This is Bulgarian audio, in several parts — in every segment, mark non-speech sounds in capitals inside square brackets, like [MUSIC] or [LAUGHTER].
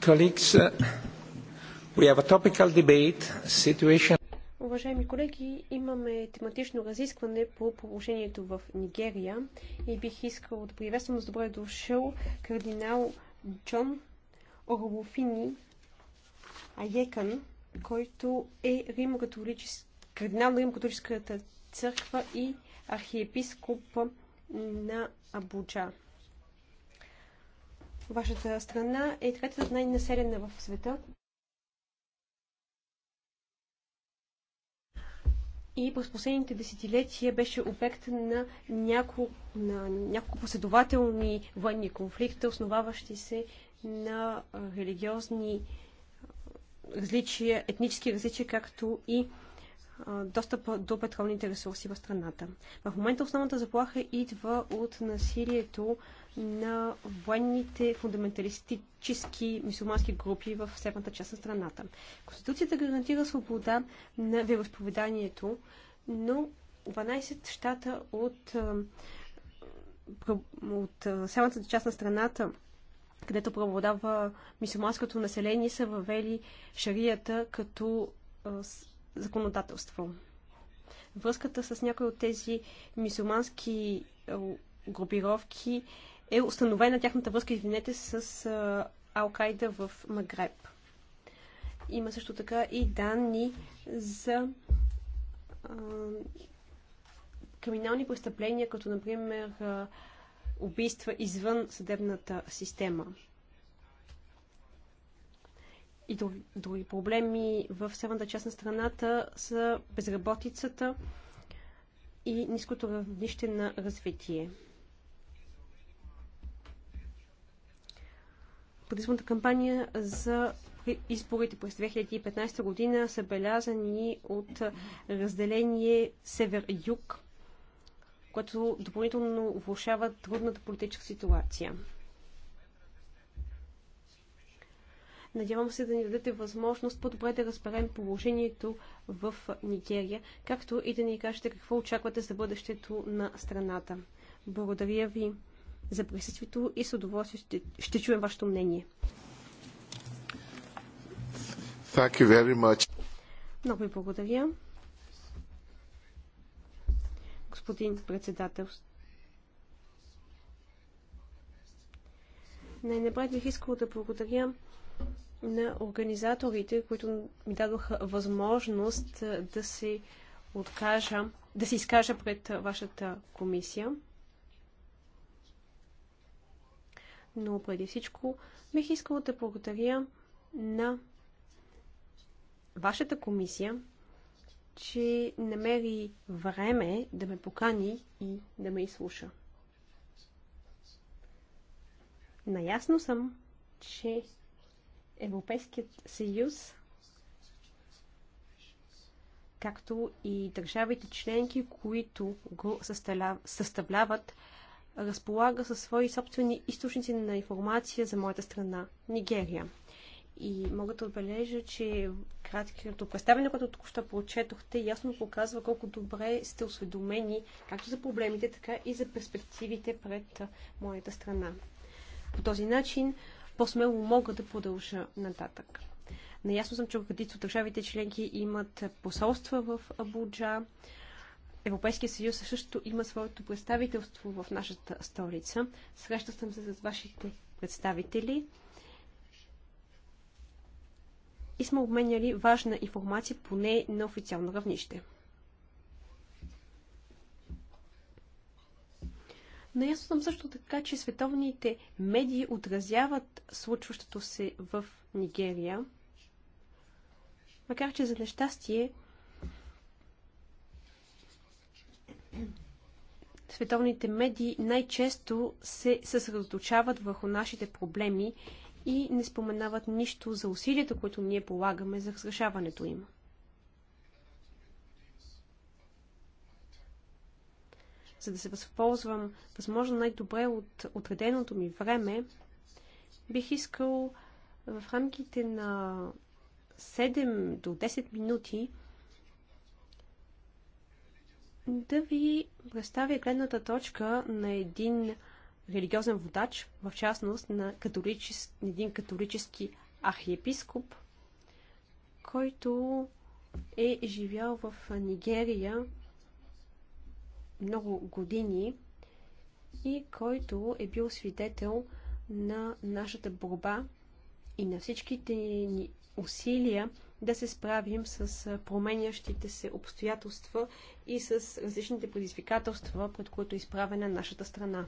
Colleagues, uh, we have a topical debate situation. Уважаеми колеги, имаме тематично разискване по положението в Нигерия и бих искал да приветствам с добре дошъл кардинал Джон Орлофини Аекан, който е кардинал на Рим-католическата църква и архиепископ на Абуджа. Вашата страна е третата най-населена в света. и през последните десетилетия беше обект на няколко, на няколко последователни военни конфликта, основаващи се на религиозни различия, етнически различия, както и достъпа до петролните ресурси в страната. В момента основната заплаха идва от насилието на военните фундаменталистически мусулмански групи в северната част на страната. Конституцията гарантира свобода на вероисповеданието, но 12 щата от, от северната част на страната където преобладава мисулманското население, са въвели шарията като законодателство. Връзката с някои от тези мусулмански групировки е установена тяхната връзка, извинете, с Ал-Кайда в Магреб. Има също така и данни за а, криминални престъпления, като например а, убийства извън съдебната система и други проблеми в северната част на страната са безработицата и ниското равнище на развитие. предизборната кампания за изборите през 2015 година са белязани от разделение север-юг, което допълнително влушава трудната политическа ситуация. Надявам се да ни дадете възможност по-добре да разберем положението в Нигерия, както и да ни кажете какво очаквате за бъдещето на страната. Благодаря ви за присъствието и с удоволствие ще, ще чуем вашето мнение. Thank you very much. Много ви благодаря. Господин председател, най-напред бих искал да благодаря на организаторите, които ми дадоха възможност да се откажа, да се изкажа пред вашата комисия. но преди всичко бих искала да благодаря на вашата комисия, че намери време да ме покани и да ме изслуша. Наясно съм, че Европейският съюз, както и държавите членки, които го съставляват, разполага със свои собствени източници на информация за моята страна Нигерия. И мога да отбележа, че краткото представяне, което току-що прочетохте, ясно показва колко добре сте осведомени както за проблемите, така и за перспективите пред моята страна. По този начин по-смело мога да продължа нататък. Наясно съм, че в от държавите членки имат посолства в Абуджа. Европейския съюз също има своето представителство в нашата столица. Срещал съм се с вашите представители и сме обменяли важна информация, поне на официално равнище. Наясно съм също така, че световните медии отразяват случващото се в Нигерия, макар че за нещастие световните медии най-често се съсредоточават върху нашите проблеми и не споменават нищо за усилията, които ние полагаме за разрешаването им. За да се възползвам възможно най-добре от отреденото ми време, бих искал в рамките на 7 до 10 минути да ви представя гледната точка на един религиозен водач, в частност на католичес, един католически архиепископ, който е живял в Нигерия много години и който е бил свидетел на нашата борба и на всичките ни усилия да се справим с променящите се обстоятелства и с различните предизвикателства, пред които е изправена нашата страна.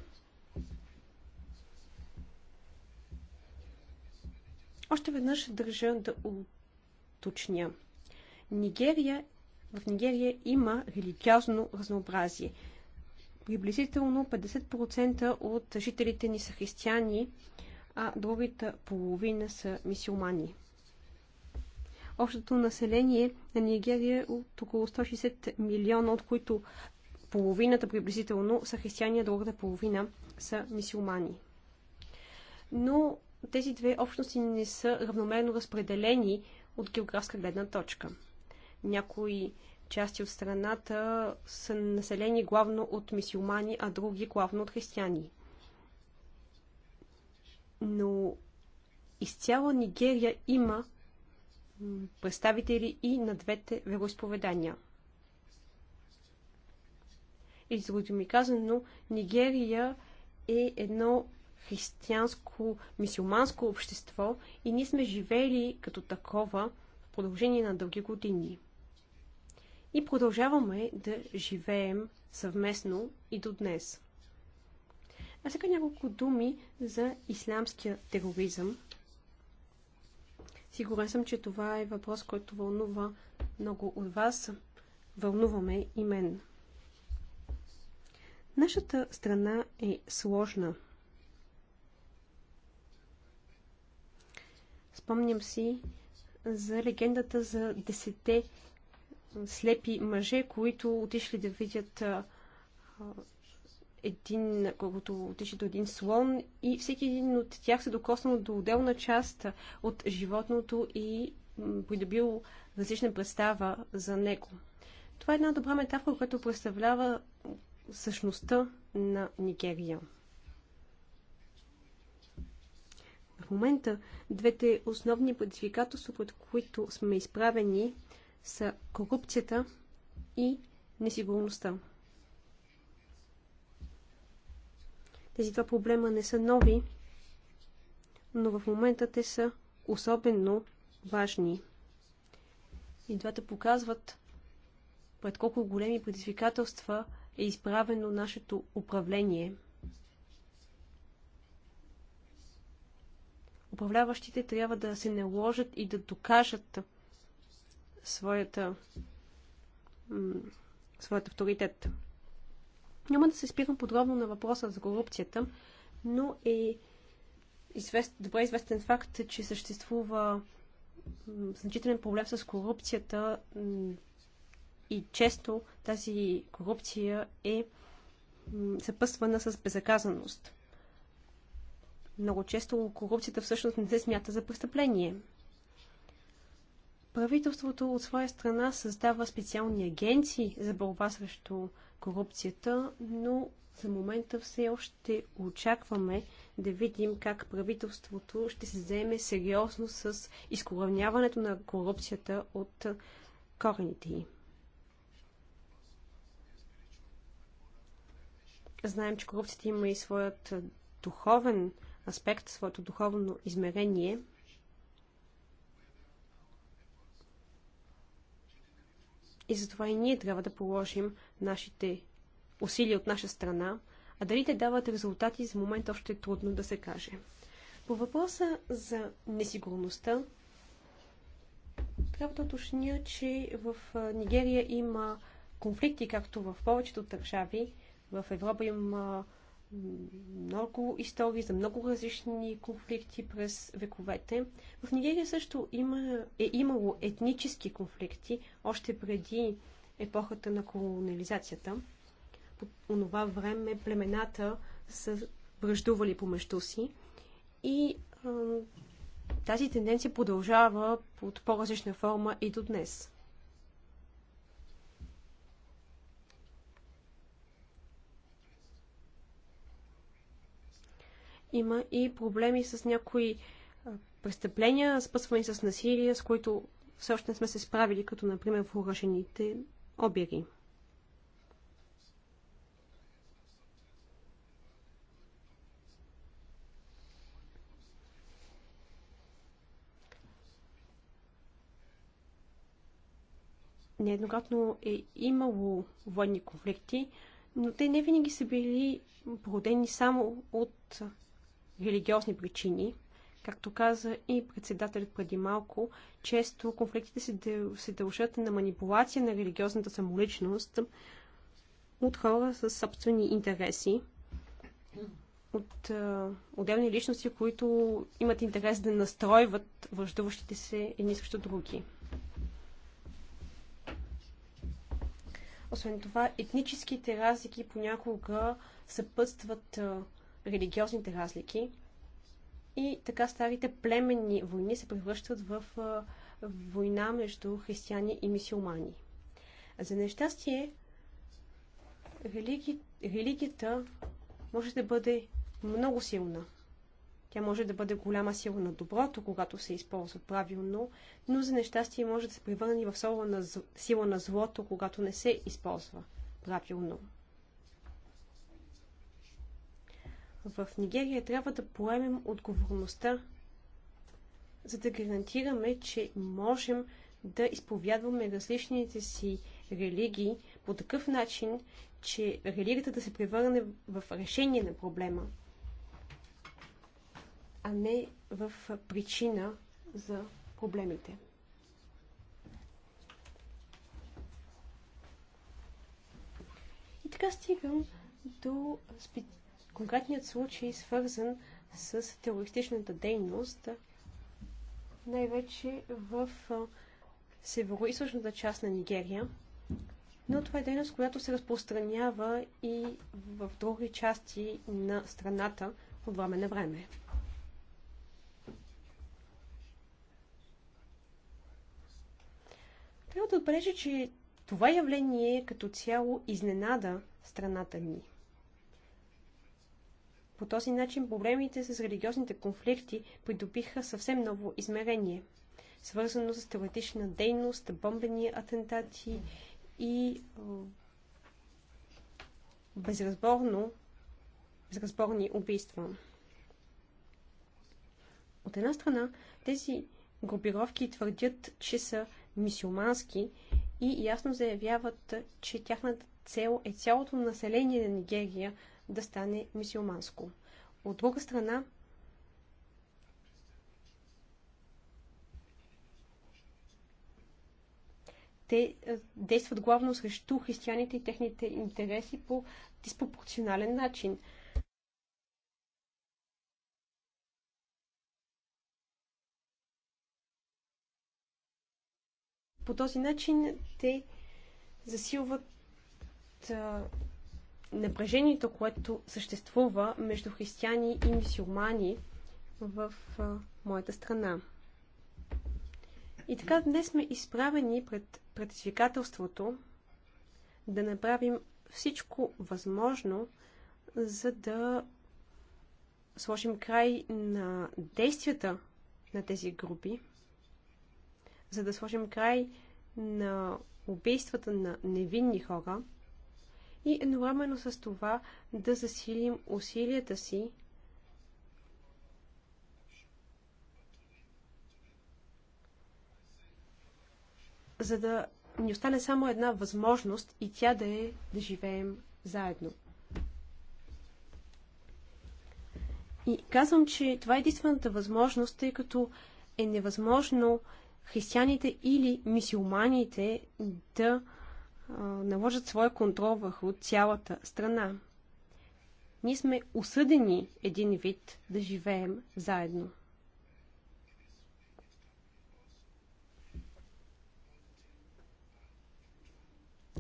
Още веднъж държа да уточня. Нигерия, в Нигерия има религиозно разнообразие. Приблизително 50% от жителите ни са християни, а другите половина са мисиомани. Общото население на Нигерия е от около 160 милиона, от които половината приблизително са християни, а другата половина са мисиомани. Но тези две общности не са равномерно разпределени от географска гледна точка. Някои части от страната са населени главно от мисиомани, а други главно от християни. Но изцяла Нигерия има представители и на двете вероисповедания. И с ми казано, Нигерия е едно християнско, мисиоманско общество и ние сме живели като такова в продължение на дълги години. И продължаваме да живеем съвместно и до днес. А сега няколко думи за ислямския тероризъм, Сигурен съм, че това е въпрос, който вълнува много от вас. Вълнуваме и мен. Нашата страна е сложна. Спомням си за легендата за десете слепи мъже, които отишли да видят един, колкото отиши до един слон и всеки един от тях се докоснал до отделна част от животното и придобил различна представа за него. Това е една добра метафора, която представлява същността на Нигерия. В момента двете основни предизвикателства, под които сме изправени, са корупцията и несигурността. Тези два проблема не са нови, но в момента те са особено важни. И двата показват пред колко големи предизвикателства е изправено нашето управление. Управляващите трябва да се наложат и да докажат своята, своят авторитет. Няма да се спирам подробно на въпроса за корупцията, но е извест, добре известен факт, че съществува значителен проблем с корупцията и често тази корупция е съпъствана с безаказаност. Много често корупцията всъщност не се смята за престъпление. Правителството от своя страна създава специални агенции за борба срещу корупцията, но за момента все още очакваме да видим как правителството ще се заеме сериозно с изкоравняването на корупцията от корените й. Знаем, че корупцията има и своят духовен аспект, своето духовно измерение – И затова и ние трябва да положим нашите усилия от наша страна, а дали те дават резултати, за момент още е трудно да се каже. По въпроса за несигурността, трябва да уточня, че в Нигерия има конфликти, както в повечето държави. В Европа има много истории, за много различни конфликти през вековете. В Нигерия също има, е имало етнически конфликти още преди епохата на колонизацията. По това време племената са връждували помежду си и а, тази тенденция продължава под по-различна форма и до днес. има и проблеми с някои престъпления, спъсвани с насилие, с които все още не сме се справили, като например въоръжените обири. нееднократно е имало военни конфликти, но те не винаги са били породени само от религиозни причини. Както каза и председателят преди малко, често конфликтите се, дъл... се дължат на манипулация на религиозната самоличност от хора с собствени интереси, от а, отделни личности, които имат интерес да настройват връждуващите се едни срещу други. Освен това, етническите разлики понякога съпътстват а, религиозните разлики и така старите племенни войни се превръщат в война между християни и мисюлмани. За нещастие, религи... религията може да бъде много силна. Тя може да бъде голяма сила на доброто, когато се използва правилно, но за нещастие може да се превърне в сила на злото, когато не се използва правилно. в Нигерия трябва да поемем отговорността, за да гарантираме, че можем да изповядваме различните си религии по такъв начин, че религията да се превърне в решение на проблема, а не в причина за проблемите. И така стигам до специ Конкретният случай, е свързан с терористичната дейност, най-вече в северо-источната част на Нигерия, но това е дейност, която се разпространява и в други части на страната от време на време. Трябва да отбележа, че това явление е като цяло изненада страната ни. По този начин проблемите с религиозните конфликти придобиха съвсем ново измерение, свързано с теоретична дейност, бомбени атентати и безразборно, безразборни убийства. От една страна, тези групировки твърдят, че са мисюмански и ясно заявяват, че тяхната цел е цялото население на Нигерия да стане мисиоманско. От друга страна, те действат главно срещу християните и техните интереси по диспропорционален начин. По този начин те засилват напрежението, което съществува между християни и мусулмани в а, моята страна. И така днес сме изправени пред предизвикателството да направим всичко възможно, за да сложим край на действията на тези групи, за да сложим край на убийствата на невинни хора – и едновременно с това да засилим усилията си за да ни остане само една възможност и тя да е да живеем заедно. И казвам, че това е единствената възможност, тъй като е невъзможно християните или мисиоманите да наложат своя контрол върху цялата страна. Ние сме осъдени един вид да живеем заедно.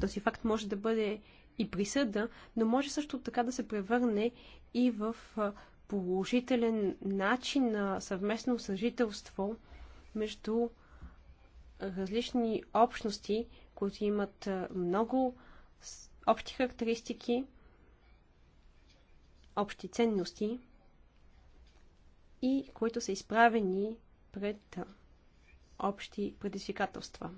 Този факт може да бъде и присъда, но може също така да се превърне и в положителен начин на съвместно съжителство между различни общности, които имат много общи характеристики, общи ценности и които са изправени пред общи предизвикателства.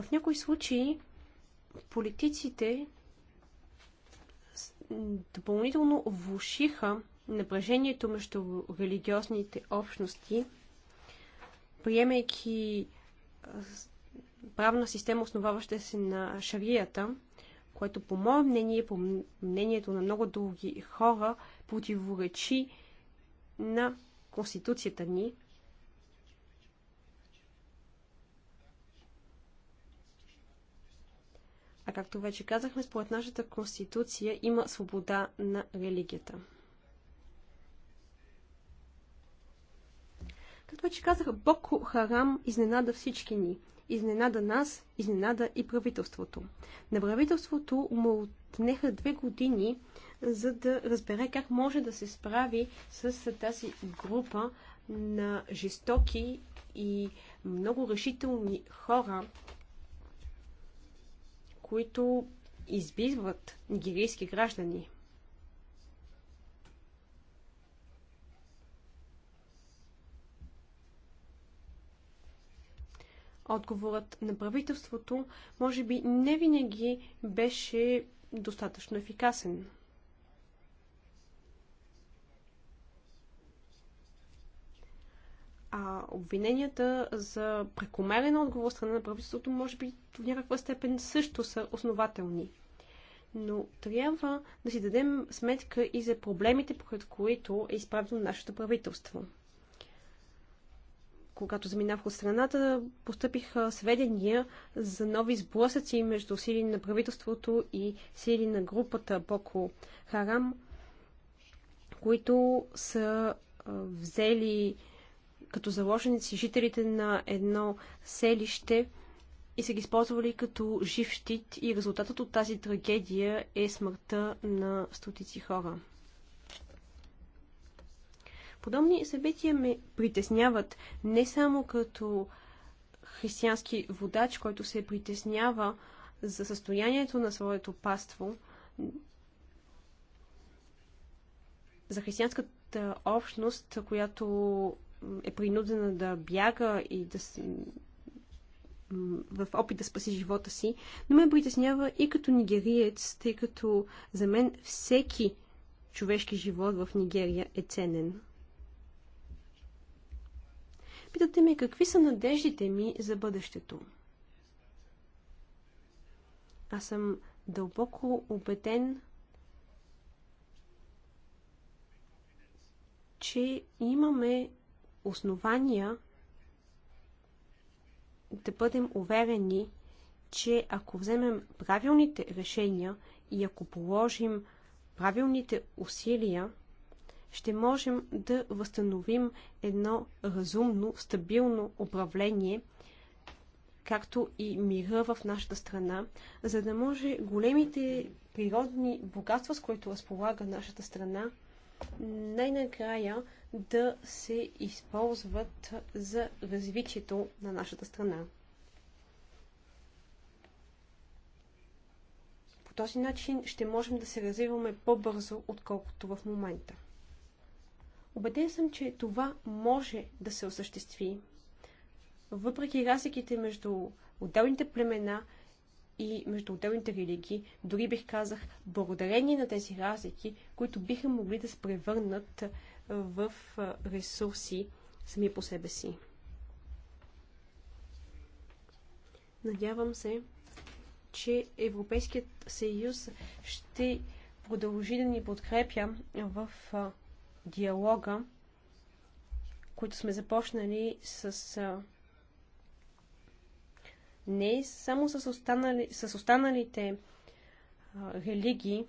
В някои случаи политиците допълнително влушиха напрежението между религиозните общности, приемайки правна система, основаваща се на шарията, което по мое мнение, по мнението на много други хора, противоречи на Конституцията ни, както вече казахме, според нашата конституция има свобода на религията. Както вече казах, Боко Харам изненада всички ни. Изненада нас, изненада и правителството. На правителството му отнеха две години, за да разбере как може да се справи с тази група на жестоки и много решителни хора, които избиват нигерийски граждани. Отговорът на правителството може би не винаги беше достатъчно ефикасен. А обвиненията за прекомерен отговор страна на правителството може би в някаква степен също са основателни. Но трябва да си дадем сметка и за проблемите, пред които е изправено нашето правителство. Когато заминах от страната, постъпиха сведения за нови сблъсъци между сили на правителството и сили на групата Боко Харам, които са взели като заложници жителите на едно селище и са ги използвали като жив щит и резултатът от тази трагедия е смъртта на стотици хора. Подобни събития ме притесняват не само като християнски водач, който се притеснява за състоянието на своето паство, за християнската общност, която е принудена да бяга и да в опит да спаси живота си, но ме притеснява и като нигериец, тъй като за мен всеки човешки живот в Нигерия е ценен. Питате ме какви са надеждите ми за бъдещето. Аз съм дълбоко убеден, че имаме основания да бъдем уверени, че ако вземем правилните решения и ако положим правилните усилия, ще можем да възстановим едно разумно, стабилно управление, както и мира в нашата страна, за да може големите природни богатства, с които разполага нашата страна, най-накрая да се използват за развитието на нашата страна. По този начин ще можем да се развиваме по-бързо, отколкото в момента. Обеден съм, че това може да се осъществи, въпреки разликите между отделните племена и между отделните религии, дори бих казах, благодарение на тези разлики, които биха могли да се превърнат в ресурси сами по себе си. Надявам се, че Европейският съюз ще продължи да ни подкрепя в диалога, които сме започнали с не само с, останали, с останалите религии,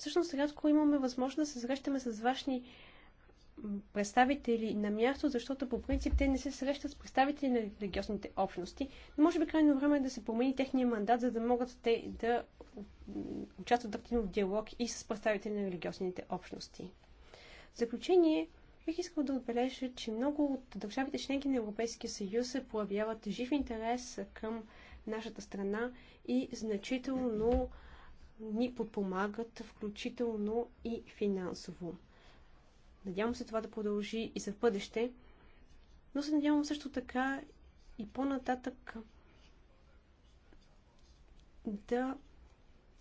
Всъщност, рядко имаме възможност да се срещаме с вашни представители на място, защото по принцип те не се срещат с представители на религиозните общности. Но може би крайно време е да се промени техния мандат, за да могат те да участват активно в диалог и с представители на религиозните общности. В заключение, бих искал да отбележа, че много от държавите членки на Европейския съюз се проявяват жив интерес към нашата страна и значително ни подпомагат, включително и финансово. Надявам се това да продължи и за бъдеще, но се надявам също така и по-нататък да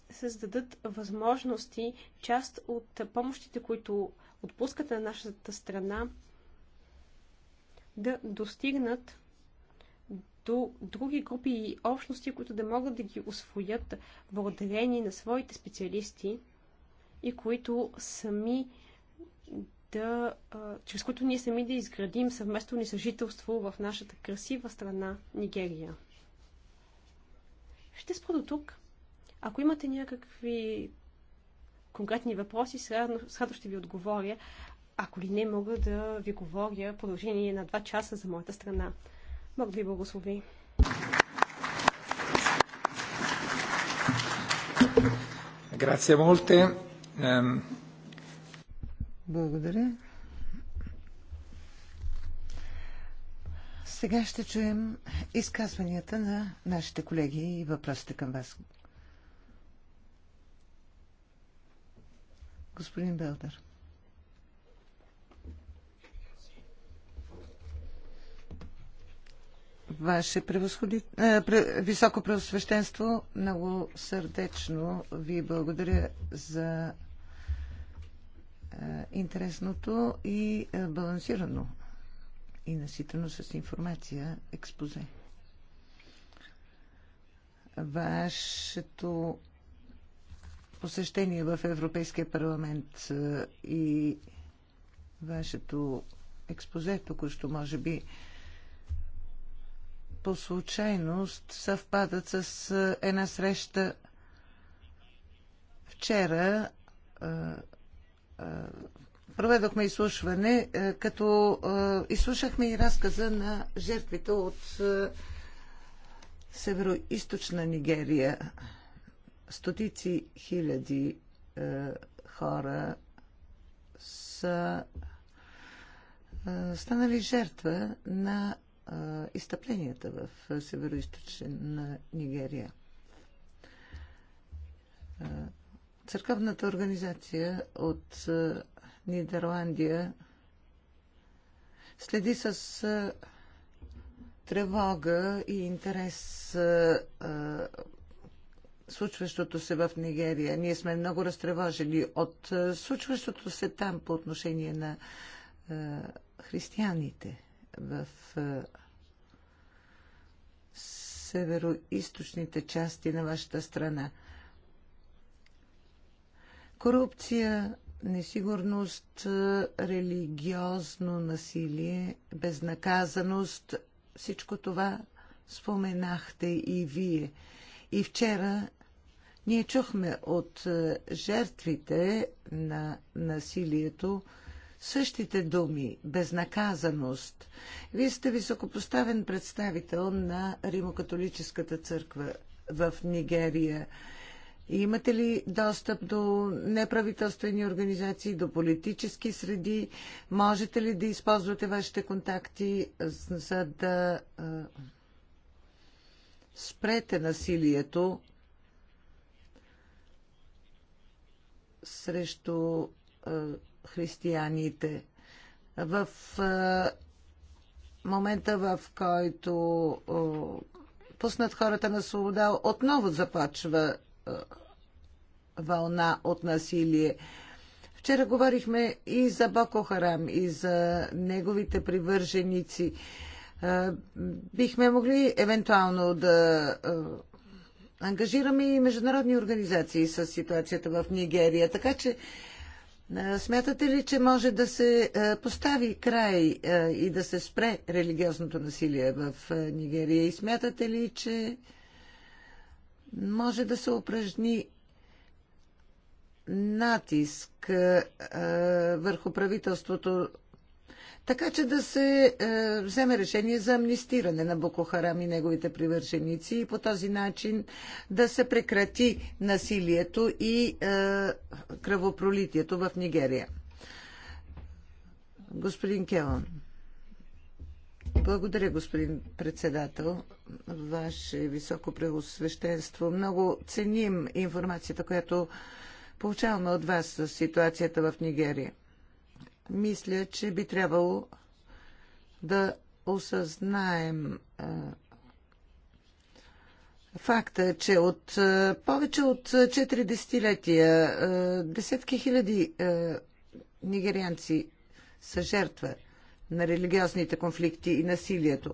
създадат възможности част от помощите, които отпускат на нашата страна, да достигнат до други групи и общности, които да могат да ги освоят благодарение на своите специалисти и които сами да, чрез които ние сами да изградим съвместно ни съжителство в нашата красива страна Нигерия. Ще спра до тук. Ако имате някакви конкретни въпроси, с радост ще ви отговоря. Ако ли не, мога да ви говоря продължение на два часа за моята страна. Бог ви благослови. Грация молте. Ehm, Благодаря. Сега ще чуем изказванията на нашите колеги и въпросите към вас. Господин Белдър. Ваше превъзходи... високо превъзсвещенство, много сърдечно ви благодаря за интересното и балансирано и наситено с информация експозе. Вашето посещение в Европейския парламент и вашето експозе току-що може би по случайност съвпадат с една среща вчера. Проведохме изслушване, като изслушахме и разказа на жертвите от северо-источна Нигерия. Стотици хиляди хора са станали жертва на изтъпленията в северо Нигерия. Църковната организация от Нидерландия следи с тревога и интерес случващото се в Нигерия. Ние сме много разтревожени от случващото се там по отношение на християните в северо-источните части на вашата страна. Корупция, несигурност, религиозно насилие, безнаказаност, всичко това споменахте и вие. И вчера ние чухме от жертвите на насилието същите думи – безнаказаност. Вие сте високопоставен представител на Римокатолическата църква в Нигерия. Имате ли достъп до неправителствени организации, до политически среди? Можете ли да използвате вашите контакти, за да спрете насилието срещу християните. В момента, в който пуснат хората на свобода, отново започва вълна от насилие. Вчера говорихме и за Боко Харам, и за неговите привърженици. Бихме могли евентуално да ангажираме и международни организации с ситуацията в Нигерия. Така че Смятате ли, че може да се постави край и да се спре религиозното насилие в Нигерия? И смятате ли, че може да се упражни натиск върху правителството така че да се е, вземе решение за амнистиране на Боко Харам и неговите привърженици и по този начин да се прекрати насилието и е, кръвопролитието в Нигерия. Господин Келан. Благодаря, господин председател. Ваше високо превосвещенство. Много ценим информацията, която получаваме от вас за ситуацията в Нигерия мисля, че би трябвало да осъзнаем факта, че от повече от 4 десетилетия десетки хиляди нигерианци са жертва на религиозните конфликти и насилието.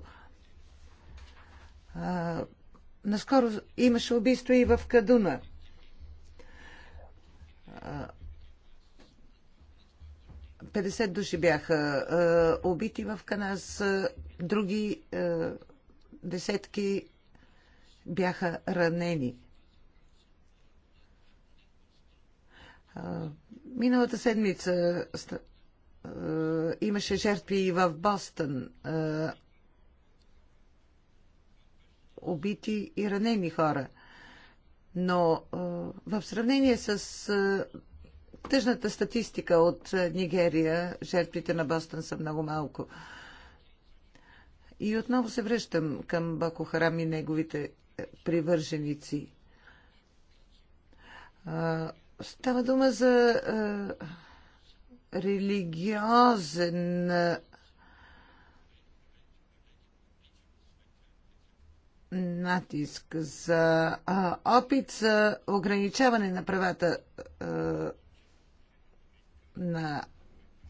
Наскоро имаше убийство и в Кадуна. 50 души бяха е, убити в Канас, е, други е, десетки бяха ранени. Е, миналата седмица е, имаше жертви и в Бостън. Е, убити и ранени хора. Но е, в сравнение с. Е, тъжната статистика от е, Нигерия, жертвите на Бостън са много малко. И отново се връщам към Бако Харам и неговите е, привърженици. Става дума за е, религиозен натиск за опит за ограничаване на правата на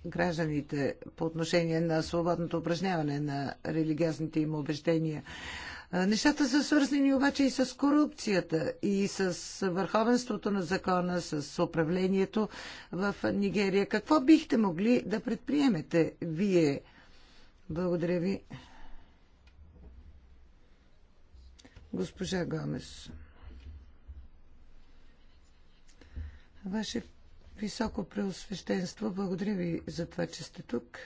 гражданите по отношение на свободното упражняване на религиозните им убеждения. Нещата са свързани обаче и с корупцията, и с върховенството на закона, с управлението в Нигерия. Какво бихте могли да предприемете вие? Благодаря ви. Госпожа Гомес. Ваше Високо преосвещенство, благодаря ви за това, че сте тук.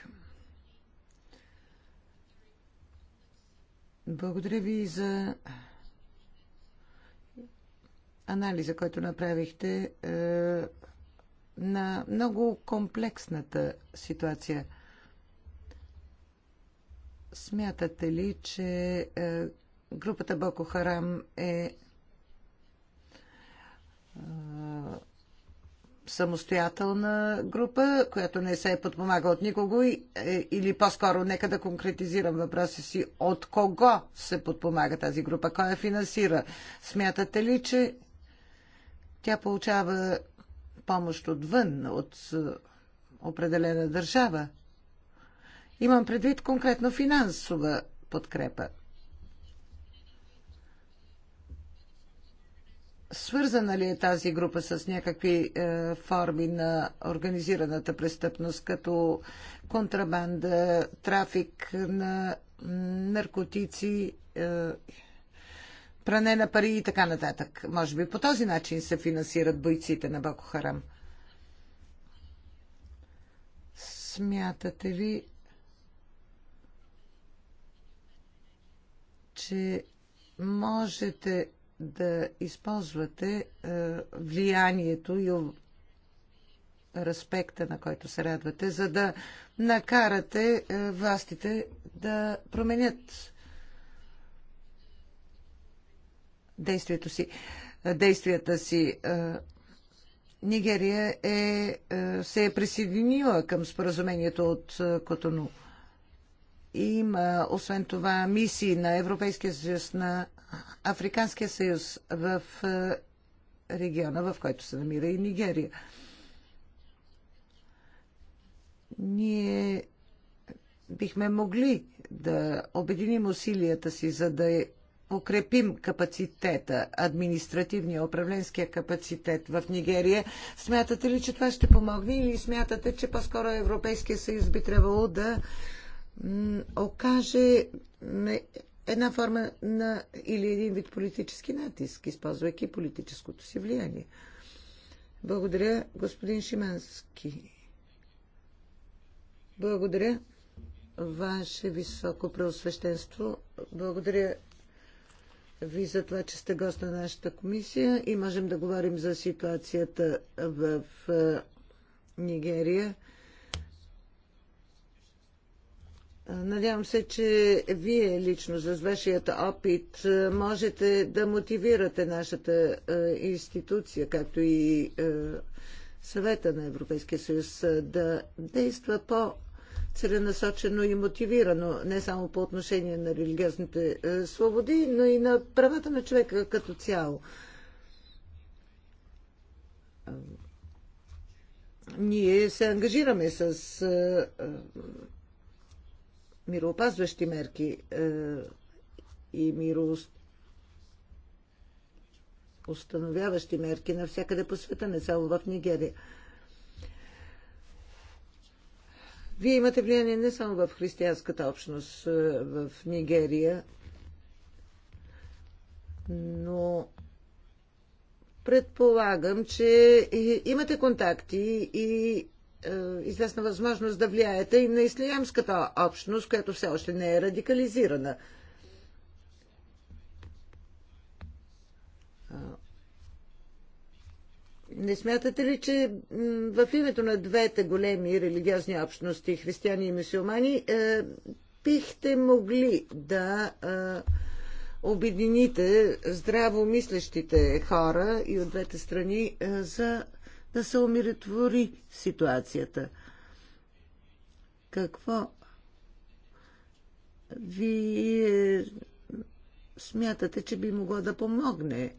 Благодаря ви за анализа, който направихте е, на много комплексната ситуация. Смятате ли, че е, групата Боко Харам е, е самостоятелна група, която не се е подпомага от никого е, или по-скоро нека да конкретизирам въпроса си от кого се подпомага тази група, кой я финансира. Смятате ли, че тя получава помощ отвън, от е, определена държава? Имам предвид конкретно финансова подкрепа. Свързана ли е тази група с някакви е, форми на организираната престъпност, като контрабанда, трафик на наркотици, е, пране на пари и така нататък? Може би по този начин се финансират бойците на Боко Харам. Смятате ли, че можете да използвате е, влиянието и респекта, на който се радвате, за да накарате е, властите да променят действието си, е, действията си. Нигерия е, се е присъединила към споразумението от Котону. Има, освен това, мисии на Европейския съюз, на Африканския съюз, в е, региона, в който се намира и Нигерия. Ние бихме могли да обединим усилията си, за да укрепим капацитета, административния, управленския капацитет в Нигерия. Смятате ли, че това ще помогне или смятате, че по-скоро Европейския съюз би трябвало да окаже една форма на или един вид политически натиск, използвайки политическото си влияние. Благодаря, господин Шимански. Благодаря, Ваше Високо Преосвещенство. Благодаря ви за това, че сте гост на нашата комисия и можем да говорим за ситуацията в Нигерия. Надявам се, че вие лично с вашият опит е, можете да мотивирате нашата е, институция, както и е, съвета на Европейския съюз да действа по целенасочено и мотивирано, не само по отношение на религиозните свободи, но и на правата на човека като цяло. Ние се ангажираме с мироопазващи мерки е, и мирост установяващи мерки навсякъде по света, не само в Нигерия. Вие имате влияние не само в християнската общност е, в Нигерия, но предполагам, че имате контакти и е, известна възможност да влияете и на ислямската общност, която все още не е радикализирана. Не смятате ли, че в името на двете големи религиозни общности, християни и мусулмани, е, бихте могли да обедините здравомислещите хора и от двете страни е, за да се умиротвори ситуацията. Какво вие смятате, че би могло да помогне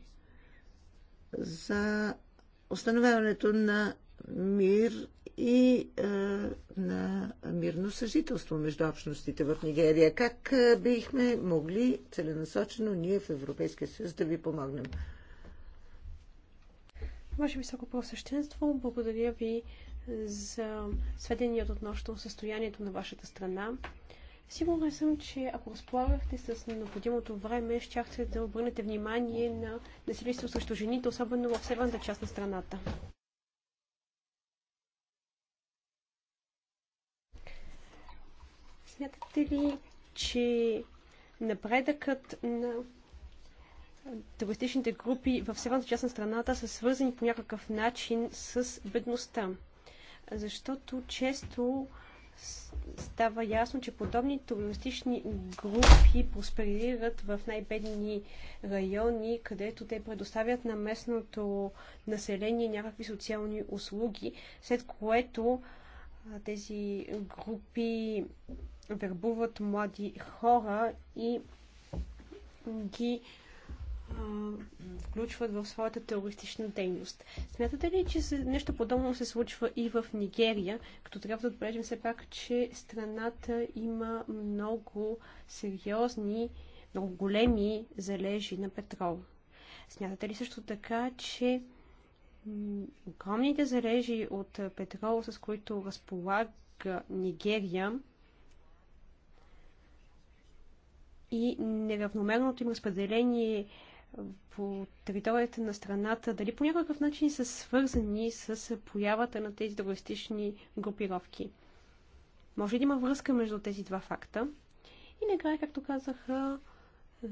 за установяването на мир и е, на мирно съжителство между общностите в Нигерия. Как е, бихме могли целенасочено ние в Европейския съюз да ви помогнем? Ваше високо просъщенство благодаря ви за сведения относно състоянието на вашата страна. Сигурна съм, че ако разполагахте с необходимото време, щяхте да обърнете внимание на насилието срещу жените, особено в северната част на страната. Смятате ли, че напредъкът на терористичните групи в северната част на страната са свързани по някакъв начин с бедността. Защото често става ясно, че подобни терористични групи просперират в най-бедни райони, където те предоставят на местното население някакви социални услуги, след което тези групи вербуват млади хора и ги включват в своята терористична дейност. Смятате ли, че нещо подобно се случва и в Нигерия, като трябва да отбележим все пак, че страната има много сериозни, много големи залежи на петрол? Смятате ли също така, че огромните залежи от петрол, с които разполага Нигерия, и неравномерното им разпределение по територията на страната, дали по някакъв начин са свързани с появата на тези терористични групировки. Може да има връзка между тези два факта? И накрая, както казаха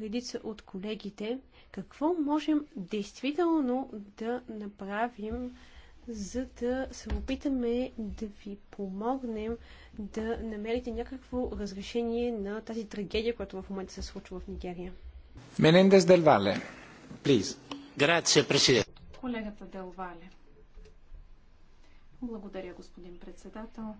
редица от колегите, какво можем действително да направим, за да се опитаме да ви помогнем да намерите някакво разрешение на тази трагедия, която в момента се случва в Нигерия. Менендес Дел Вале, please. Грация, президент. Колегата Дел Вале. Благодаря, господин председател.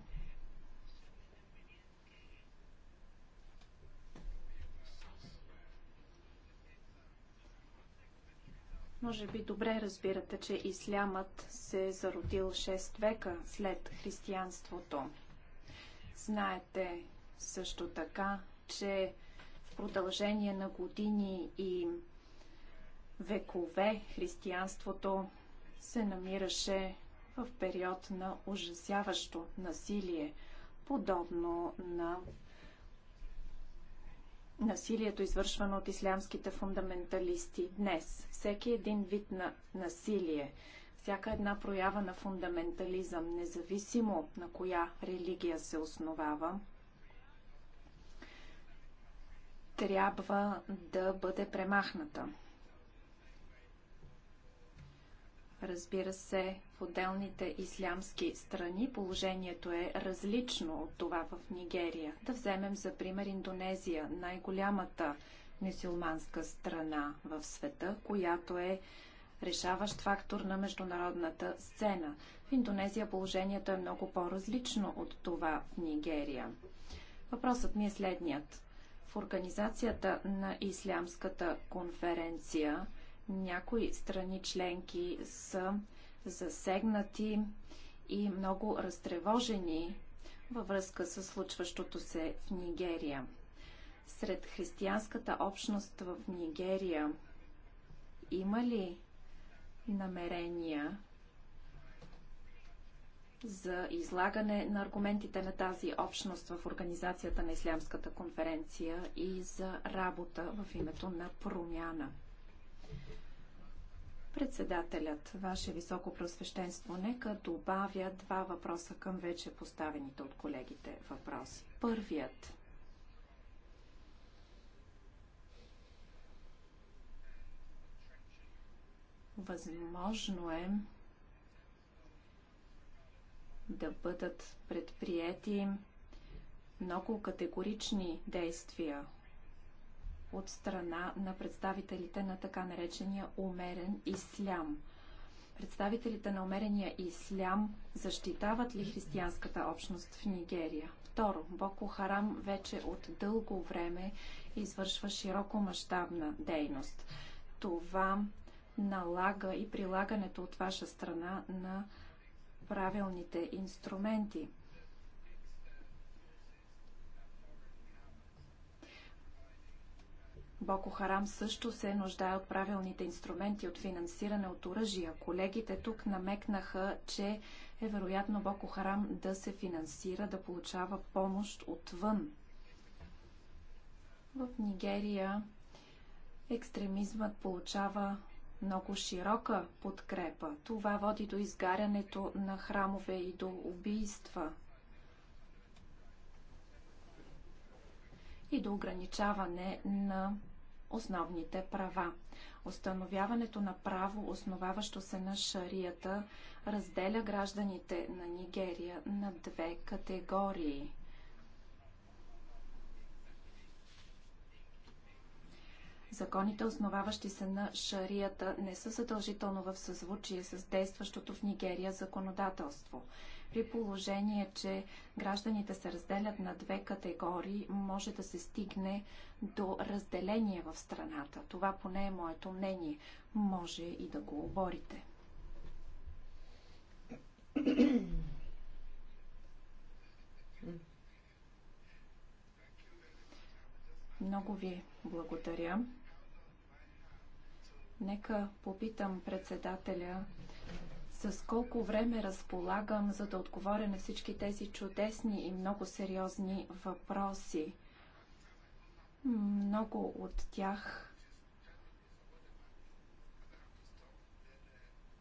Може би добре разбирате, че ислямът се е зародил 6 века след християнството. Знаете също така, че продължение на години и векове християнството се намираше в период на ужасяващо насилие, подобно на насилието, извършвано от ислямските фундаменталисти днес. Всеки един вид на насилие, всяка една проява на фундаментализъм, независимо на коя религия се основава, трябва да бъде премахната. Разбира се, в отделните ислямски страни положението е различно от това в Нигерия. Да вземем за пример Индонезия, най-голямата мусулманска страна в света, която е решаващ фактор на международната сцена. В Индонезия положението е много по-различно от това в Нигерия. Въпросът ми е следният. В организацията на Ислямската конференция някои страни членки са засегнати и много разтревожени във връзка с случващото се в Нигерия. Сред християнската общност в Нигерия има ли намерения за излагане на аргументите на тази общност в Организацията на Ислямската конференция и за работа в името на промяна. Председателят, Ваше Високо Просвещенство, нека добавя два въпроса към вече поставените от колегите въпроси. Първият. Възможно е да бъдат предприяти много категорични действия от страна на представителите на така наречения умерен ислям. Представителите на умерения ислям защитават ли християнската общност в Нигерия? Второ, Боко Харам вече от дълго време извършва широко мащабна дейност. Това налага и прилагането от ваша страна на правилните инструменти. Боко Харам също се нуждае от правилните инструменти, от финансиране, от оръжия. Колегите тук намекнаха, че е вероятно Боко Харам да се финансира, да получава помощ отвън. В Нигерия екстремизмът получава много широка подкрепа. Това води до изгарянето на храмове и до убийства и до ограничаване на основните права. Остановяването на право, основаващо се на шарията, разделя гражданите на Нигерия на две категории. Законите, основаващи се на шарията, не са задължително в съзвучие с действащото в Нигерия законодателство. При положение, че гражданите се разделят на две категории, може да се стигне до разделение в страната. Това поне е моето мнение. Може и да го оборите. Много ви благодаря. Нека попитам председателя с колко време разполагам, за да отговоря на всички тези чудесни и много сериозни въпроси. Много от тях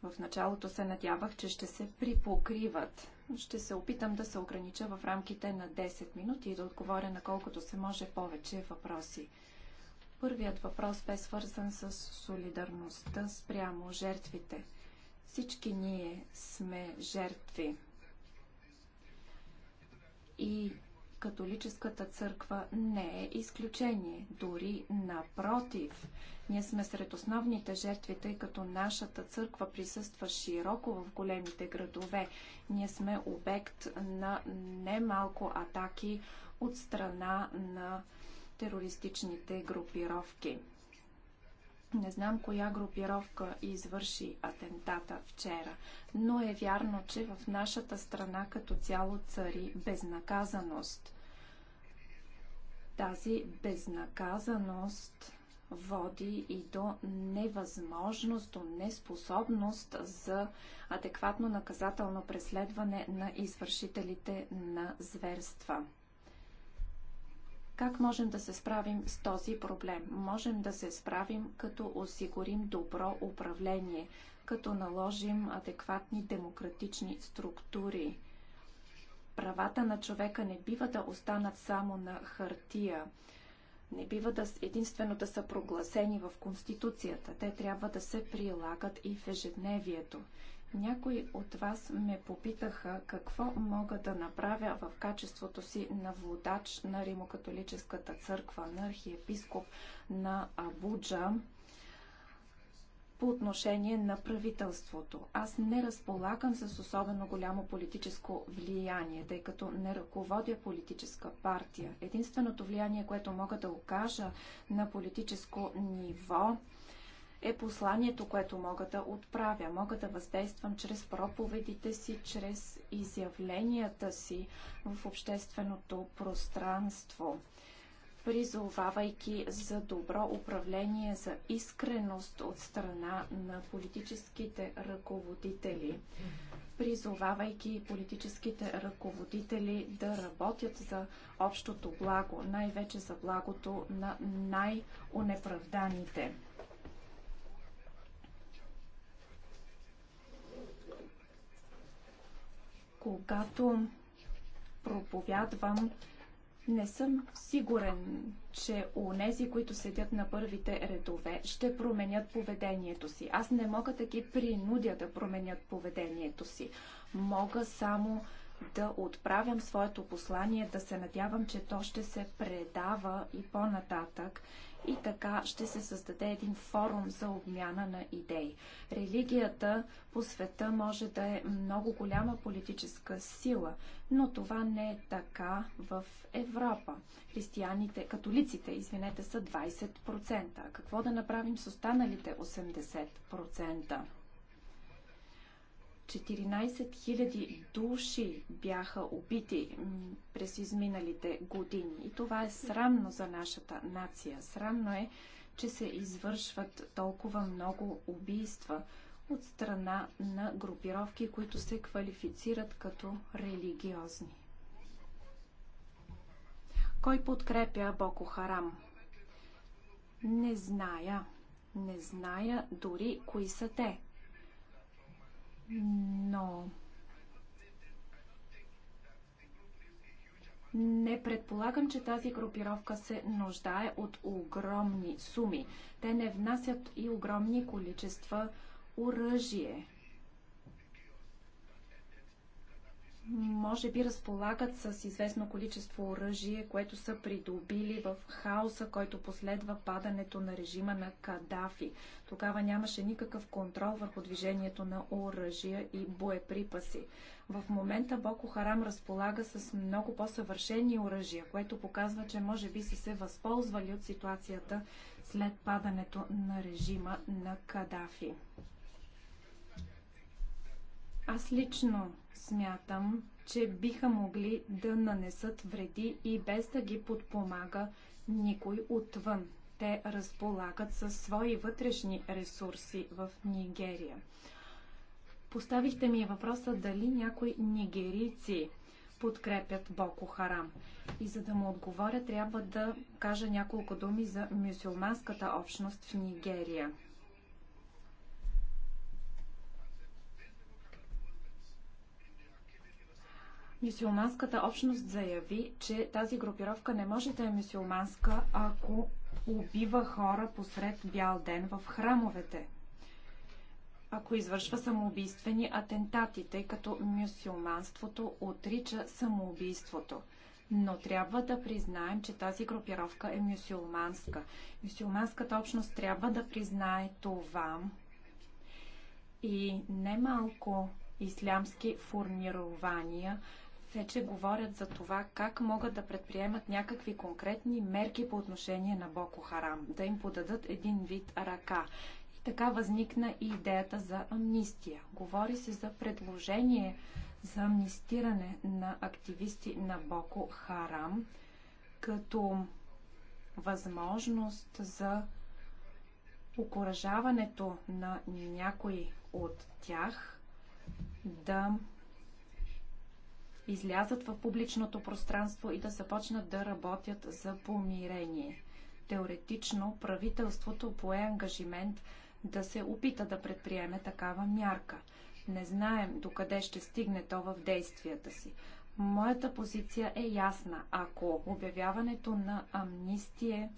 В началото се надявах, че ще се припокриват. Ще се опитам да се огранича в рамките на 10 минути и да отговоря на колкото се може повече въпроси. Първият въпрос бе свързан с солидарността спрямо жертвите. Всички ние сме жертви. И католическата църква не е изключение, дори напротив. Ние сме сред основните жертви, тъй като нашата църква присъства широко в големите градове. Ние сме обект на немалко атаки от страна на терористичните групировки. Не знам коя групировка извърши атентата вчера, но е вярно, че в нашата страна като цяло цари безнаказаност. Тази безнаказаност води и до невъзможност, до неспособност за адекватно наказателно преследване на извършителите на зверства. Как можем да се справим с този проблем? Можем да се справим като осигурим добро управление, като наложим адекватни демократични структури. Правата на човека не бива да останат само на хартия. Не бива да единствено да са прогласени в Конституцията. Те трябва да се прилагат и в ежедневието. Някои от вас ме попитаха какво мога да направя в качеството си на водач на Римокатолическата църква, на архиепископ на Абуджа по отношение на правителството. Аз не разполагам с особено голямо политическо влияние, тъй като не ръководя политическа партия. Единственото влияние, което мога да окажа на политическо ниво, е посланието, което мога да отправя. Мога да въздействам чрез проповедите си, чрез изявленията си в общественото пространство призовавайки за добро управление, за искреност от страна на политическите ръководители, призовавайки политическите ръководители да работят за общото благо, най-вече за благото на най-унеправданите. Когато проповядвам, не съм сигурен, че онези, които седят на първите редове, ще променят поведението си. Аз не мога да ги принудя да променят поведението си. Мога само да отправям своето послание, да се надявам, че то ще се предава и по-нататък и така ще се създаде един форум за обмяна на идеи. Религията по света може да е много голяма политическа сила, но това не е така в Европа. Християните, католиците, извинете, са 20%. Какво да направим с останалите 80%? 14 000 души бяха убити през изминалите години. И това е срамно за нашата нация. Срамно е, че се извършват толкова много убийства от страна на групировки, които се квалифицират като религиозни. Кой подкрепя Боко Харам? Не зная. Не зная дори кои са те но не предполагам, че тази групировка се нуждае от огромни суми. Те не внасят и огромни количества оръжие. може би разполагат с известно количество оръжие, което са придобили в хаоса, който последва падането на режима на Кадафи. Тогава нямаше никакъв контрол върху движението на оръжия и боеприпаси. В момента Боко Харам разполага с много по-съвършени оръжия, което показва, че може би са се възползвали от ситуацията след падането на режима на Кадафи. Аз лично смятам, че биха могли да нанесат вреди и без да ги подпомага никой отвън. Те разполагат със свои вътрешни ресурси в Нигерия. Поставихте ми въпроса дали някои нигерийци подкрепят Боко Харам. И за да му отговоря, трябва да кажа няколко думи за мюсюлманската общност в Нигерия. Мюсюлманската общност заяви, че тази групировка не може да е мюсюлманска, ако убива хора посред бял ден в храмовете, ако извършва самоубийствени атентати, тъй като мюсюлманството отрича самоубийството. Но трябва да признаем, че тази групировка е мюсюлманска. Мюсюлманската общност трябва да признае това. И немалко ислямски формирования вече говорят за това как могат да предприемат някакви конкретни мерки по отношение на Боко Харам, да им подадат един вид ръка. И така възникна и идеята за амнистия. Говори се за предложение за амнистиране на активисти на Боко Харам като възможност за окоръжаването на някои от тях да излязат в публичното пространство и да започнат да работят за помирение. Теоретично правителството пое ангажимент да се опита да предприеме такава мярка. Не знаем докъде ще стигне то в действията си. Моята позиция е ясна. Ако обявяването на амнистие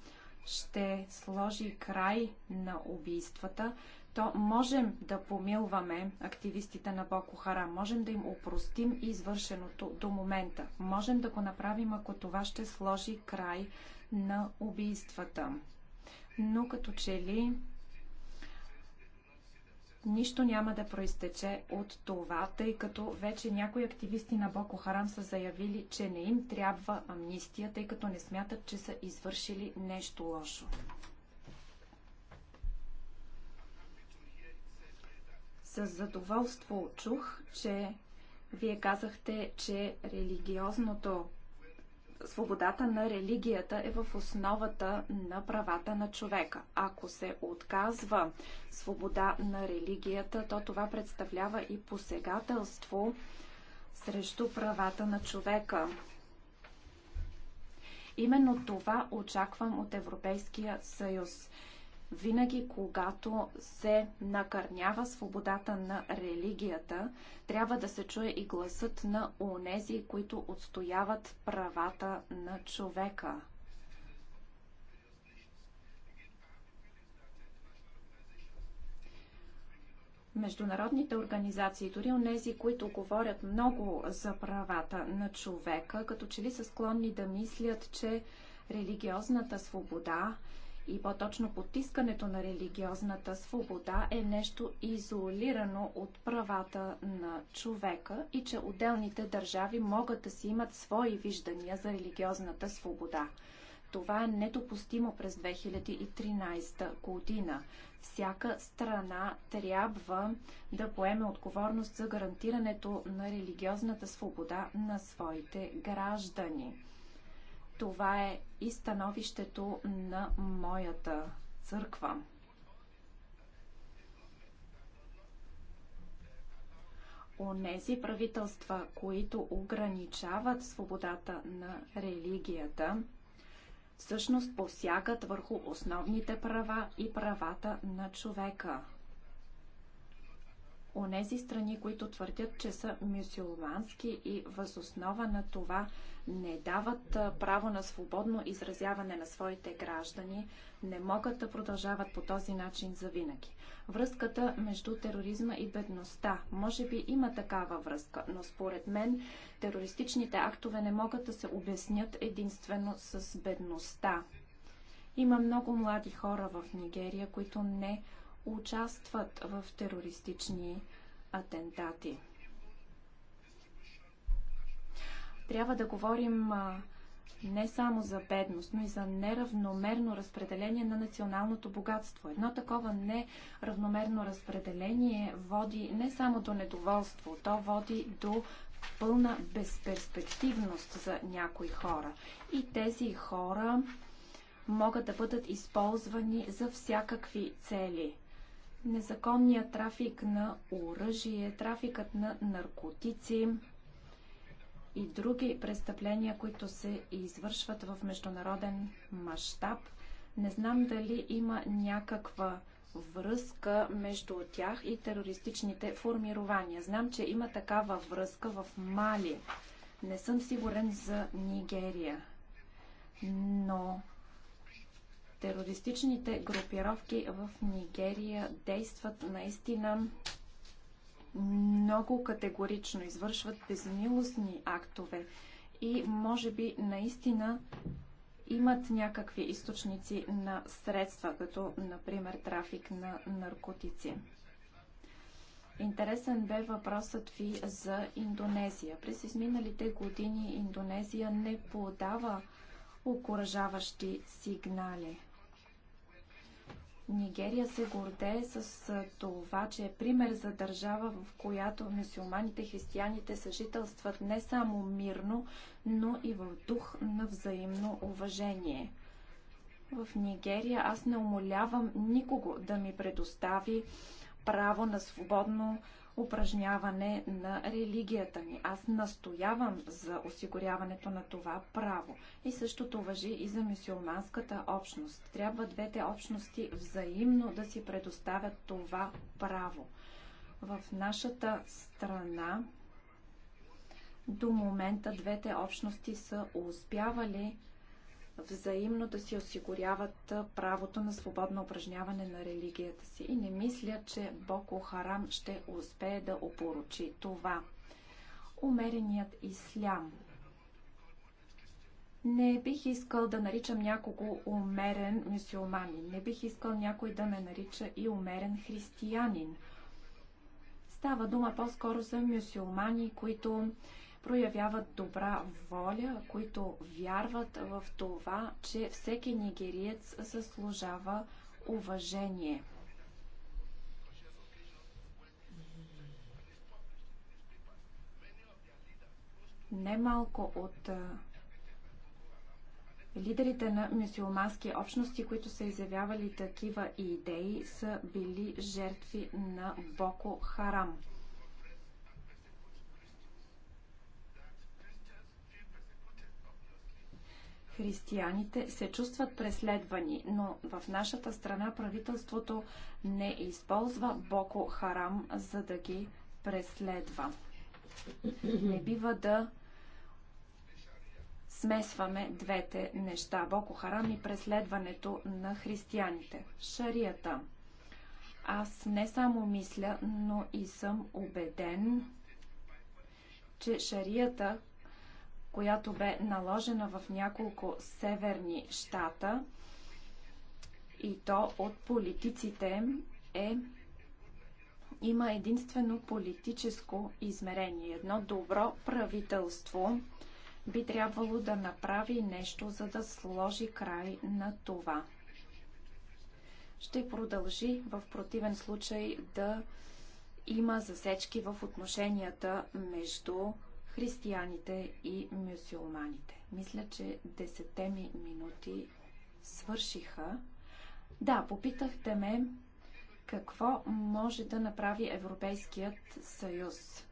ще сложи край на убийствата, то можем да помилваме активистите на Боко Харам, можем да им упростим извършеното до момента. Можем да го направим, ако това ще сложи край на убийствата. Но като че ли нищо няма да проистече от това, тъй като вече някои активисти на Боко Харам са заявили, че не им трябва амнистия, тъй като не смятат, че са извършили нещо лошо. С задоволство чух, че вие казахте, че религиозното свободата на религията е в основата на правата на човека. Ако се отказва свобода на религията, то това представлява и посегателство срещу правата на човека. Именно това очаквам от Европейския съюз. Винаги, когато се накърнява свободата на религията, трябва да се чуе и гласът на онези, които отстояват правата на човека. международните организации, дори онези, които говорят много за правата на човека, като че ли са склонни да мислят, че религиозната свобода и по-точно потискането на религиозната свобода е нещо изолирано от правата на човека и че отделните държави могат да си имат свои виждания за религиозната свобода. Това е недопустимо през 2013 година. Всяка страна трябва да поеме отговорност за гарантирането на религиозната свобода на своите граждани. Това е и становището на моята църква. онези правителства, които ограничават свободата на религията, всъщност посягат върху основните права и правата на човека. Онези страни, които твърдят, че са мюсюлмански и възоснова на това не дават право на свободно изразяване на своите граждани, не могат да продължават по този начин завинаги. Връзката между тероризма и бедността. Може би има такава връзка, но според мен терористичните актове не могат да се обяснят единствено с бедността. Има много млади хора в Нигерия, които не участват в терористични атентати. Трябва да говорим не само за бедност, но и за неравномерно разпределение на националното богатство. Едно такова неравномерно разпределение води не само до недоволство, то води до пълна безперспективност за някои хора. И тези хора могат да бъдат използвани за всякакви цели. Незаконният трафик на оръжие, трафикът на наркотици, и други престъпления, които се извършват в международен мащаб. Не знам дали има някаква връзка между тях и терористичните формирования. Знам, че има такава връзка в Мали. Не съм сигурен за Нигерия. Но терористичните групировки в Нигерия действат наистина много категорично, извършват безмилостни актове и може би наистина имат някакви източници на средства, като например трафик на наркотици. Интересен бе въпросът ви за Индонезия. През изминалите години Индонезия не подава окоръжаващи сигнали. Нигерия се гордее с това, че е пример за държава, в която мусулманите християните съжителстват не само мирно, но и в дух на взаимно уважение. В Нигерия аз не умолявам никого да ми предостави право на свободно упражняване на религията ни. Аз настоявам за осигуряването на това право. И същото въжи и за мюсюлманската общност. Трябва двете общности взаимно да си предоставят това право. В нашата страна до момента двете общности са успявали взаимно да си осигуряват правото на свободно упражняване на религията си. И не мисля, че Боко Харам ще успее да опорочи това. Умереният ислям. Не бих искал да наричам някого умерен мюсюлманин. Не бих искал някой да ме нарича и умерен християнин. Става дума по-скоро за мюсюлмани, които проявяват добра воля, които вярват в това, че всеки нигериец заслужава уважение. Немалко от лидерите на мюсюлмански общности, които са изявявали такива идеи, са били жертви на Боко Харам. християните се чувстват преследвани, но в нашата страна правителството не използва Боко Харам, за да ги преследва. Не бива да смесваме двете неща Боко Харам и преследването на християните. Шарията. Аз не само мисля, но и съм убеден, че шарията която бе наложена в няколко северни щата и то от политиците е има единствено политическо измерение. Едно добро правителство би трябвало да направи нещо, за да сложи край на това. Ще продължи в противен случай да има засечки в отношенията между християните и мюсюлманите. Мисля, че десете ми минути свършиха. Да, попитахте ме какво може да направи Европейският съюз.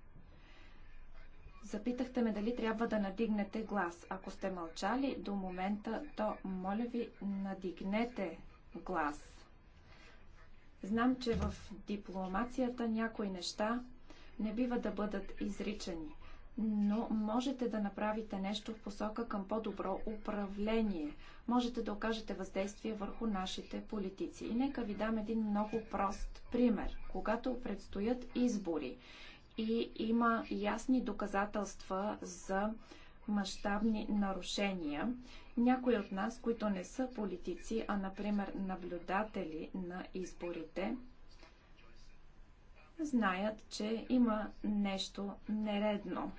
Запитахте ме дали трябва да надигнете глас. Ако сте мълчали до момента, то моля ви, надигнете глас. Знам, че в дипломацията някои неща не бива да бъдат изричани но можете да направите нещо в посока към по-добро управление. Можете да окажете въздействие върху нашите политици. И нека ви дам един много прост пример. Когато предстоят избори и има ясни доказателства за мащабни нарушения, някои от нас, които не са политици, а например наблюдатели на изборите, знаят, че има нещо нередно.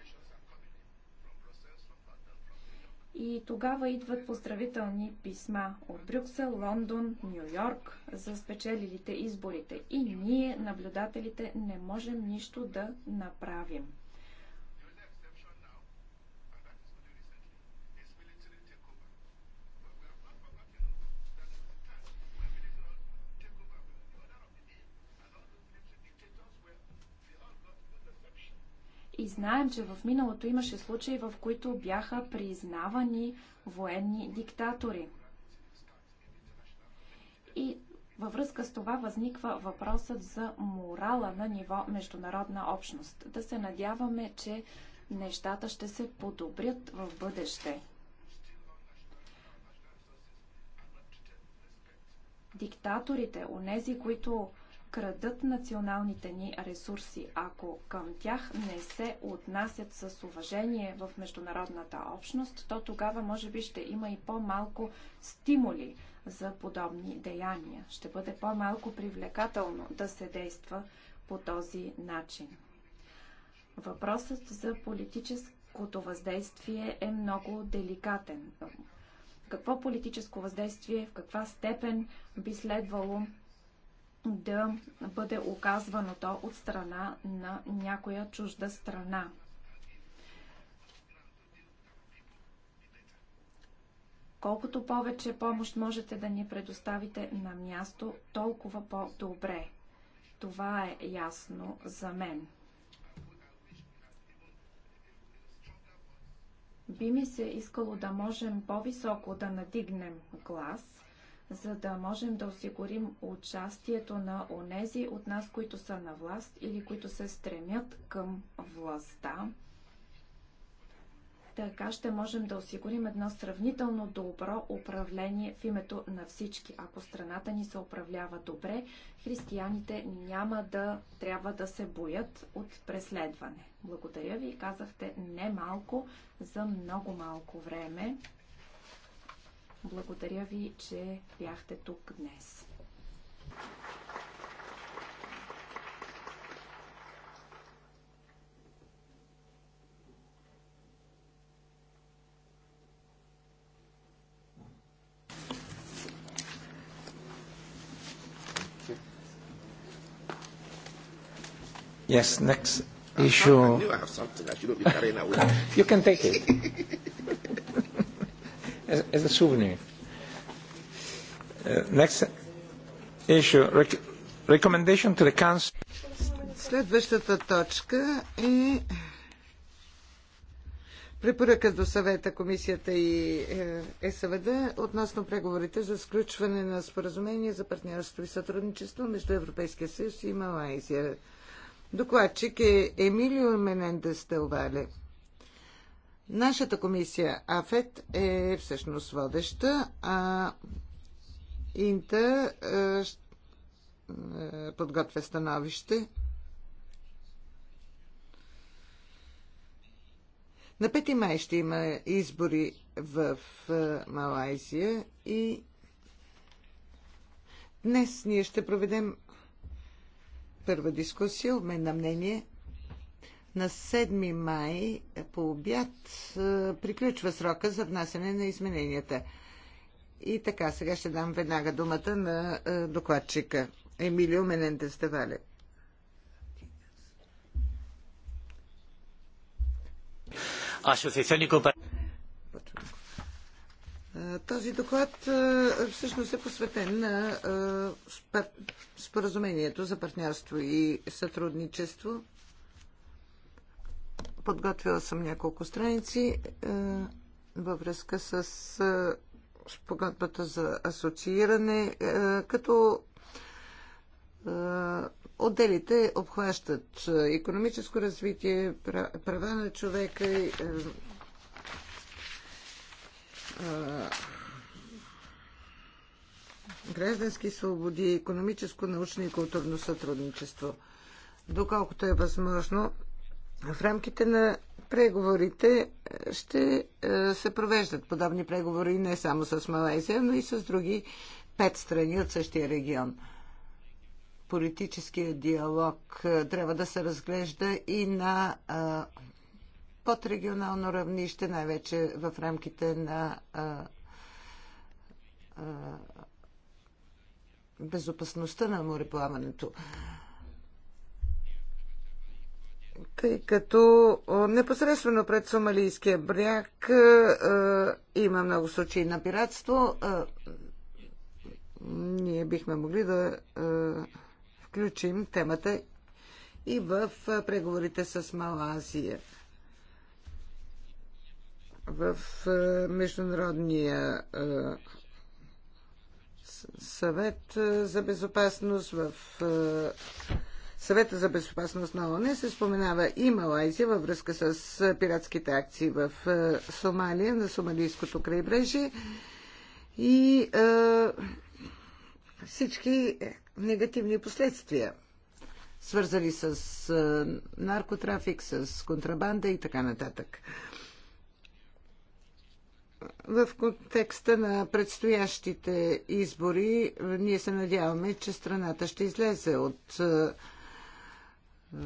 И тогава идват поздравителни писма от Брюксел, Лондон, Нью Йорк за спечелилите изборите. И ние, наблюдателите, не можем нищо да направим. знаем, че в миналото имаше случаи, в които бяха признавани военни диктатори. И във връзка с това възниква въпросът за морала на ниво международна общност. Да се надяваме, че нещата ще се подобрят в бъдеще. Диктаторите, онези, които крадат националните ни ресурси, ако към тях не се отнасят с уважение в международната общност, то тогава може би ще има и по-малко стимули за подобни деяния. Ще бъде по-малко привлекателно да се действа по този начин. Въпросът за политическото въздействие е много деликатен. Какво политическо въздействие, в каква степен би следвало да бъде оказвано то от страна на някоя чужда страна. Колкото повече помощ можете да ни предоставите на място, толкова по-добре. Това е ясно за мен. Би ми се искало да можем по-високо да надигнем глас, за да можем да осигурим участието на онези от нас, които са на власт или които се стремят към властта. Така ще можем да осигурим едно сравнително добро управление в името на всички. Ако страната ни се управлява добре, християните няма да трябва да се боят от преследване. Благодаря ви, казахте не малко за много малко време. Благодаря ви, че бяхте тук днес. Yes, next issue. I knew I have something. I shouldn't be carrying away. you can take it as, as a souvenir. Uh, next issue, rec recommendation to the council. Следващата точка е препоръка до съвета, комисията и ЕСВД относно преговорите за сключване на споразумение за партньорство и сътрудничество между Европейския съюз и Малайзия. Докладчик е Емилио Менендес Телвале. Нашата комисия АФЕТ е всъщност водеща, а Инта подготвя становище. На 5 май ще има избори в Малайзия и днес ние ще проведем първа дискусия, обмен на мнение на 7 май по обяд е, приключва срока за внасяне на измененията. И така, сега ще дам веднага думата на е, докладчика Емилио Менендес Девале. Е, този доклад всъщност е посветен на споразумението за партньорство и сътрудничество Подготвила съм няколко страници е, във връзка е, с погодбата за асоцииране, е, като отделите обхващат економическо развитие, права на човека, и граждански свободи, економическо, научно и културно сътрудничество. Доколкото е възможно, в рамките на преговорите е, ще е, се провеждат подобни преговори не само с Малайзия, но и с други пет страни от същия регион. Политическият диалог е, трябва да се разглежда и на подрегионално равнище, най-вече в рамките на безопасността на мореплаването тъй като непосредствено пред Сомалийския бряг е, има много случаи на пиратство. Е, ние бихме могли да е, включим темата и в преговорите с Малазия. В Международния съвет за безопасност, в съвета за безопасност на ООН се споменава и Малайзия във връзка с пиратските акции в Сомалия, на сомалийското крайбрежие. И е, всички негативни последствия, свързани с е, наркотрафик, с контрабанда и така нататък. В контекста на предстоящите избори, ние се надяваме, че страната ще излезе от е, е,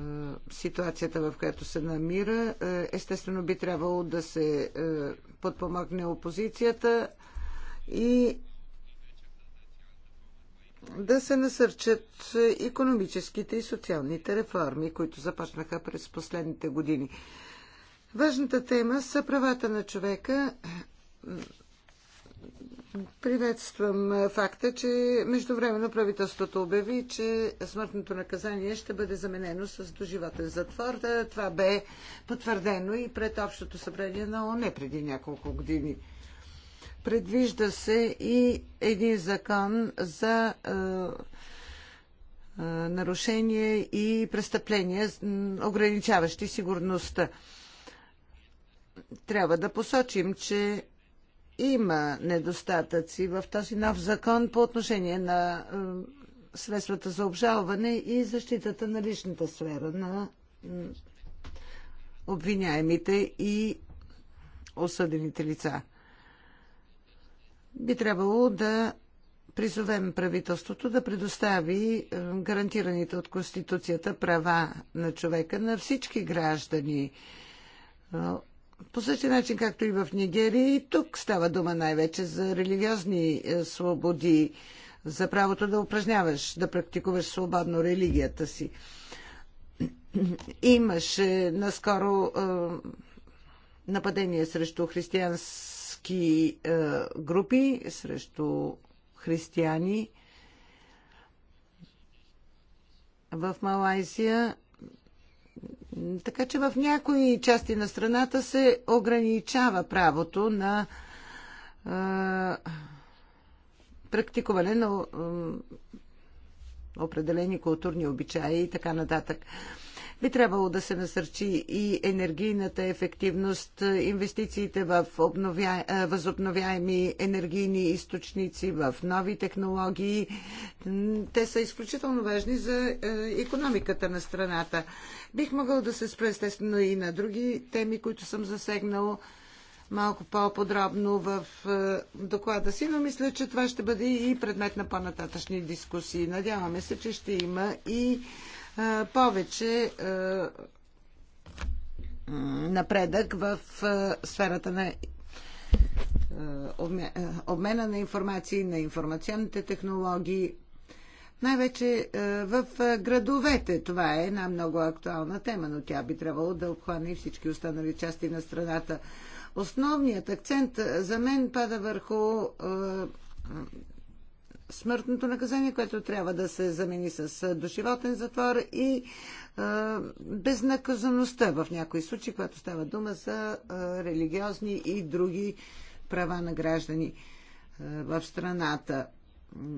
ситуацията, в която се намира. Е, естествено би трябвало да се е, подпомогне опозицията и да се насърчат економическите и социалните реформи, които започнаха през последните години. Важната тема са правата на човека Приветствам факта, че междувременно правителството обяви, че смъртното наказание ще бъде заменено с доживотен затвор. Това бе потвърдено и пред Общото събрание на ОНЕ преди няколко години. Предвижда се и един закон за нарушение и престъпления, ограничаващи сигурността. Трябва да посочим, че има недостатъци в този нов закон по отношение на е, средствата за обжалване и защитата на личната сфера на обвиняемите и осъдените лица. Би трябвало да призовем правителството да предостави е, гарантираните от Конституцията права на човека на всички граждани е, по същия начин, както и в Нигерия, и тук става дума най-вече за религиозни е, свободи, за правото да упражняваш, да практикуваш свободно религията си. [CLEARS THROAT] Имаше наскоро е, нападение срещу християнски е, групи, срещу християни в Малайзия така че в някои части на страната се ограничава правото на е, практикуване на е, определени културни обичаи и така нататък. Е, би трябвало да се насърчи и енергийната ефективност, инвестициите в обновя... Е, възобновяеми енергийни източници, в нови технологии. Те са изключително важни за економиката на страната. Бих могъл да се спра естествено и на други теми, които съм засегнал малко по-подробно в е, доклада си, но мисля, че това ще бъде и предмет на по-нататъчни дискусии. Надяваме се, че ще има и повече напредък в сферата на обмена на информации, на информационните технологии. Най-вече в градовете това е една много актуална тема, но тя би трябвало да обхване и всички останали части на страната. Основният акцент за мен пада върху смъртното наказание, което трябва да се замени с доживотен затвор и а, безнаказаността в някои случаи, когато става дума за а, религиозни и други права на граждани а, в страната.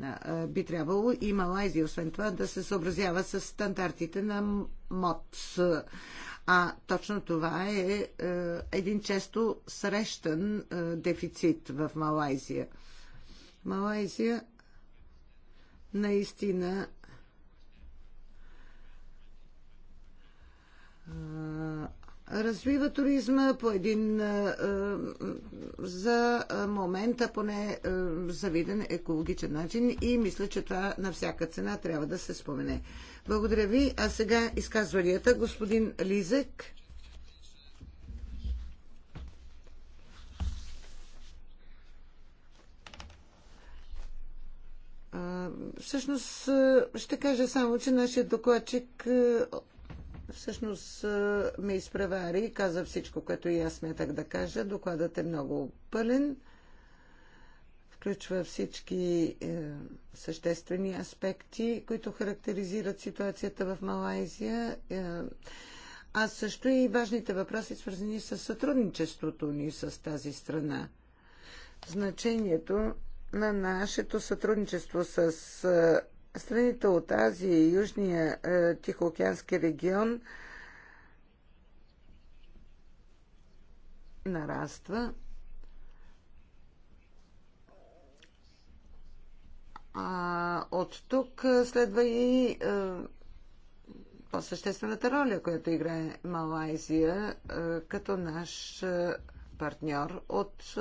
А, би трябвало и Малайзия, освен това, да се съобразява с стандартите на МОД. А точно това е, е един често срещан е, дефицит в Малайзия. Малайзия наистина развива туризма по един за момента поне завиден екологичен начин и мисля, че това на всяка цена трябва да се спомене. Благодаря ви. А сега изказванията господин Лизек. Всъщност ще кажа само, че нашия докладчик всъщност ме изпревари и каза всичко, което и аз смятах да кажа. Докладът е много пълен, включва всички е, съществени аспекти, които характеризират ситуацията в Малайзия. Е, а също и важните въпроси, свързани с сътрудничеството ни с тази страна. Значението на нашето сътрудничество с страните от Азия и Южния Тихоокеански регион нараства. А от тук следва и по-съществената роля, която играе Малайзия като наш партньор от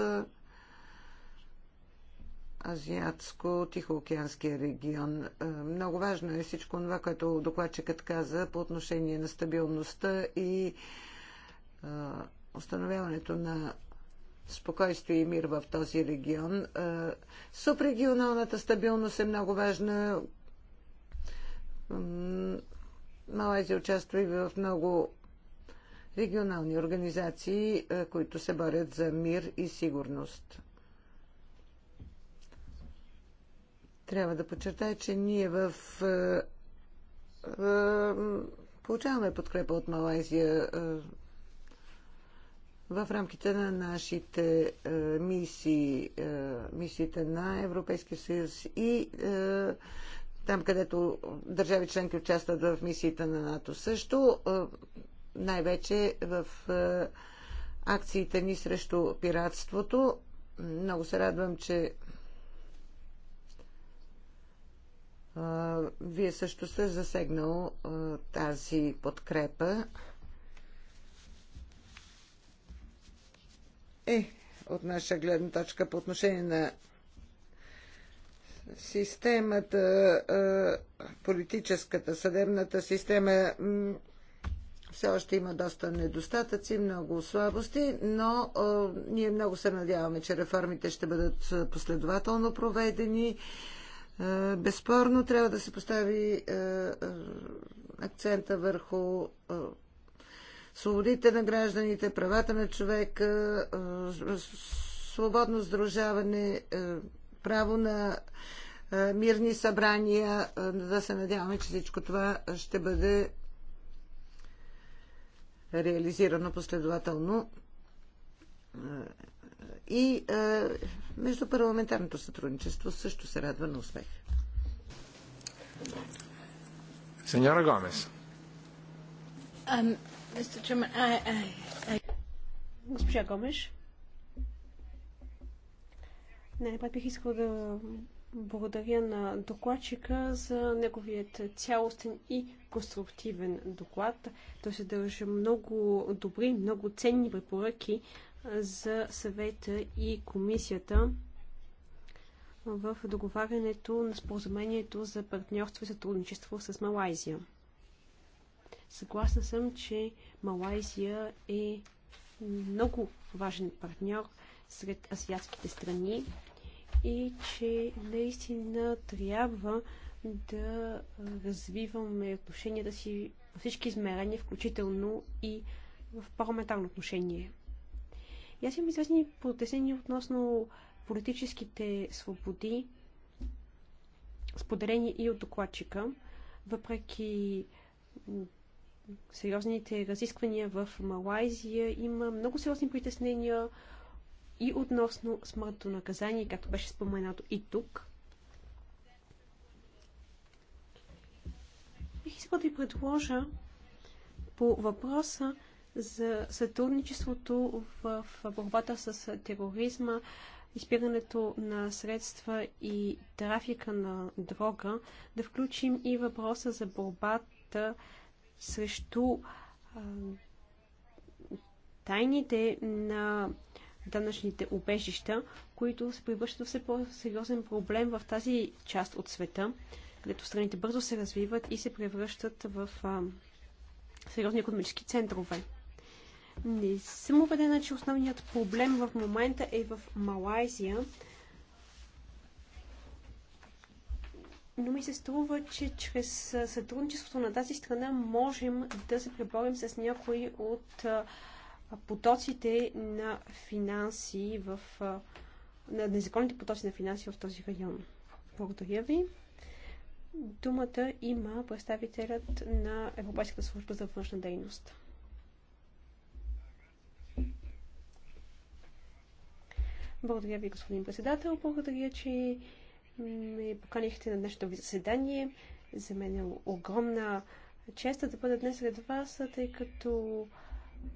Азиатско-Тихоокеанския регион. Е, много важно е всичко това, което докладчикът каза по отношение на стабилността и е, установяването на спокойствие и мир в този регион. Е, субрегионалната стабилност е много важна. Малайзия участва и в много регионални организации, които се борят за мир и сигурност. Трябва да подчертая, че ние в е, е, получаваме подкрепа от Малайзия е, в рамките на нашите мисии, мисиите на Европейския съюз и там, където държави членки участват в мисиите на НАТО също, най-вече в акциите ни срещу пиратството. Много се радвам, че Вие също сте засегнал тази подкрепа. Е, от наша гледна точка по отношение на системата, политическата, съдебната система все още има доста недостатъци, много слабости, но ние много се надяваме, че реформите ще бъдат последователно проведени е, безспорно трябва да се постави е, е, акцента върху свободите на гражданите, правата на човека, свободно сдружаване, право на мирни събрания. Да се надяваме, че всичко това ще бъде реализирано последователно и а, е, между парламентарното сътрудничество също се радва на успех. Сеньора Гомес. Um, Госпожа Гомеш. Най-напред бих искал да благодаря на докладчика за неговият цялостен и конструктивен доклад. Той се държа много добри, много ценни препоръки за съвета и комисията в договарянето на споразумението за партньорство и сътрудничество с Малайзия. Съгласна съм, че Малайзия е много важен партньор сред азиатските страни и че наистина трябва да развиваме отношенията си във всички измерения, включително и в парламентарно отношение. И аз имам известни протесения относно политическите свободи, споделени и от докладчика, въпреки сериозните разисквания в Малайзия, има много сериозни притеснения и относно смъртното наказание, както беше споменато и тук. Бих искала да ви предложа по въпроса за сътрудничеството в, борбата с тероризма, изпирането на средства и трафика на дрога, да включим и въпроса за борбата срещу а, тайните на данъчните убежища, които се превръщат все по-сериозен проблем в тази част от света, където страните бързо се развиват и се превръщат в а, сериозни економически центрове. Не съм убедена, че основният проблем в момента е в Малайзия. но ми се струва, че чрез сътрудничеството на тази страна можем да се преборим с някои от потоците на финанси в на незаконните потоци на финанси в този район. Благодаря ви. Думата има представителят на Европейската служба за външна дейност. Благодаря ви, господин председател. Благодаря, че ме поканихте на днешното ви заседание. За мен е огромна чест да бъда днес сред вас, тъй като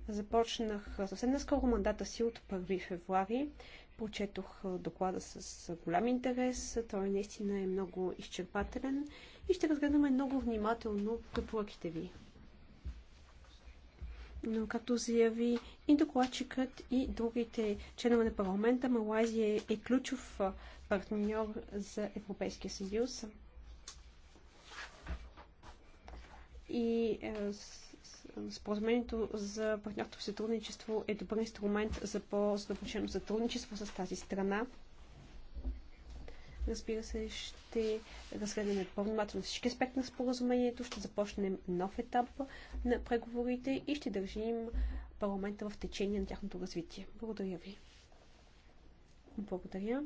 започнах съвсем наскоро мандата си от 1 февруари. почетох доклада с голям интерес. Той наистина е много изчерпателен и ще разгледаме много внимателно препоръките ви. Но както заяви и докладчикът и другите членове на парламента, Малайзия е ключов партньор за Европейския съюз. И е, споразумението за партньорство в сътрудничество е добър инструмент за по-задълбочено сътрудничество с тази страна. Разбира се, ще разгледаме по-внимателно всички аспекти на споразумението, ще започнем нов етап на преговорите и ще държим парламента в течение на тяхното развитие. Благодаря ви. Благодаря,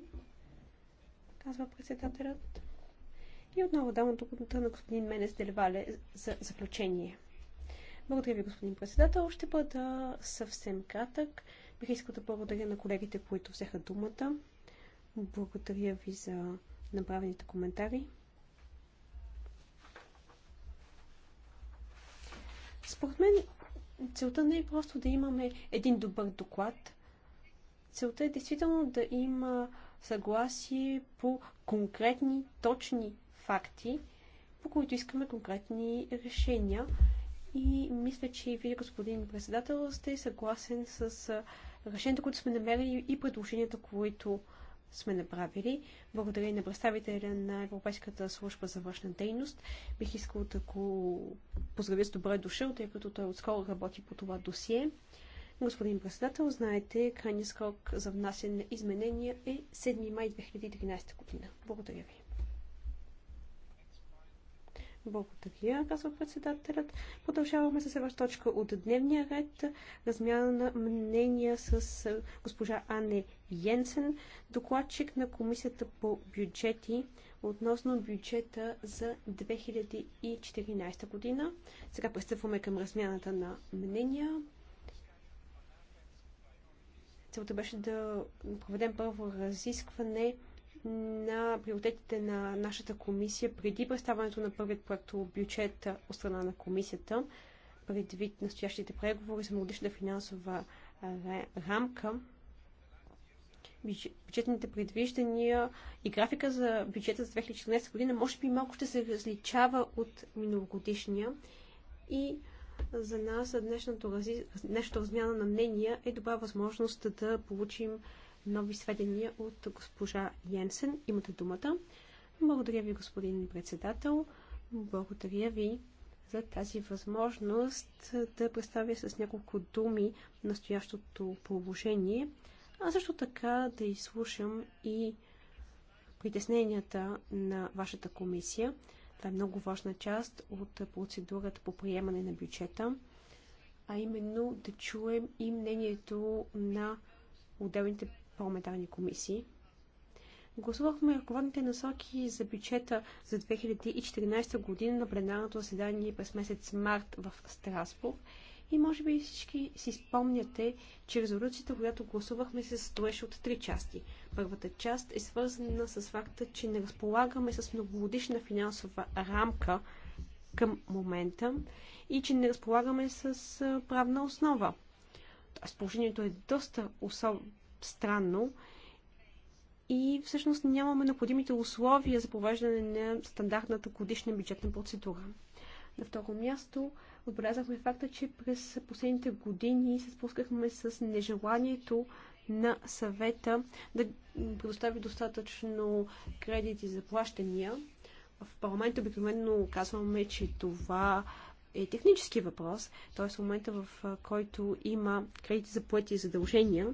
казва председателят. И отново давам думата на господин Менес Делевале за заключение. Благодаря ви, господин председател. Ще бъда съвсем кратък. Бих искал да благодаря на колегите, които взеха думата. Благодаря ви за направените коментари. Според мен целта не е просто да имаме един добър доклад. Целта е действително да има съгласие по конкретни, точни факти, по които искаме конкретни решения. И мисля, че и вие, господин председател, сте съгласен с решенията, които сме намерили и предложенията, които сме направили. Благодаря и на представителя на Европейската служба за външна дейност. Бих искал да го поздравя с добре дошъл, тъй като той отскоро работи по това досие. Господин председател, знаете, крайният срок за внасяне на изменения е 7 май 2013 година. Благодаря ви. Благодаря, казва председателят. Продължаваме с следваща точка от дневния ред. Размяна на мнения с госпожа Анне Йенсен, докладчик на Комисията по бюджети относно бюджета за 2014 година. Сега пристъпваме към размяната на мнения. Целта беше да проведем първо разискване на приоритетите на нашата комисия преди представането на първият проект бюджет от страна на комисията, предвид настоящите преговори за многодишната финансова рамка. Бюджетните предвиждания и графика за бюджета за 2014 година може би малко ще се различава от миналогодишния и за нас днешното, размяна на мнения е добра възможност да получим нови сведения от госпожа Йенсен. Имате думата. Благодаря ви, господин председател. Благодаря ви за тази възможност да представя с няколко думи настоящото положение, а също така да изслушам и притесненията на вашата комисия. Това е много важна част от процедурата по приемане на бюджета, а именно да чуем и мнението на отделните парламентарни комисии. Гласувахме ръководните насоки за бюджета за 2014 година на пленарното заседание през месец март в Страсбург. И може би всички си спомняте, че резолюцията, която гласувахме, се състоеше от три части. Първата част е свързана с факта, че не разполагаме с многогодишна финансова рамка към момента и че не разполагаме с правна основа. Тоест положението е доста особено странно и всъщност нямаме необходимите условия за провеждане на стандартната годишна бюджетна процедура. На второ място отбелязахме факта, че през последните години се спускахме с нежеланието на съвета да предостави достатъчно кредити за плащания. В парламента обикновено казваме, че това е технически въпрос, т.е. в момента в който има кредити за плати и задължения,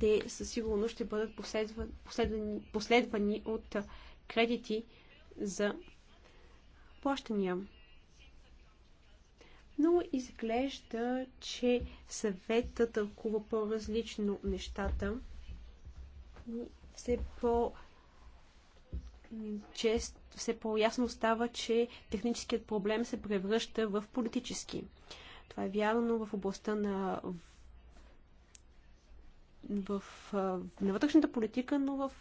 те със сигурност ще бъдат последвани, последвани, последвани от кредити за плащания. Но изглежда, че съветът тълкува по-различно нещата и все по- че все по-ясно става, че техническият проблем се превръща в политически. Това е вярно в областта на в, на вътрешната политика, но в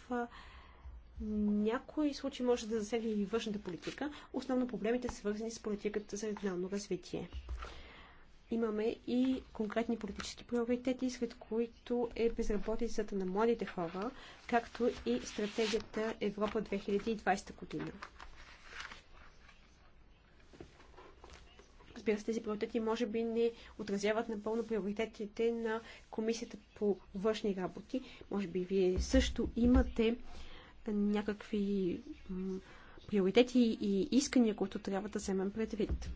някои случаи може да засегне и външната политика. Основно проблемите са свързани с политиката за регионално развитие. Имаме и конкретни политически приоритети, сред които е безработицата на младите хора, както и стратегията Европа 2020 година. Разбира се, тези приоритети може би не отразяват напълно приоритетите на Комисията по външни работи. Може би вие също имате някакви приоритети и искания, които трябва да вземем предвид.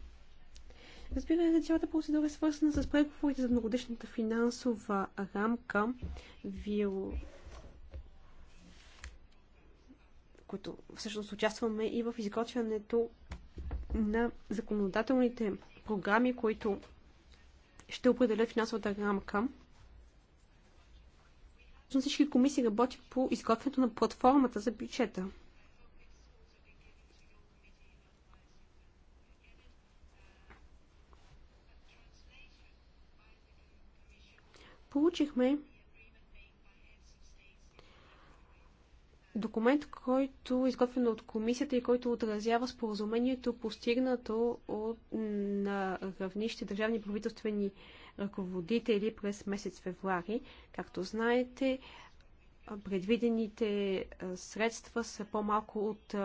Разбира се, цялата процедура е свързана с преговорите за многодишната финансова рамка. Вие които всъщност участваме и в изготвянето на законодателните програми, които ще определят финансовата рамка. Всички комисии работят по изготвянето на платформата за бюджета. Получихме документ, който е изготвен от комисията и който отразява споразумението, постигнато от, на равнище държавни правителствени ръководители през месец февруари. Както знаете, предвидените средства са по-малко от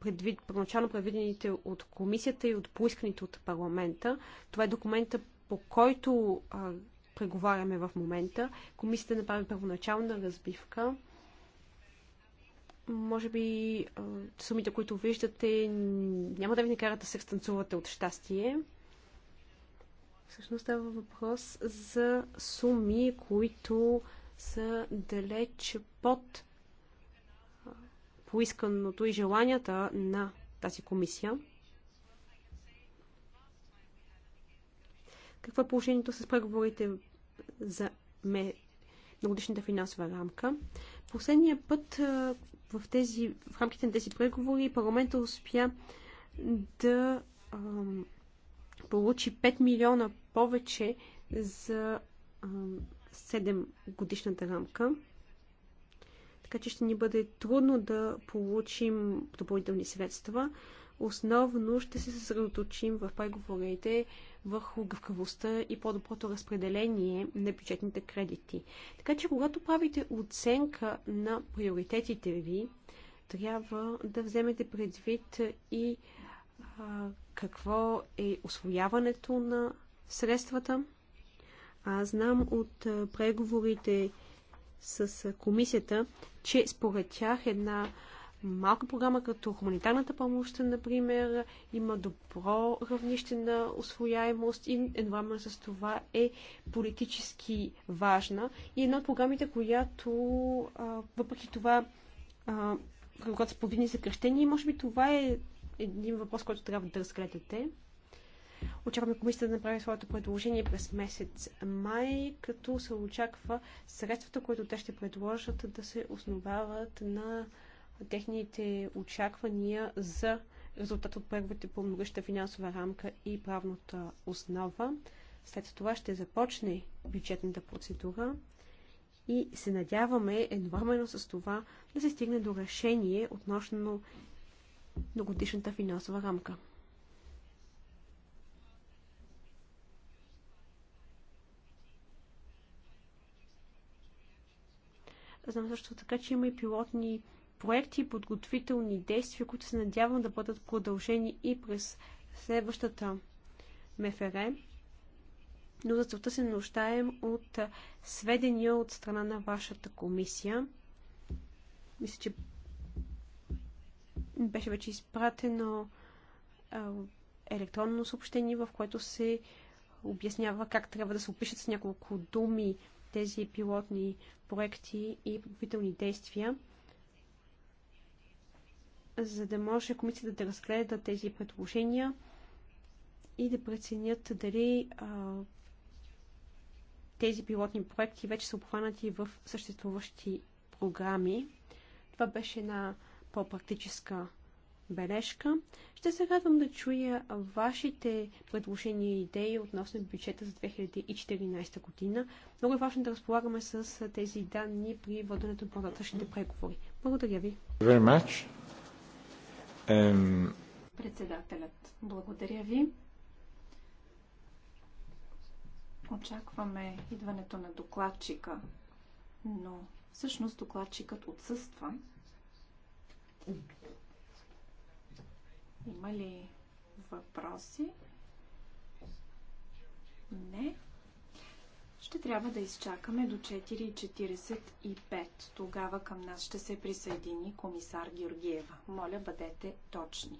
предвид, първоначално предвидените от комисията и от поисканите от парламента. Това е документа, по който преговаряме в момента. Комисията направи първоначална разбивка може би сумите, които виждате, няма да ви накарат да се станцувате от щастие. Всъщност става въпрос за суми, които са далеч под поисканото и желанията на тази комисия. Какво е положението с преговорите за ме, годишната финансова рамка? Последния път в, тези, в рамките на тези преговори парламента успя да ам, получи 5 милиона повече за ам, 7 годишната рамка. Така че ще ни бъде трудно да получим допълнителни средства. Основно ще се съсредоточим в преговорите върху гъвкавостта и по-доброто разпределение на бюджетните кредити. Така че, когато правите оценка на приоритетите ви, трябва да вземете предвид и а, какво е освояването на средствата. Аз знам от а, преговорите с а, комисията, че според тях една а, малка програма като хуманитарната помощ, например, има добро равнище на освояемост и едновременно с това е политически важна. И една от програмите, която а, въпреки това, а, когато са подвидни съкрещения, и може би това е един въпрос, който трябва да разгледате. Очакваме комисията да направи своето предложение през месец май, като се очаква средствата, които те ще предложат да се основават на техните очаквания за резултат от преговорите по многоща финансова рамка и правната основа. След това ще започне бюджетната процедура и се надяваме едновременно с това да се стигне до решение относно многодишната финансова рамка. Знам също така, че има и пилотни проекти и подготвителни действия, които се надявам да бъдат продължени и през следващата МФР. Но за целта се нуждаем от сведения от страна на вашата комисия. Мисля, че беше вече изпратено електронно съобщение, в което се обяснява как трябва да се опишат с няколко думи тези пилотни проекти и подготвителни действия за да може комисията да разгледа тези предложения и да преценят дали а, тези пилотни проекти вече са обхванати в съществуващи програми. Това беше една по-практическа бележка. Ще се радвам да чуя вашите предложения и идеи относно бюджета за 2014 година. Много е важно да разполагаме с тези данни при воденето на по преговори. Благодаря ви. Very much. Ем... Председателят, благодаря ви. Очакваме идването на докладчика, но всъщност докладчикът отсъства. Има ли въпроси? Не ще трябва да изчакаме до 4.45. Тогава към нас ще се присъедини комисар Георгиева. Моля, бъдете точни.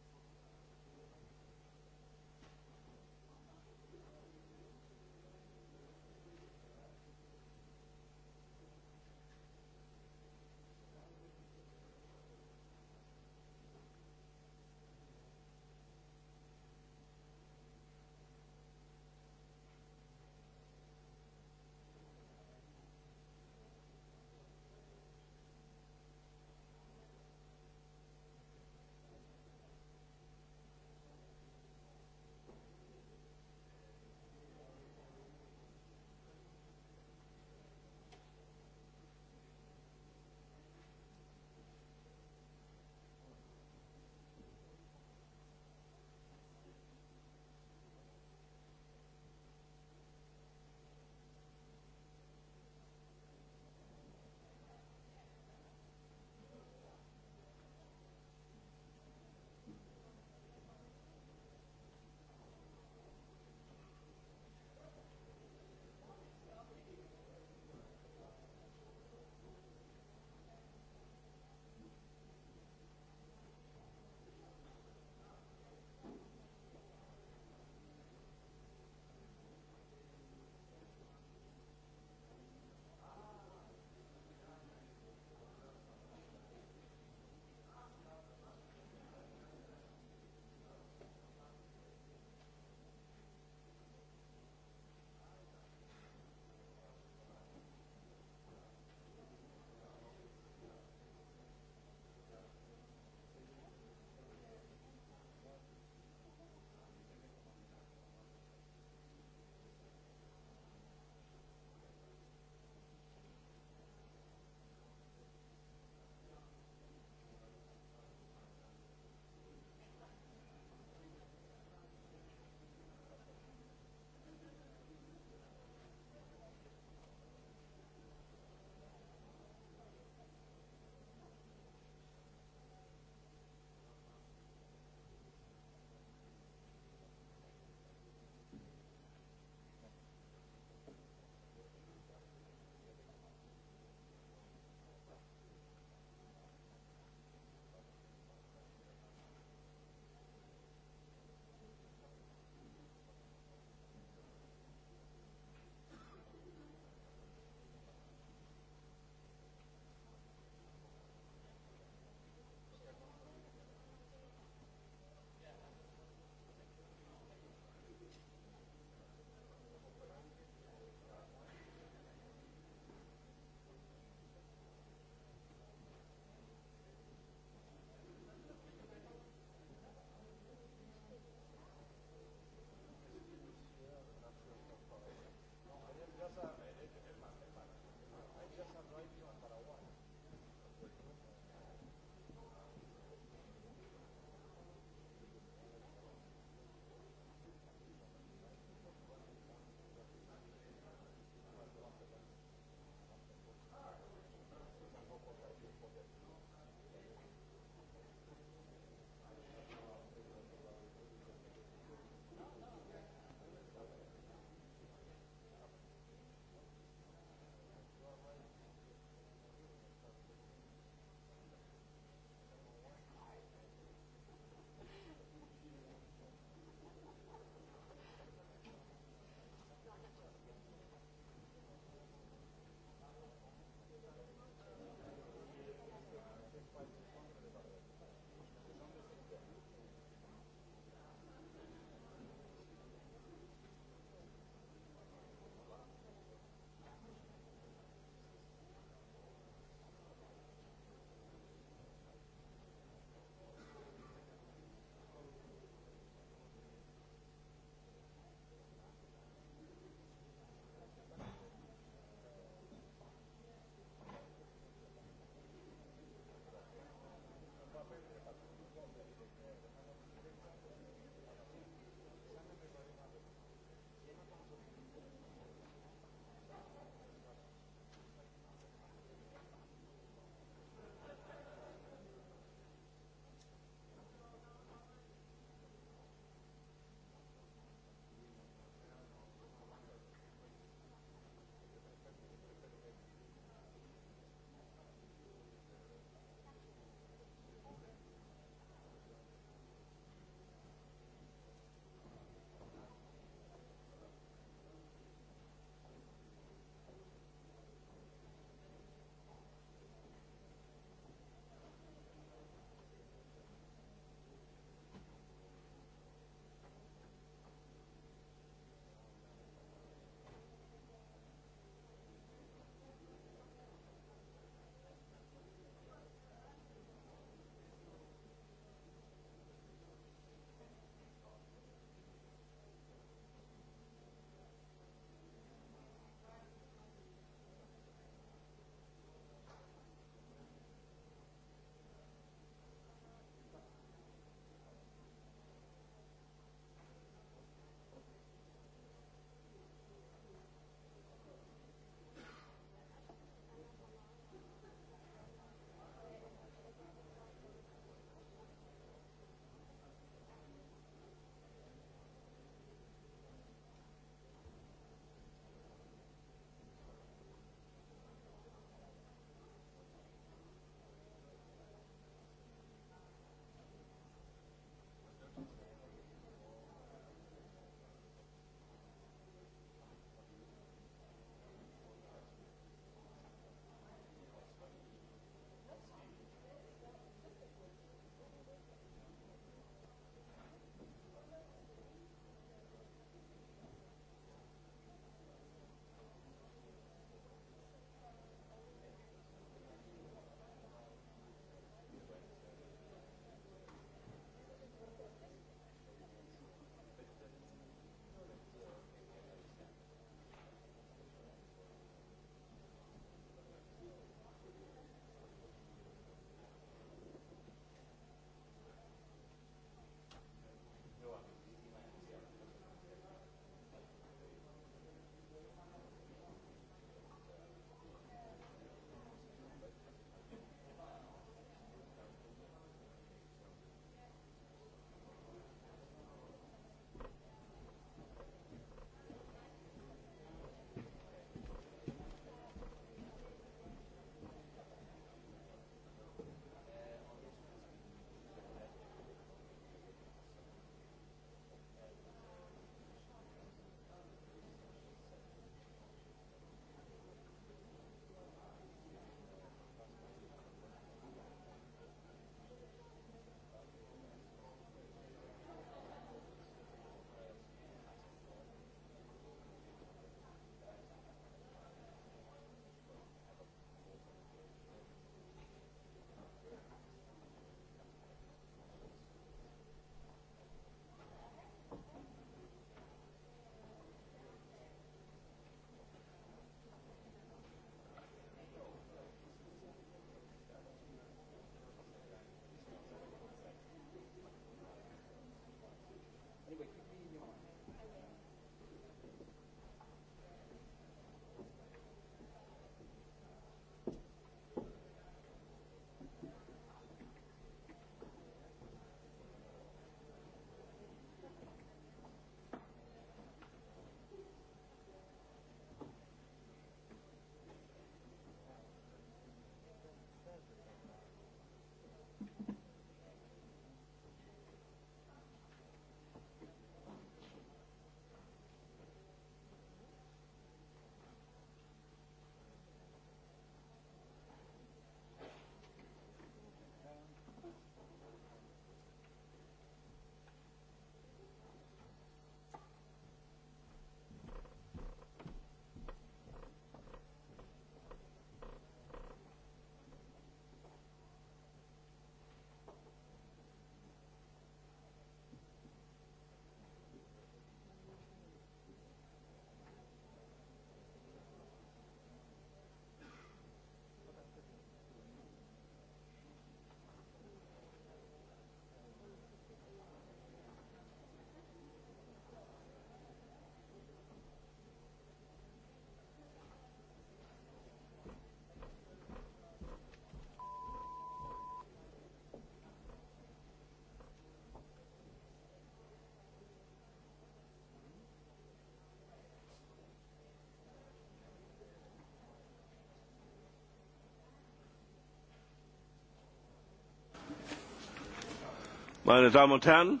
Meine Damen und Herren,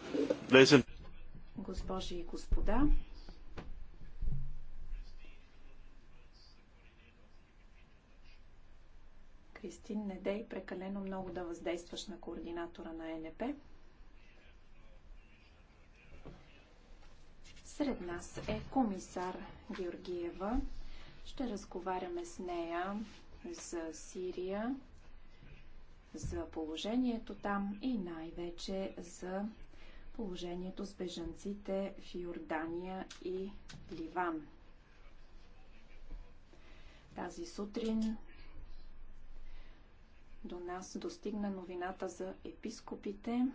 ladies Госпожи и господа, Кристин, не дей прекалено много да въздействаш на координатора на НП. Сред нас е комисар Георгиева. Ще разговаряме с нея за Сирия, за положението там и най-вече за положението с бежанците в Йордания и Ливан. Тази сутрин до нас достигна новината за епископите,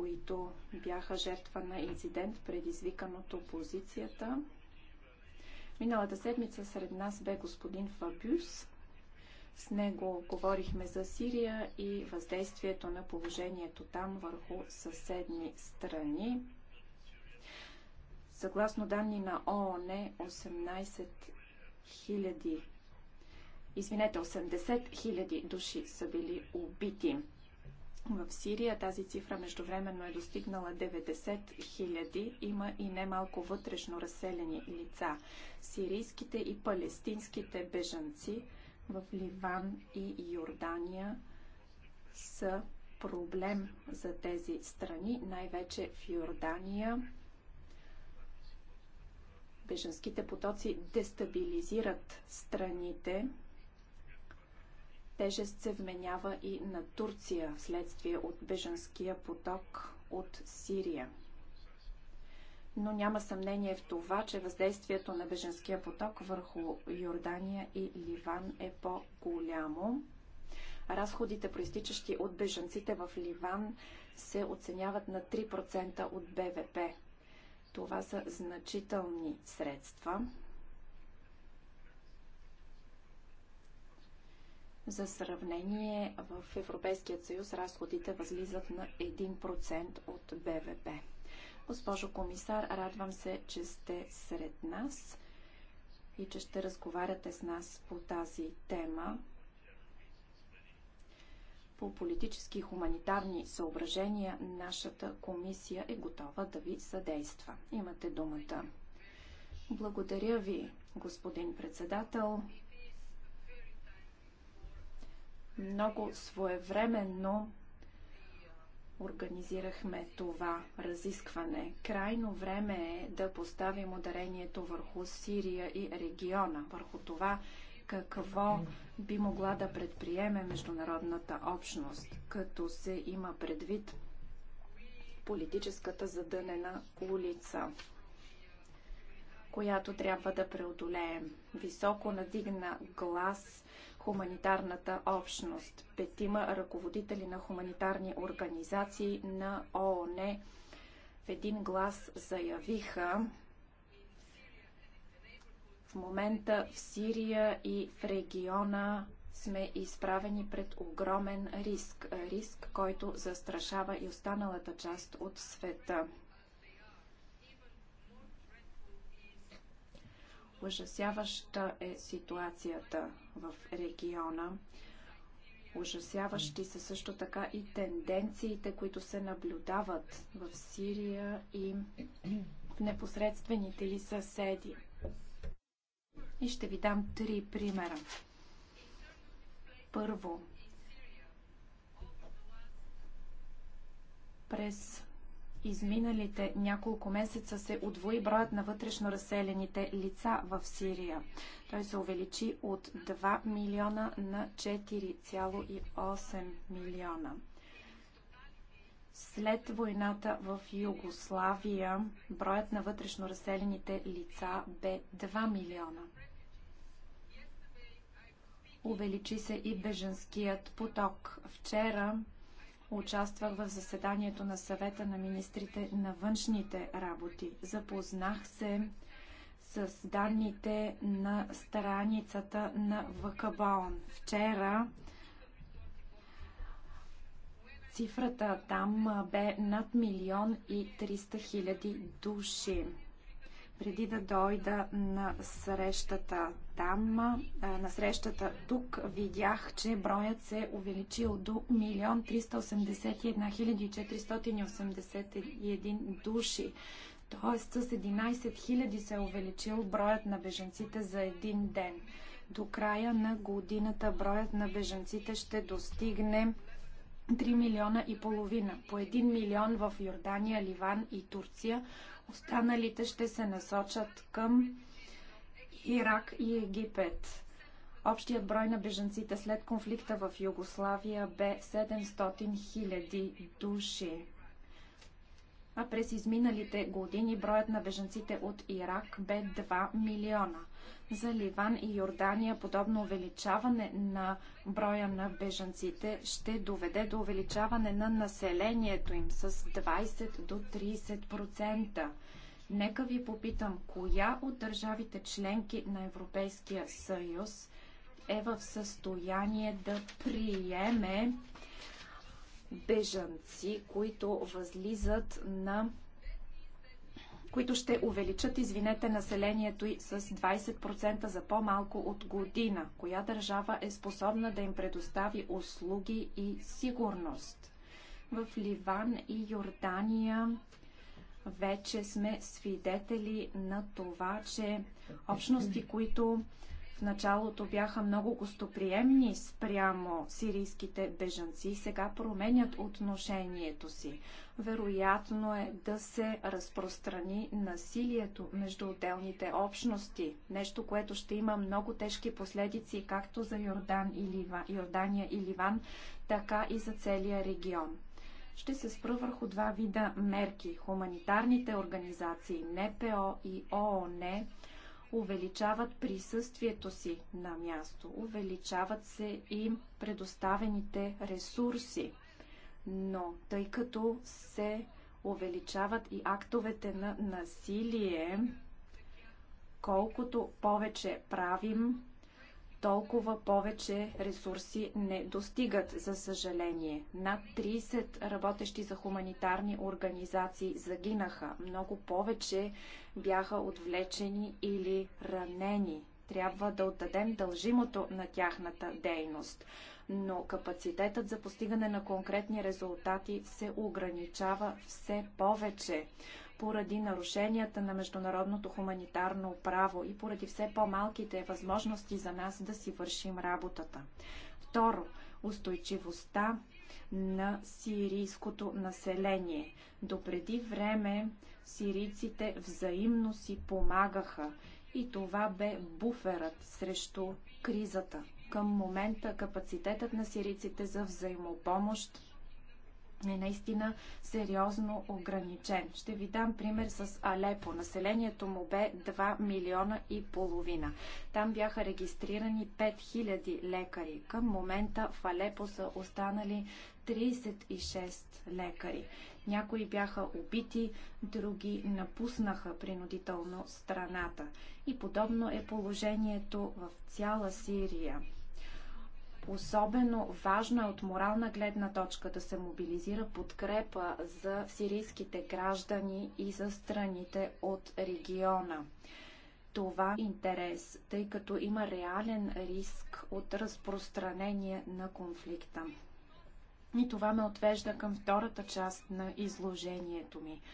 които бяха жертва на инцидент, предизвикан от опозицията. Миналата седмица сред нас бе господин Фабюс. С него говорихме за Сирия и въздействието на положението там върху съседни страни. Съгласно данни на ООН, 18 000 извинете, 80 000 души са били убити. В Сирия тази цифра междувременно е достигнала 90 000. Има и немалко вътрешно разселени лица. Сирийските и палестинските бежанци в Ливан и Йордания са проблем за тези страни, най-вече в Йордания. Бежанските потоци дестабилизират страните, тежест се вменява и на Турция вследствие от беженския поток от Сирия. Но няма съмнение в това, че въздействието на беженския поток върху Йордания и Ливан е по-голямо. Разходите, проистичащи от беженците в Ливан, се оценяват на 3% от БВП. Това са значителни средства. За сравнение, в Европейският съюз разходите възлизат на 1% от БВП. Госпожо комисар, радвам се, че сте сред нас и че ще разговаряте с нас по тази тема. По политически и хуманитарни съображения нашата комисия е готова да ви съдейства. Имате думата. Благодаря ви, господин председател. Много своевременно организирахме това разискване. Крайно време е да поставим ударението върху Сирия и региона, върху това какво би могла да предприеме международната общност, като се има предвид политическата задънена улица, която трябва да преодолеем. Високо надигна глас хуманитарната общност. Петима ръководители на хуманитарни организации на ООН в един глас заявиха, в момента в Сирия и в региона сме изправени пред огромен риск. Риск, който застрашава и останалата част от света. Ужасяваща е ситуацията в региона. Ужасяващи са също така и тенденциите, които се наблюдават в Сирия и в непосредствените ли съседи. И ще ви дам три примера. Първо, през изминалите няколко месеца се удвои броят на вътрешно разселените лица в Сирия. Той се увеличи от 2 милиона на 4,8 милиона. След войната в Югославия броят на вътрешно разселените лица бе 2 милиона. Увеличи се и беженският поток. Вчера Участвах в заседанието на съвета на министрите на външните работи. Запознах се с данните на страницата на ВКБОН. Вчера цифрата там бе над милион и 300 хиляди души. Преди да дойда на срещата там на срещата тук видях, че броят се увеличил до 1 381 481 души. Тоест с 11 000 се е увеличил броят на беженците за един ден. До края на годината броят на беженците ще достигне 3 милиона и половина. По 1 милион в Йордания, Ливан и Турция. Останалите ще се насочат към Ирак и Египет. Общият брой на бежанците след конфликта в Югославия бе 700 000 души. А през изминалите години броят на бежанците от Ирак бе 2 милиона. За Ливан и Йордания подобно увеличаване на броя на бежанците ще доведе до увеличаване на населението им с 20 до 30%. Нека ви попитам, коя от държавите членки на Европейския съюз е в състояние да приеме бежанци, които възлизат на които ще увеличат, извинете, населението и с 20% за по-малко от година. Коя държава е способна да им предостави услуги и сигурност? В Ливан и Йордания вече сме свидетели на това, че общности, които в началото бяха много гостоприемни спрямо сирийските бежанци, сега променят отношението си. Вероятно е да се разпространи насилието между отделните общности, нещо, което ще има много тежки последици както за Йордан и Лива, Йордания и Ливан, така и за целия регион ще се спра върху два вида мерки. Хуманитарните организации НПО и ООН увеличават присъствието си на място, увеличават се и предоставените ресурси. Но тъй като се увеличават и актовете на насилие, колкото повече правим, толкова повече ресурси не достигат, за съжаление. Над 30 работещи за хуманитарни организации загинаха. Много повече бяха отвлечени или ранени. Трябва да отдадем дължимото на тяхната дейност. Но капацитетът за постигане на конкретни резултати се ограничава все повече поради нарушенията на международното хуманитарно право и поради все по-малките възможности за нас да си вършим работата. Второ, устойчивостта на сирийското население. Допреди време сирийците взаимно си помагаха и това бе буферът срещу кризата. Към момента капацитетът на сирийците за взаимопомощ е наистина сериозно ограничен. Ще ви дам пример с Алепо. Населението му бе 2 милиона и половина. Там бяха регистрирани 5000 лекари. Към момента в Алепо са останали 36 лекари. Някои бяха убити, други напуснаха принудително страната. И подобно е положението в цяла Сирия. Особено важно е от морална гледна точка да се мобилизира подкрепа за сирийските граждани и за страните от региона. Това е интерес, тъй като има реален риск от разпространение на конфликта. И това ме отвежда към втората част на изложението ми –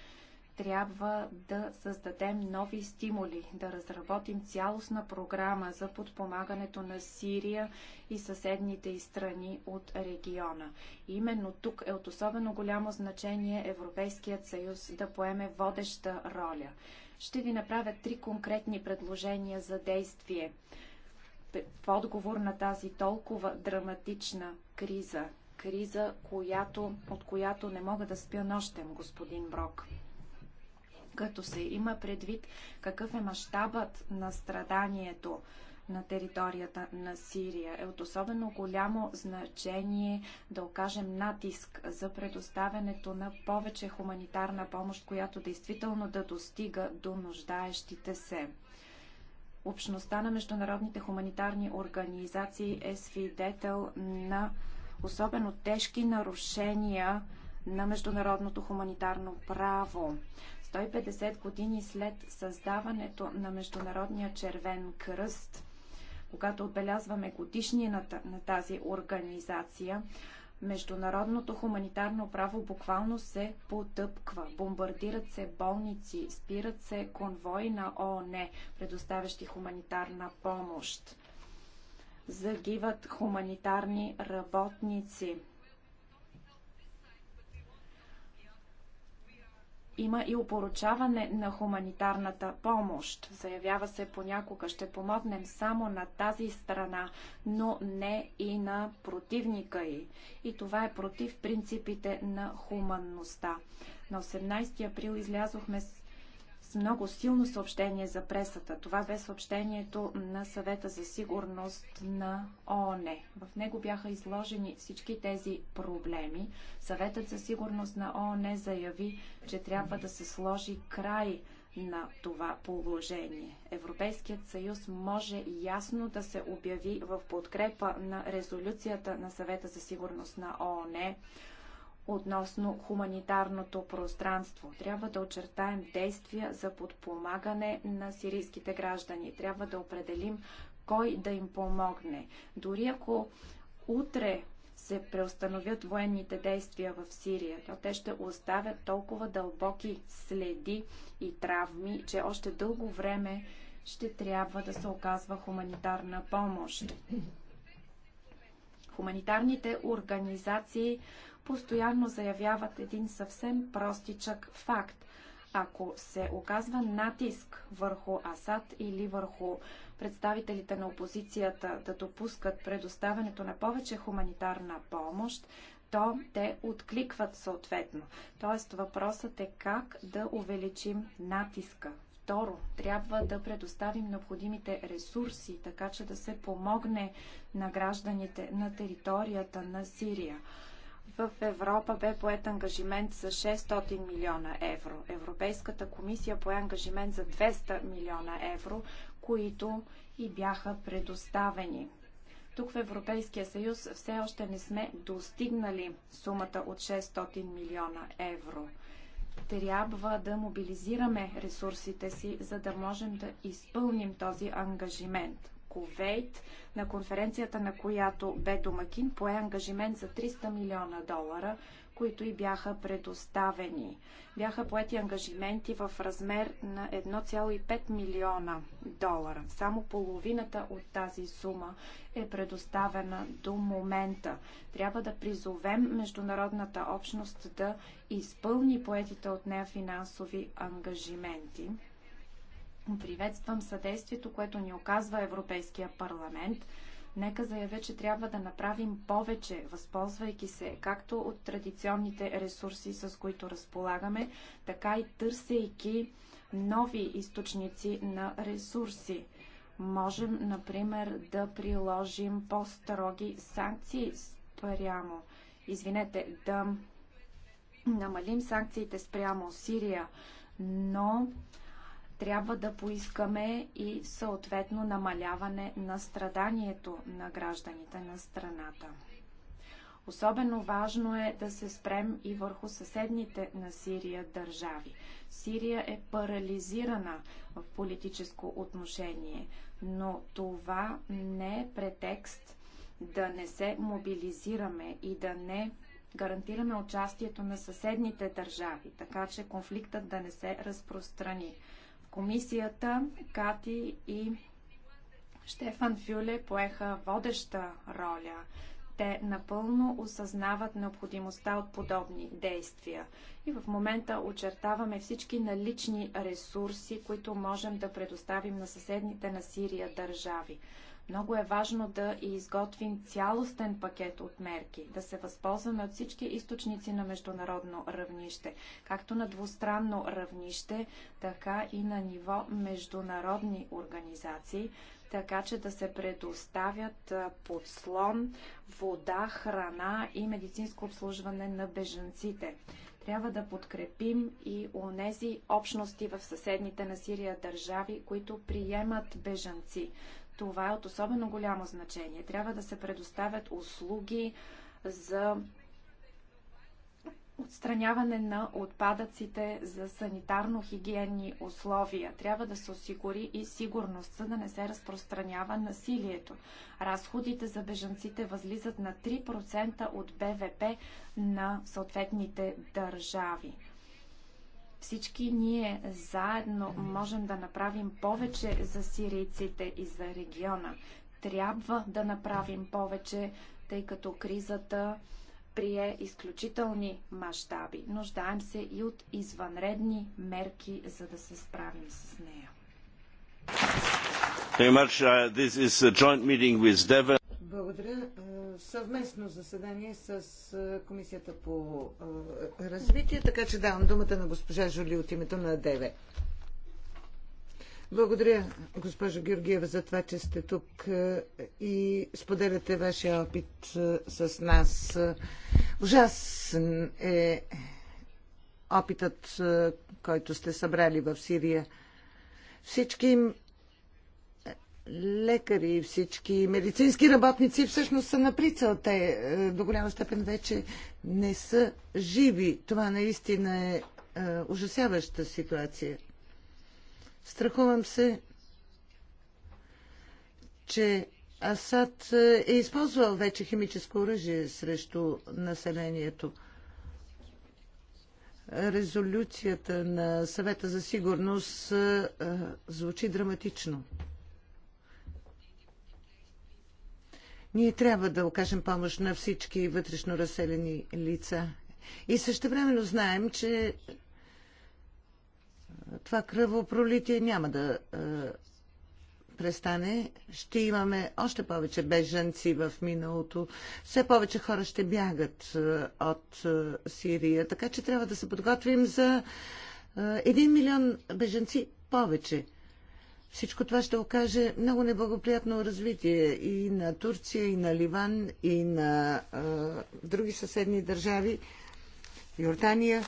трябва да създадем нови стимули, да разработим цялостна програма за подпомагането на Сирия и съседните и страни от региона. именно тук е от особено голямо значение Европейският съюз да поеме водеща роля. Ще ви направя три конкретни предложения за действие в отговор на тази толкова драматична криза криза, която, от която не мога да спя нощем, господин Брок като се има предвид какъв е мащабът на страданието на територията на Сирия. Е от особено голямо значение да окажем натиск за предоставянето на повече хуманитарна помощ, която действително да достига до нуждаещите се. Общността на международните хуманитарни организации е свидетел на особено тежки нарушения на международното хуманитарно право. 150 години след създаването на Международния червен кръст, когато отбелязваме годишнината на тази организация, международното хуманитарно право буквално се потъпква. Бомбардират се болници, спират се конвои на ООН, е, предоставящи хуманитарна помощ. Загиват хуманитарни работници. има и опоручаване на хуманитарната помощ. Заявява се понякога, ще помогнем само на тази страна, но не и на противника й. И това е против принципите на хуманността. На 18 април излязохме с с много силно съобщение за пресата. Това бе съобщението на съвета за сигурност на ООН. В него бяха изложени всички тези проблеми. Съветът за сигурност на ООН заяви, че трябва да се сложи край на това положение. Европейският съюз може ясно да се обяви в подкрепа на резолюцията на съвета за сигурност на ООН относно хуманитарното пространство. Трябва да очертаем действия за подпомагане на сирийските граждани. Трябва да определим кой да им помогне. Дори ако утре се преустановят военните действия в Сирия, то те ще оставят толкова дълбоки следи и травми, че още дълго време ще трябва да се оказва хуманитарна помощ. Хуманитарните организации постоянно заявяват един съвсем простичък факт. Ако се оказва натиск върху Асад или върху представителите на опозицията да допускат предоставянето на повече хуманитарна помощ, то те откликват съответно. Тоест въпросът е как да увеличим натиска. Второ, трябва да предоставим необходимите ресурси, така че да се помогне на гражданите на територията на Сирия в Европа бе поет ангажимент за 600 милиона евро. Европейската комисия пое ангажимент за 200 милиона евро, които и бяха предоставени. Тук в Европейския съюз все още не сме достигнали сумата от 600 милиона евро. Трябва да мобилизираме ресурсите си, за да можем да изпълним този ангажимент. Кувейт, на конференцията на която бе домакин, пое ангажимент за 300 милиона долара, които и бяха предоставени. Бяха поети ангажименти в размер на 1,5 милиона долара. Само половината от тази сума е предоставена до момента. Трябва да призовем международната общност да изпълни поетите от нея финансови ангажименти. Приветствам съдействието, което ни оказва Европейския парламент. Нека заявя, че трябва да направим повече, възползвайки се както от традиционните ресурси, с които разполагаме, така и търсейки нови източници на ресурси. Можем, например, да приложим по-строги санкции спрямо. Извинете, да намалим санкциите спрямо Сирия, но трябва да поискаме и съответно намаляване на страданието на гражданите на страната. Особено важно е да се спрем и върху съседните на Сирия държави. Сирия е парализирана в политическо отношение, но това не е претекст да не се мобилизираме и да не гарантираме участието на съседните държави, така че конфликтът да не се разпространи. Комисията, Кати и Штефан Фюле поеха водеща роля. Те напълно осъзнават необходимостта от подобни действия. И в момента очертаваме всички налични ресурси, които можем да предоставим на съседните на Сирия държави. Много е важно да изготвим цялостен пакет от мерки, да се възползваме от всички източници на международно равнище, както на двустранно равнище, така и на ниво международни организации, така че да се предоставят подслон, вода, храна и медицинско обслужване на бежанците трябва да подкрепим и онези общности в съседните на Сирия държави, които приемат бежанци. Това е от особено голямо значение. Трябва да се предоставят услуги за отстраняване на отпадъците за санитарно-хигиенни условия. Трябва да се осигури и сигурност, за да не се разпространява насилието. Разходите за бежанците възлизат на 3% от БВП на съответните държави. Всички ние заедно можем да направим повече за сирийците и за региона. Трябва да направим повече, тъй като кризата прие изключителни мащаби. Нуждаем се и от извънредни мерки, за да се справим с нея. Благодаря. Е, съвместно заседание с е, Комисията по е, развитие, така че давам думата на госпожа Жули от името на ДВ. Благодаря, госпожо Георгиева, за това, че сте тук и споделяте вашия опит с нас. Ужасен е опитът, който сте събрали в Сирия. Всички лекари и всички медицински работници всъщност са на прицел. Те до голяма степен вече не са живи. Това наистина е, е ужасяваща ситуация. Страхувам се, че Асад е използвал вече химическо оръжие срещу населението. Резолюцията на съвета за сигурност е, е, звучи драматично. Ние трябва да окажем помощ на всички вътрешно разселени лица. И също времено знаем, че това кръвопролитие няма да е, престане. Ще имаме още повече беженци в миналото. Все повече хора ще бягат е, от е, Сирия. Така че трябва да се подготвим за е, 1 милион беженци повече. Всичко това ще окаже много неблагоприятно развитие и на Турция, и на Ливан, и на а, други съседни държави, Йордания.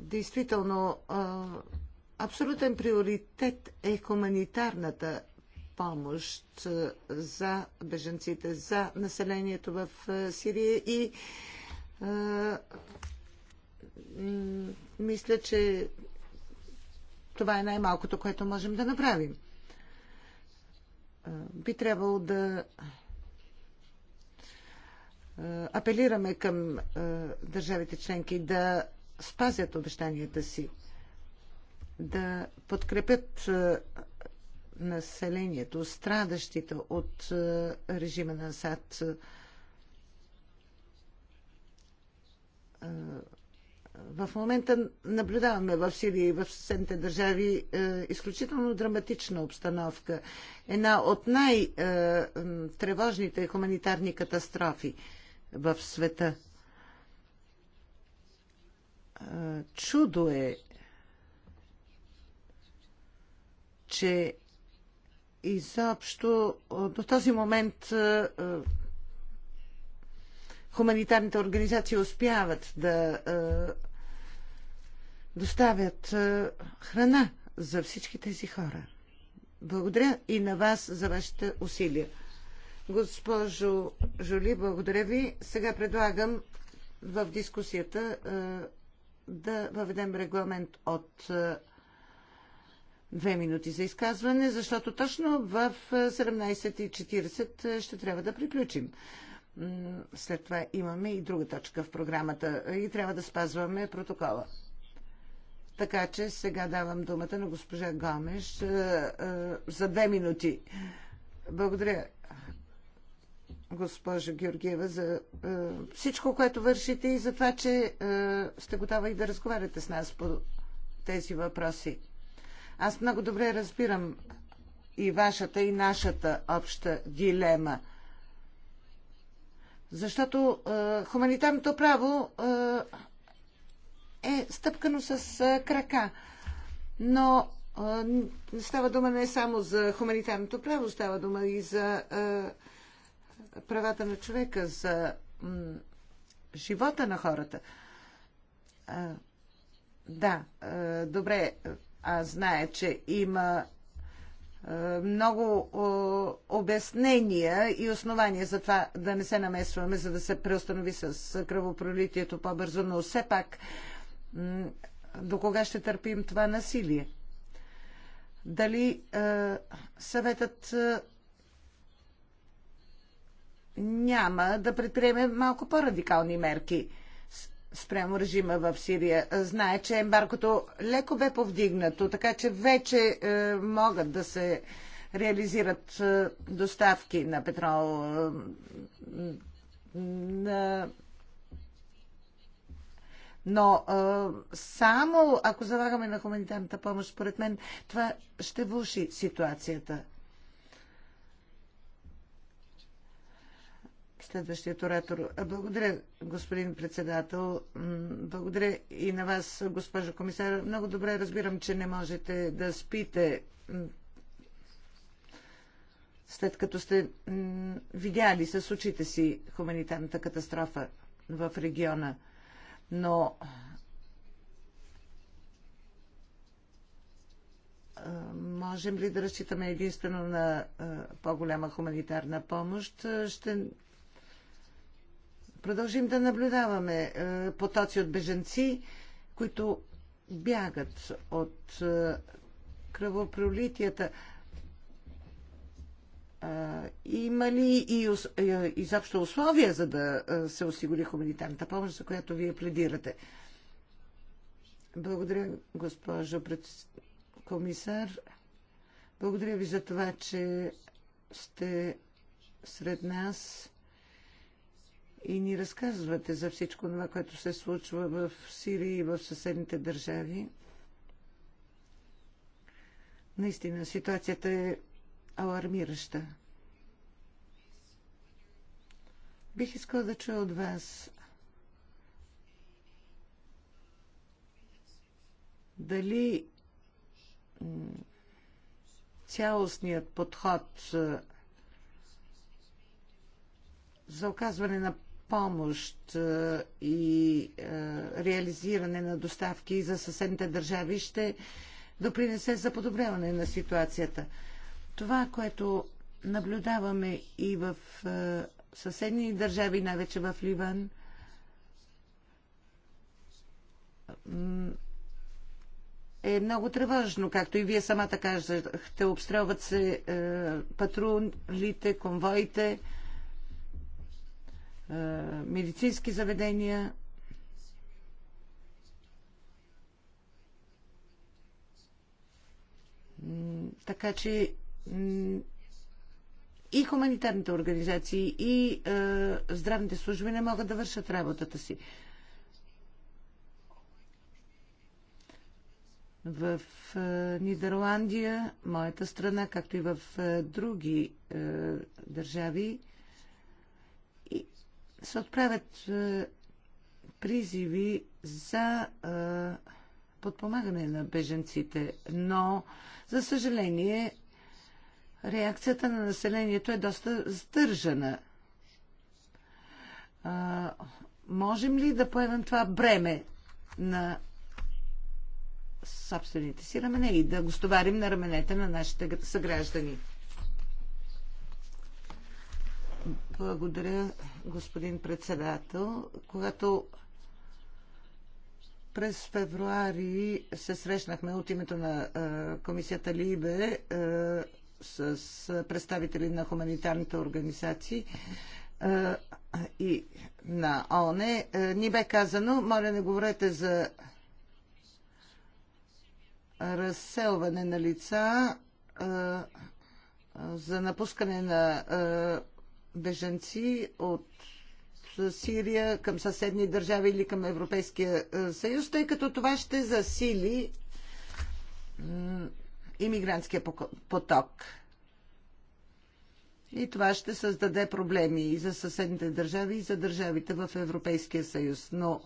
Действително, а, абсолютен приоритет е хуманитарната помощ за беженците, за населението в Сирия и а, мисля, че това е най-малкото, което можем да направим. Би трябвало да апелираме към държавите членки да спазят обещанията си, да подкрепят населението, страдащите от режима на Асад в момента наблюдаваме в Сирия и в съседните държави е, изключително драматична обстановка. Една от най-тревожните хуманитарни катастрофи в света. Е, чудо е, че изобщо е, до този момент е, хуманитарните организации успяват да доставят храна за всички тези хора. Благодаря и на вас за вашите усилия. Госпожо Жоли, благодаря ви. Сега предлагам в дискусията да въведем регламент от две минути за изказване, защото точно в 17.40 ще трябва да приключим. След това имаме и друга точка в програмата и трябва да спазваме протокола. Така че сега давам думата на госпожа Гомеш е, е, за две минути. Благодаря, госпожа Георгиева, за е, всичко, което вършите и за това, че сте готова и да разговаряте с нас по тези въпроси. Аз много добре разбирам и вашата, и нашата обща дилема. Защото а, хуманитарното право А, е стъпкано с крака. Но става дума не само за хуманитарното право, става дума и за правата на човека, за живота на хората. Да, добре, аз знае, че има много обяснения и основания за това да не се намесваме, за да се преустанови с кръвопролитието по-бързо, но все пак до кога ще търпим това насилие? Дали е, съветът е, няма да предприеме малко по-радикални мерки спрямо режима в Сирия? Знае, че ембаркото леко бе повдигнато, така че вече е, могат да се реализират е, доставки на петрол е, на но а, само ако залагаме на хуманитарната помощ, според мен, това ще влуши ситуацията. Следващият оратор. Благодаря, господин председател. Благодаря и на вас, госпожо комисар. Много добре разбирам, че не можете да спите след като сте видяли с очите си хуманитарната катастрофа в региона но можем ли да разчитаме единствено на по-голяма хуманитарна помощ? Ще продължим да наблюдаваме потоци от беженци, които бягат от кръвопролитията. Има ли и е, изобщо условия, за да се осигури хуманитарната помощ, за която вие пледирате? Благодаря, госпожо пред... комисар. Благодаря ви за това, че сте сред нас и ни разказвате за всичко това, което се случва в Сирия и в съседните държави. Наистина, ситуацията е алармираща. Бих искала да чуя от вас дали цялостният подход за оказване на помощ и реализиране на доставки за съседните държави ще допринесе за подобряване на ситуацията. Това, което наблюдаваме и в е, съседни държави, най-вече в Ливан, е много тревожно, както и вие самата казахте. Обстрелват се е, патрулите, конвоите, е, медицински заведения. Така че и хуманитарните организации, и е, здравните служби не могат да вършат работата си. В е, Нидерландия, моята страна, както и в е, други е, държави, и се отправят е, призиви за е, подпомагане на беженците, но, за съжаление, реакцията на населението е доста сдържана. А, можем ли да поемем това бреме на собствените си рамене и да го стоварим на раменете на нашите съграждани? Благодаря, господин председател. Когато през февруари се срещнахме от името на комисията Либе с представители на хуманитарните организации и на ООН. Е, ни бе казано, моля не говорете за разселване на лица, за напускане на беженци от Сирия към съседни държави или към Европейския съюз, тъй като това ще засили иммигрантския поток. И това ще създаде проблеми и за съседните държави, и за държавите в Европейския съюз. Но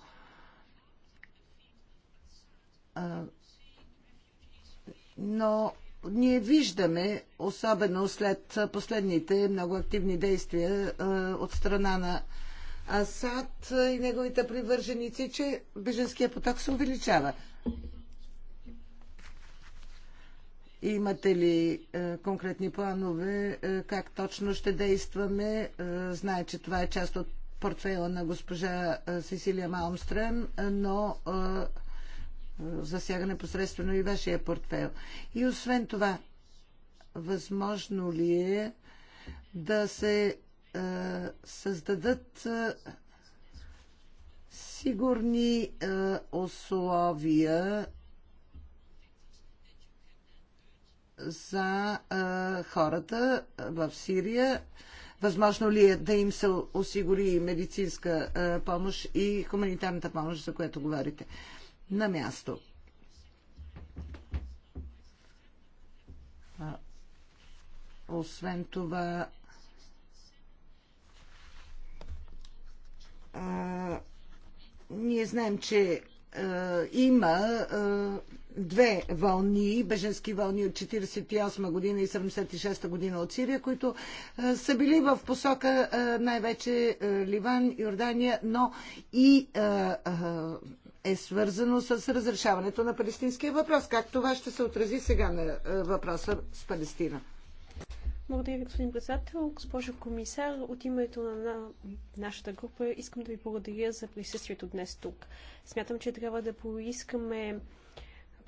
но ние виждаме, особено след последните много активни действия от страна на Асад и неговите привърженици, че беженския поток се увеличава. Имате ли е, конкретни планове е, как точно ще действаме? Е, знае, че това е част от портфейла на госпожа Сесилия Малмстрем, но засяга непосредствено и вашия портфейл. И освен това, възможно ли е да се е, създадат е, сигурни е, условия за хората в Сирия. Възможно ли е да им се осигури медицинска помощ и хуманитарната помощ, за която говорите, на място? Освен това, ние знаем, че има две вълни, беженски вълни от 1948 година и 1976 година от Сирия, които а, е, са били в посока а, е, най-вече а, е, Ливан, Йордания, но и е, а, е свързано с разрешаването на палестинския въпрос. Как това ще се отрази сега на а, въпроса с Палестина? Благодаря ви, господин председател. Госпожо комисар, от името на нашата група искам да ви благодаря за присъствието днес тук. Смятам, че трябва да поискаме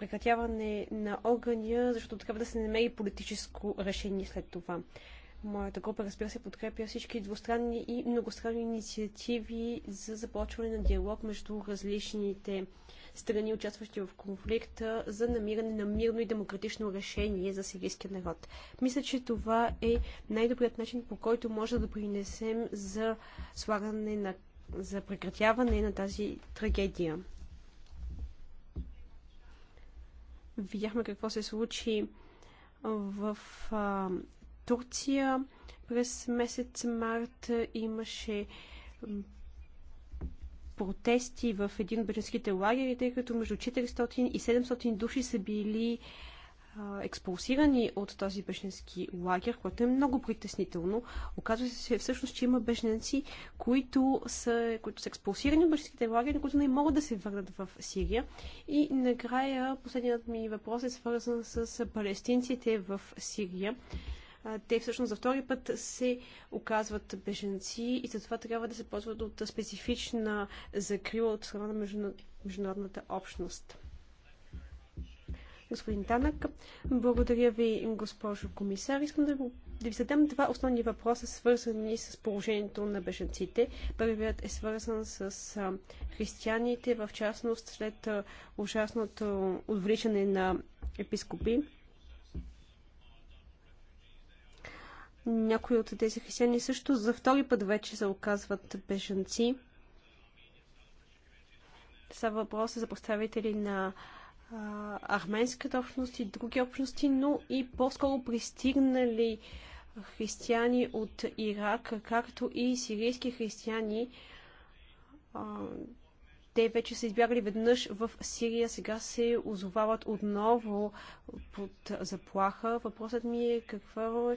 прекратяване на огъня, защото трябва да се намери политическо решение след това. Моята група, разбира се, подкрепя всички двустранни и многостранни инициативи за започване на диалог между различните страни, участващи в конфликта, за намиране на мирно и демократично решение за сирийския народ. Мисля, че това е най-добрият начин, по който може да принесем за слагане на за прекратяване на тази трагедия. Видяхме какво се случи в а, Турция. През месец март имаше протести в един от бежанските лагери, тъй като между 400 и 700 души са били експулсирани от този беженски лагер, което е много притеснително. Оказва се всъщност, че има беженци, които са, които са експулсирани от беженските лагери, които не могат да се върнат в Сирия. И накрая последният ми въпрос е свързан с палестинците в Сирия. Те всъщност за втори път се оказват беженци и затова трябва да се ползват от специфична закрила от страна на международната общност господин Танък. Благодаря ви, госпожо комисар. Искам да, да ви задам два основни въпроса, свързани с положението на беженците. Първият е свързан с а, християните, в частност след а, ужасното отвличане на епископи. Някои от тези християни също за втори път вече се оказват беженци. Са въпроса за представители на арменската общност и други общности, но и по-скоро пристигнали християни от Ирак, както и сирийски християни. те вече са избягали веднъж в Сирия, сега се озовават отново под заплаха. Въпросът ми е каква, е,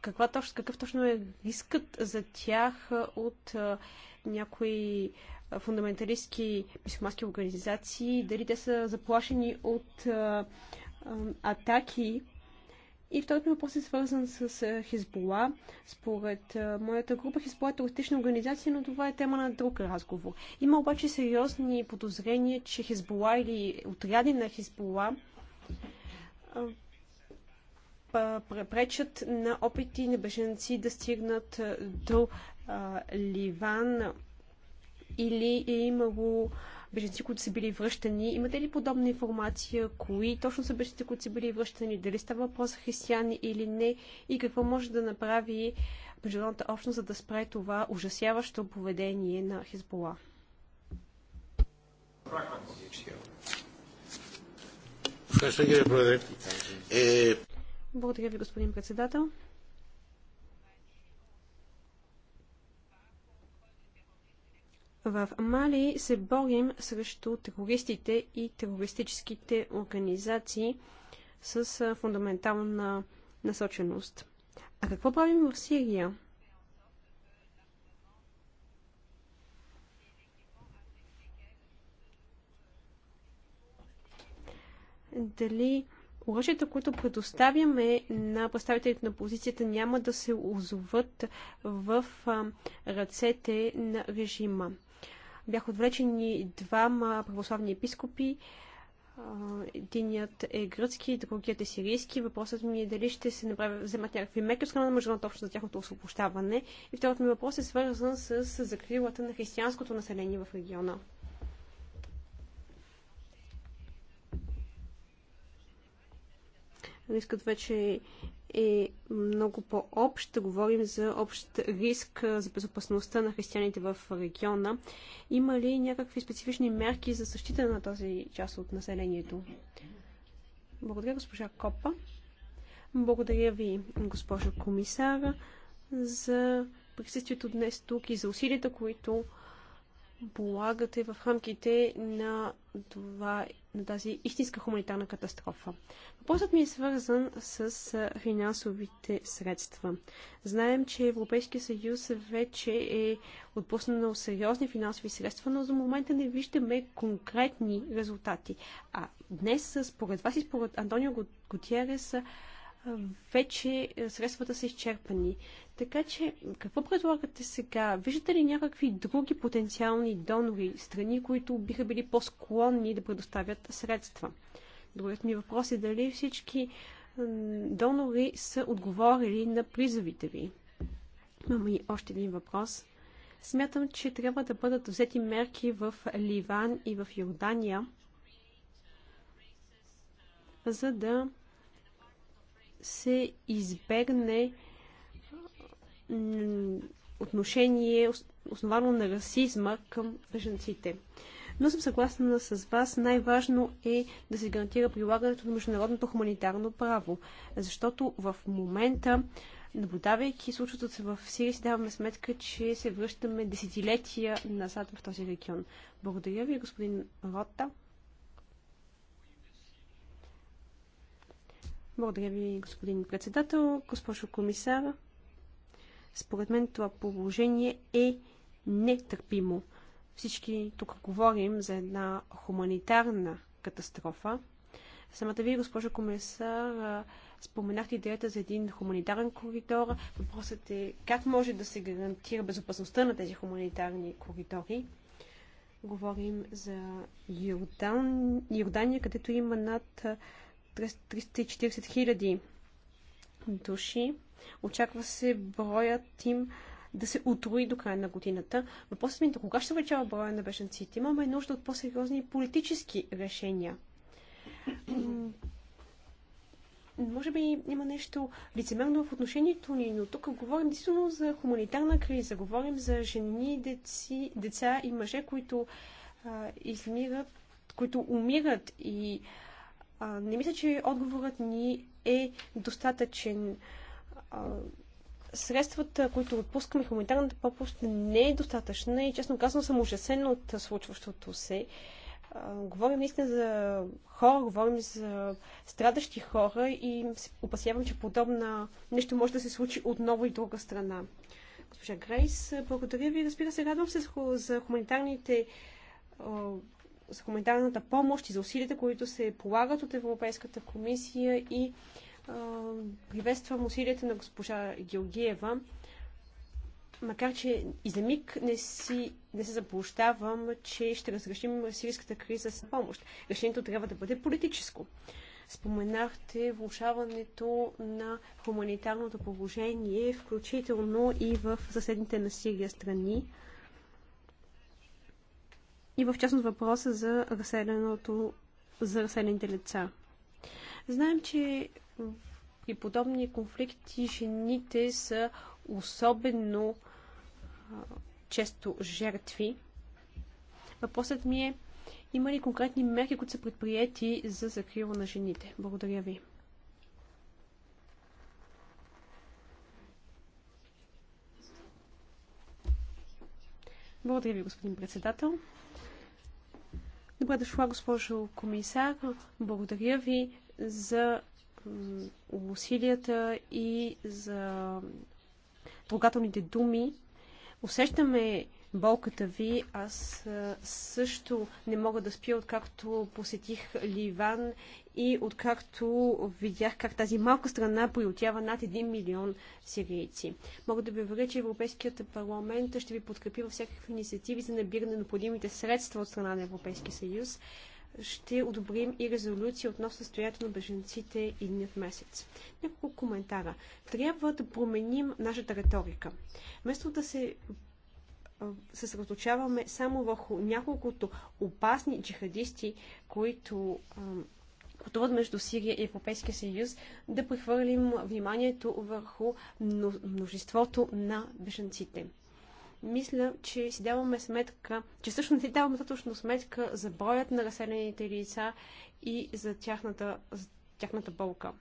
каква точно, какъв точно е рискът за тях от някои фундаменталистски мисломански организации, дали те са заплашени от а, а, атаки. И вторият ми въпрос е свързан с Хизбола. Според а, моята група Хизбола е терористична организация, но това е тема на друг разговор. Има обаче сериозни подозрения, че Хизбола или отряди на Хизбола пречат на опити на беженци да стигнат до Ливан или е имало беженци, които са били връщани. Имате ли подобна информация? Кои точно са беженците, които са били връщани? Дали става въпрос за християни или не? И какво може да направи международната общност, за да спре това ужасяващо поведение на Хизбола? Благодаря ви, господин председател. В Мали се борим срещу терористите и терористическите организации с фундаментална насоченост. А какво правим в Сирия? Дали оръжията, които предоставяме на представителите на позицията, няма да се озоват в ръцете на режима бяха отвлечени двама православни епископи. Единият е гръцки, другият е сирийски. Въпросът ми е дали ще се направи, вземат някакви меки от на международната общност за тяхното освобождаване. И вторият ми въпрос е свързан с закрилата на християнското население в региона. Искат вече е много по-общ. Говорим за общ риск за безопасността на християните в региона. Има ли някакви специфични мерки за защита на този част от населението? Благодаря, госпожа Копа. Благодаря ви, госпожо комисар, за присъствието днес тук и за усилията, които полагате в рамките на това на тази истинска хуманитарна катастрофа. Въпросът ми е свързан с финансовите средства. Знаем, че Европейския съюз вече е отпуснал сериозни финансови средства, но за момента не виждаме конкретни резултати. А днес, според вас и според Антонио Готиерес, вече е, средствата са изчерпани. Така че, какво предлагате сега? Виждате ли някакви други потенциални донори, страни, които биха били по-склонни да предоставят средства? Другият ми въпрос е дали всички донори са отговорили на призовите ви. Имам и още един въпрос. Смятам, че трябва да бъдат взети мерки в Ливан и в Йордания, за да се избегне отношение, основано на расизма към бежанците. Но съм съгласна с вас, най-важно е да се гарантира прилагането на международното хуманитарно право, защото в момента, наблюдавайки случвато се в Сирия, си даваме сметка, че се връщаме десетилетия назад в този регион. Благодаря ви, господин Рота. Благодаря ви, господин председател. Госпожо комисар, според мен това положение е нетърпимо. Всички тук говорим за една хуманитарна катастрофа. Самата ви, госпожо комисар, споменахте идеята за един хуманитарен коридор. Въпросът е как може да се гарантира безопасността на тези хуманитарни коридори. Говорим за Йордан, Йордания, където има над 340 хиляди души. Очаква се броят им да се утрои до края на годината. Въпросът ми е кога ще увеличава броя на беженците. Имаме нужда от по-сериозни политически решения. Може би има нещо лицемерно в отношението ни, но тук говорим действително за хуманитарна криза. Говорим за жени, деци, деца и мъже, които а, измират, които умират и а, а, не мисля, че отговорът ни е достатъчен. А, средствата, които отпускаме хуманитарната помощ, не е достатъчна и честно казвам съм ужасен от случващото се. А, говорим наистина за хора, говорим за страдащи хора и се опасявам, че подобна нещо може да се случи отново и друга страна. Госпожа Грейс, благодаря ви. Разбира се, радвам се за хуманитарните за хуманитарната помощ и за усилията, които се полагат от Европейската комисия и а, приветствам усилията на госпожа Георгиева. Макар, че и за миг не, си, не се заблуждавам, че ще разрешим сирийската криза с помощ. Решението трябва да бъде политическо. Споменахте влушаването на хуманитарното положение, включително и в съседните на Сирия страни и в частност въпроса за разселеното, за разселените лица. Знаем, че при подобни конфликти жените са особено а, често жертви. Въпросът ми е, има ли конкретни мерки, които са предприяти за закрила на жените? Благодаря ви. Благодаря ви, господин председател. Добре дошла, госпожо комисар. Благодаря ви за усилията и за трогателните думи. Усещаме болката ви. Аз също не мога да спя, откакто посетих Ливан и откакто видях как тази малка страна приютява над 1 милион сирийци. Мога да ви уверя, че Европейският парламент ще ви подкрепи във всякакви инициативи за набиране на необходимите средства от страна на Европейския съюз. Ще одобрим и резолюция относно състоянието на беженците идният месец. Няколко коментара. Трябва да променим нашата риторика. Вместо да се съсредоточаваме само върху няколкото опасни джихадисти, които пътуват между Сирия и Европейския съюз, да прехвърлим вниманието върху множеството на бежанците. Мисля, че си даваме сметка, че всъщност си даваме точно сметка за броят на разселените лица и за тяхната, за тяхната болка.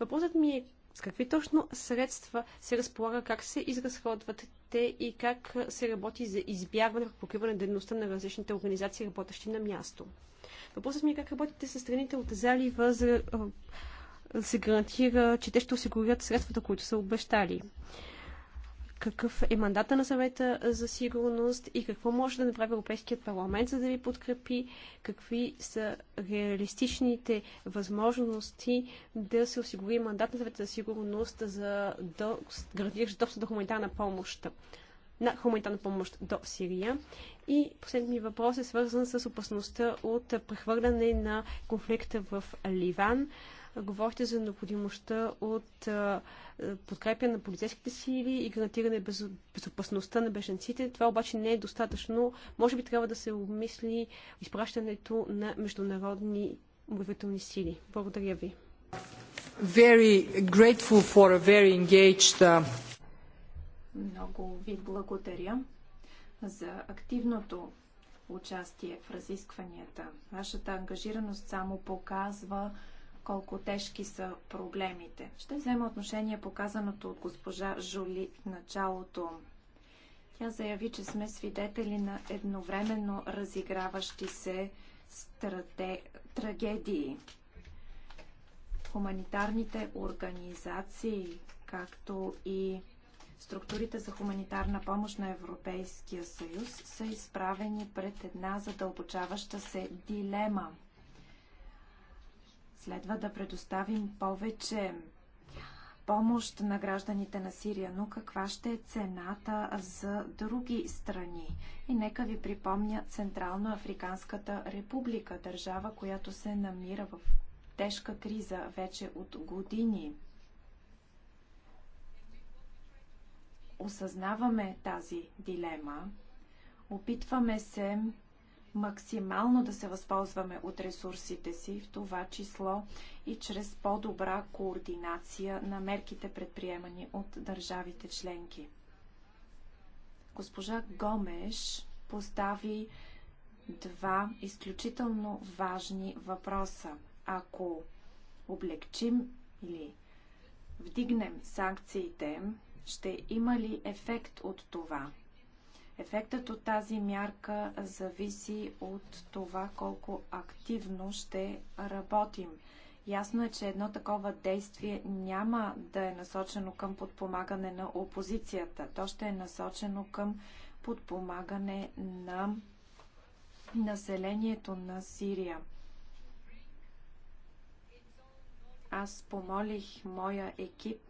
Въпросът ми е с какви точно средства се разполага, как се изразходват те и как се работи за избягване, покриване дейността на различните организации, работещи на място. Въпросът ми е как работите с страните от залива за да се гарантира, че те ще осигурят средствата, които са обещали. Какъв е мандата на съвета за сигурност и какво може да направи Европейският парламент, за да ви подкрепи? Какви са реалистичните възможности да се осигури мандат на съвета за сигурност за да гарантираш достъп до хуманитарна помощ? на хуманитарна помощ до Сирия. И последният ми въпрос е свързан с опасността от прехвърляне на конфликта в Ливан. Говорите за необходимостта от подкрепя на полицейските сили и гарантиране безопасността на беженците. Това обаче не е достатъчно. Може би трябва да се обмисли изпращането на международни обявителни сили. Благодаря ви. Very grateful for a very engaged uh, много ви благодаря за активното участие в разискванията. Вашата ангажираност само показва колко тежки са проблемите. Ще взема отношение показаното от госпожа Жули в началото. Тя заяви, че сме свидетели на едновременно разиграващи се страте... трагедии. Хуманитарните организации, както и Структурите за хуманитарна помощ на Европейския съюз са изправени пред една задълбочаваща се дилема. Следва да предоставим повече помощ на гражданите на Сирия, но каква ще е цената за други страни? И нека ви припомня Централно-Африканската република, държава, която се намира в тежка криза вече от години. осъзнаваме тази дилема, опитваме се максимално да се възползваме от ресурсите си, в това число и чрез по-добра координация на мерките предприемани от държавите членки. Госпожа Гомеш постави два изключително важни въпроса. Ако облегчим или вдигнем санкциите ще има ли ефект от това? Ефектът от тази мярка зависи от това колко активно ще работим. Ясно е, че едно такова действие няма да е насочено към подпомагане на опозицията. То ще е насочено към подпомагане на населението на Сирия. Аз помолих моя екип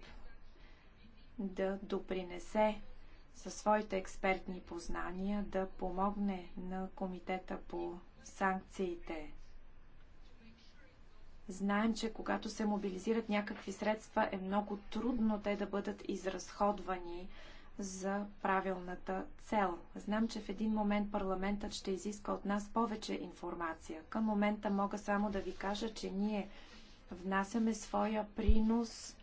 да допринесе със своите експертни познания да помогне на комитета по санкциите. Знаем, че когато се мобилизират някакви средства, е много трудно те да бъдат изразходвани за правилната цел. Знам, че в един момент парламентът ще изиска от нас повече информация. Към момента мога само да ви кажа, че ние внасяме своя принос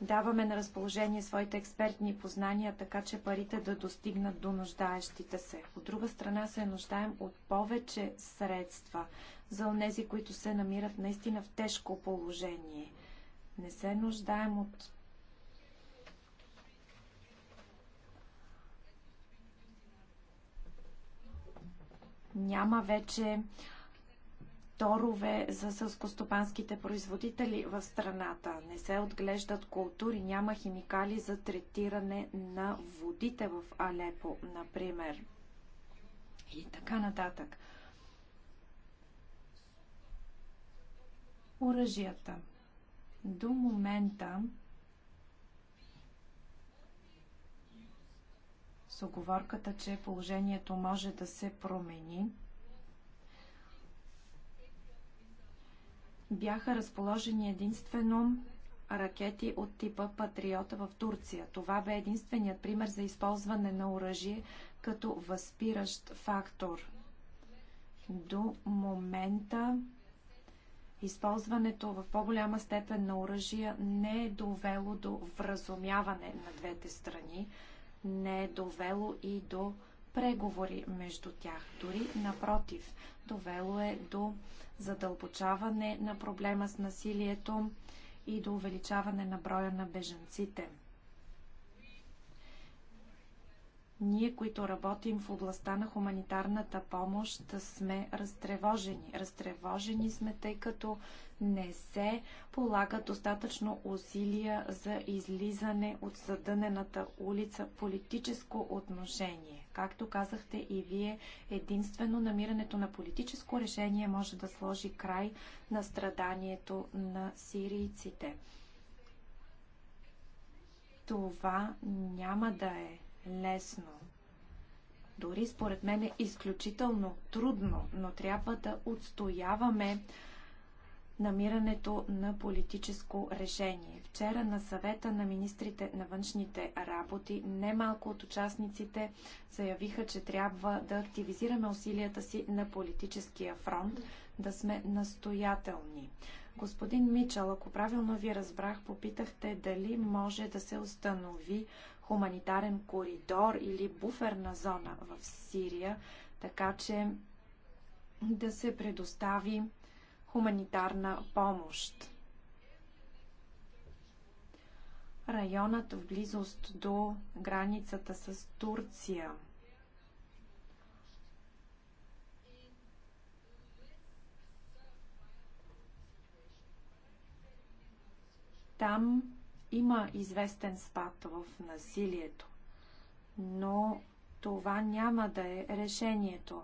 Даваме на разположение своите експертни познания, така че парите да достигнат до нуждаещите се. От друга страна се нуждаем от повече средства за онези, които се намират наистина в тежко положение. Не се нуждаем от няма вече торове за сълскостопанските производители в страната. Не се отглеждат култури, няма химикали за третиране на водите в Алепо, например. И така нататък. Оръжията. До момента с оговорката, че положението може да се промени, бяха разположени единствено ракети от типа Патриота в Турция. Това бе единственият пример за използване на оръжие като възпиращ фактор. До момента използването в по-голяма степен на оръжия не е довело до вразумяване на двете страни, не е довело и до преговори между тях. Дори напротив, довело е до задълбочаване на проблема с насилието и до увеличаване на броя на бежанците. Ние, които работим в областта на хуманитарната помощ, сме разтревожени. Разтревожени сме, тъй като не се полагат достатъчно усилия за излизане от съдънената улица политическо отношение. Както казахте и вие, единствено намирането на политическо решение може да сложи край на страданието на сирийците. Това няма да е лесно. Дори според мен е изключително трудно, но трябва да отстояваме намирането на политическо решение. Вчера на съвета на министрите на външните работи немалко от участниците заявиха, че трябва да активизираме усилията си на политическия фронт, да сме настоятелни. Господин Мичел, ако правилно ви разбрах, попитахте дали може да се установи хуманитарен коридор или буферна зона в Сирия, така че да се предостави хуманитарна помощ. Районът в близост до границата с Турция – там има известен спад в насилието, но това няма да е решението.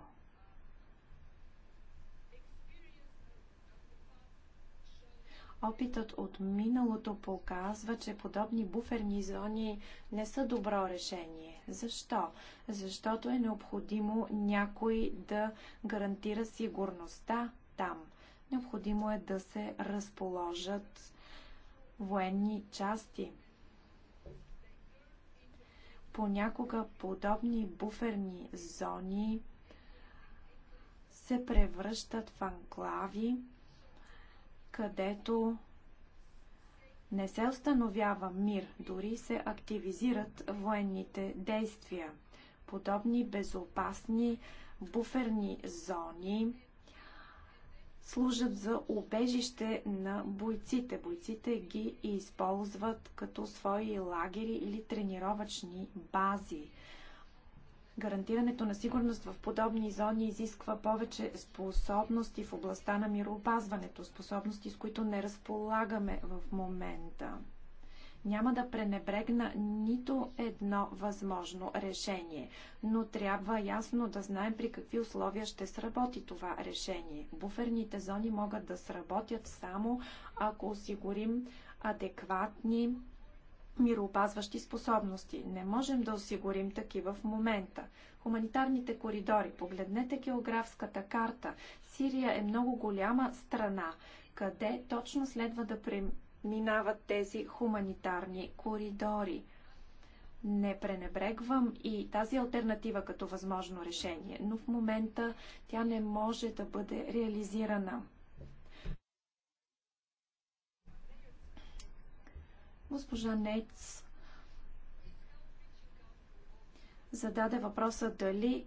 Опитът от миналото показва, че подобни буферни зони не са добро решение. Защо? Защото е необходимо някой да гарантира сигурността там. Необходимо е да се разположат военни части. Понякога подобни буферни зони се превръщат в анклави, където не се установява мир, дори се активизират военните действия. Подобни безопасни буферни зони служат за убежище на бойците. Бойците ги използват като свои лагери или тренировъчни бази. Гарантирането на сигурност в подобни зони изисква повече способности в областта на мироопазването, способности с които не разполагаме в момента. Няма да пренебрегна нито едно възможно решение, но трябва ясно да знаем при какви условия ще сработи това решение. Буферните зони могат да сработят само ако осигурим адекватни мироопазващи способности. Не можем да осигурим такива в момента. Хуманитарните коридори. Погледнете географската карта. Сирия е много голяма страна. Къде точно следва да преминават тези хуманитарни коридори? не пренебрегвам и тази альтернатива като възможно решение, но в момента тя не може да бъде реализирана. Госпожа Нец зададе въпроса дали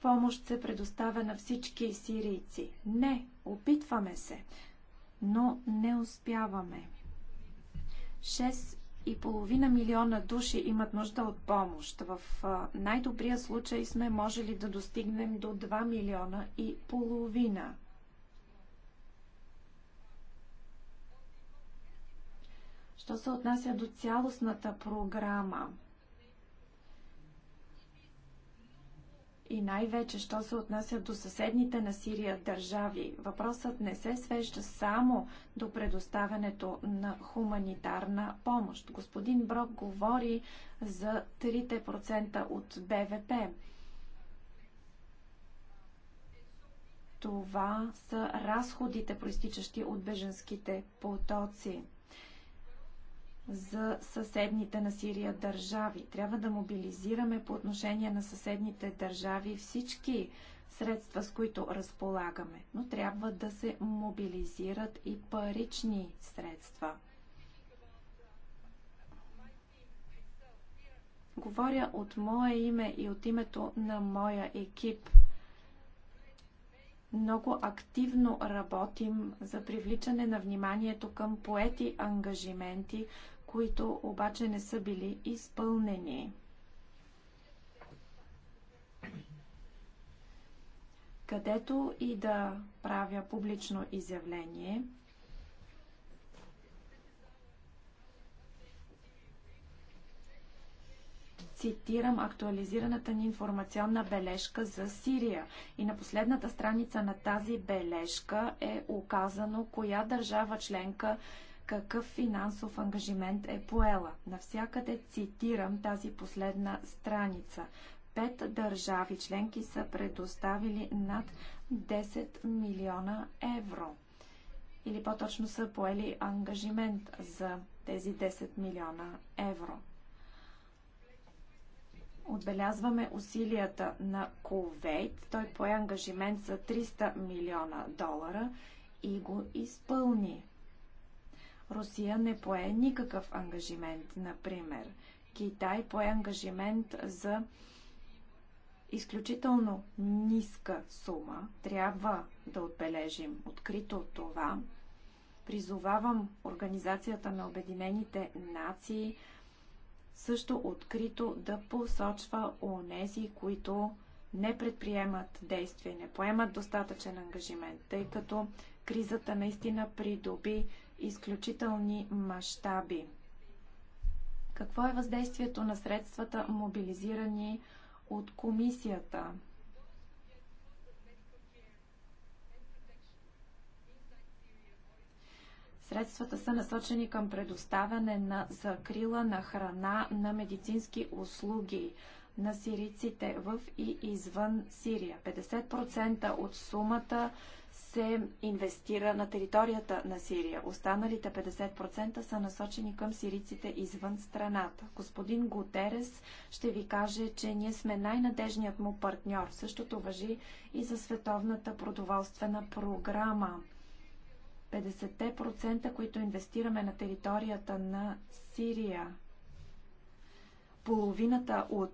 помощ се предоставя на всички сирийци. Не, опитваме се, но не успяваме. 6,5 милиона души имат нужда от помощ. В най-добрия случай сме можели да достигнем до 2 милиона и половина. Що се отнася до цялостната програма и най-вече, що се отнася до съседните на Сирия държави, въпросът не се свежда само до предоставянето на хуманитарна помощ. Господин Брок говори за 3% от БВП. Това са разходите, проистичащи от беженските потоци за съседните на Сирия държави. Трябва да мобилизираме по отношение на съседните държави всички средства, с които разполагаме, но трябва да се мобилизират и парични средства. Говоря от мое име и от името на моя екип. Много активно работим за привличане на вниманието към поети ангажименти, които обаче не са били изпълнени. Където и да правя публично изявление, цитирам актуализираната ни информационна бележка за Сирия. И на последната страница на тази бележка е указано коя държава членка какъв финансов ангажимент е поела. Навсякъде цитирам тази последна страница. Пет държави членки са предоставили над 10 милиона евро. Или по-точно са поели ангажимент за тези 10 милиона евро. Отбелязваме усилията на Кувейт. Той пое ангажимент за 300 милиона долара и го изпълни. Русия не пое никакъв ангажимент, например. Китай пое ангажимент за изключително ниска сума. Трябва да отбележим открито това. Призовавам Организацията на Обединените нации също открито да посочва онези, които не предприемат действия, не поемат достатъчен ангажимент, тъй като кризата наистина придоби изключителни мащаби. Какво е въздействието на средствата, мобилизирани от комисията? Средствата са насочени към предоставяне на закрила на храна, на медицински услуги на сирийците в и извън Сирия. 50% от сумата се инвестира на територията на Сирия. Останалите 50% са насочени към сирийците извън страната. Господин Гутерес ще ви каже, че ние сме най-надежният му партньор. Същото въжи и за Световната продоволствена програма. 50%, които инвестираме на територията на Сирия, половината от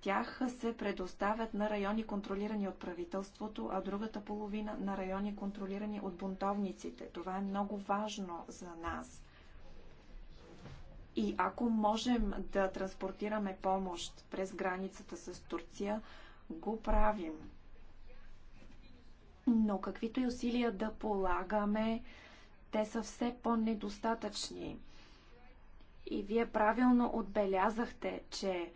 тях се предоставят на райони контролирани от правителството, а другата половина на райони контролирани от бунтовниците. Това е много важно за нас. И ако можем да транспортираме помощ през границата с Турция, го правим. Но каквито и усилия да полагаме, те са все по-недостатъчни. И вие правилно отбелязахте, че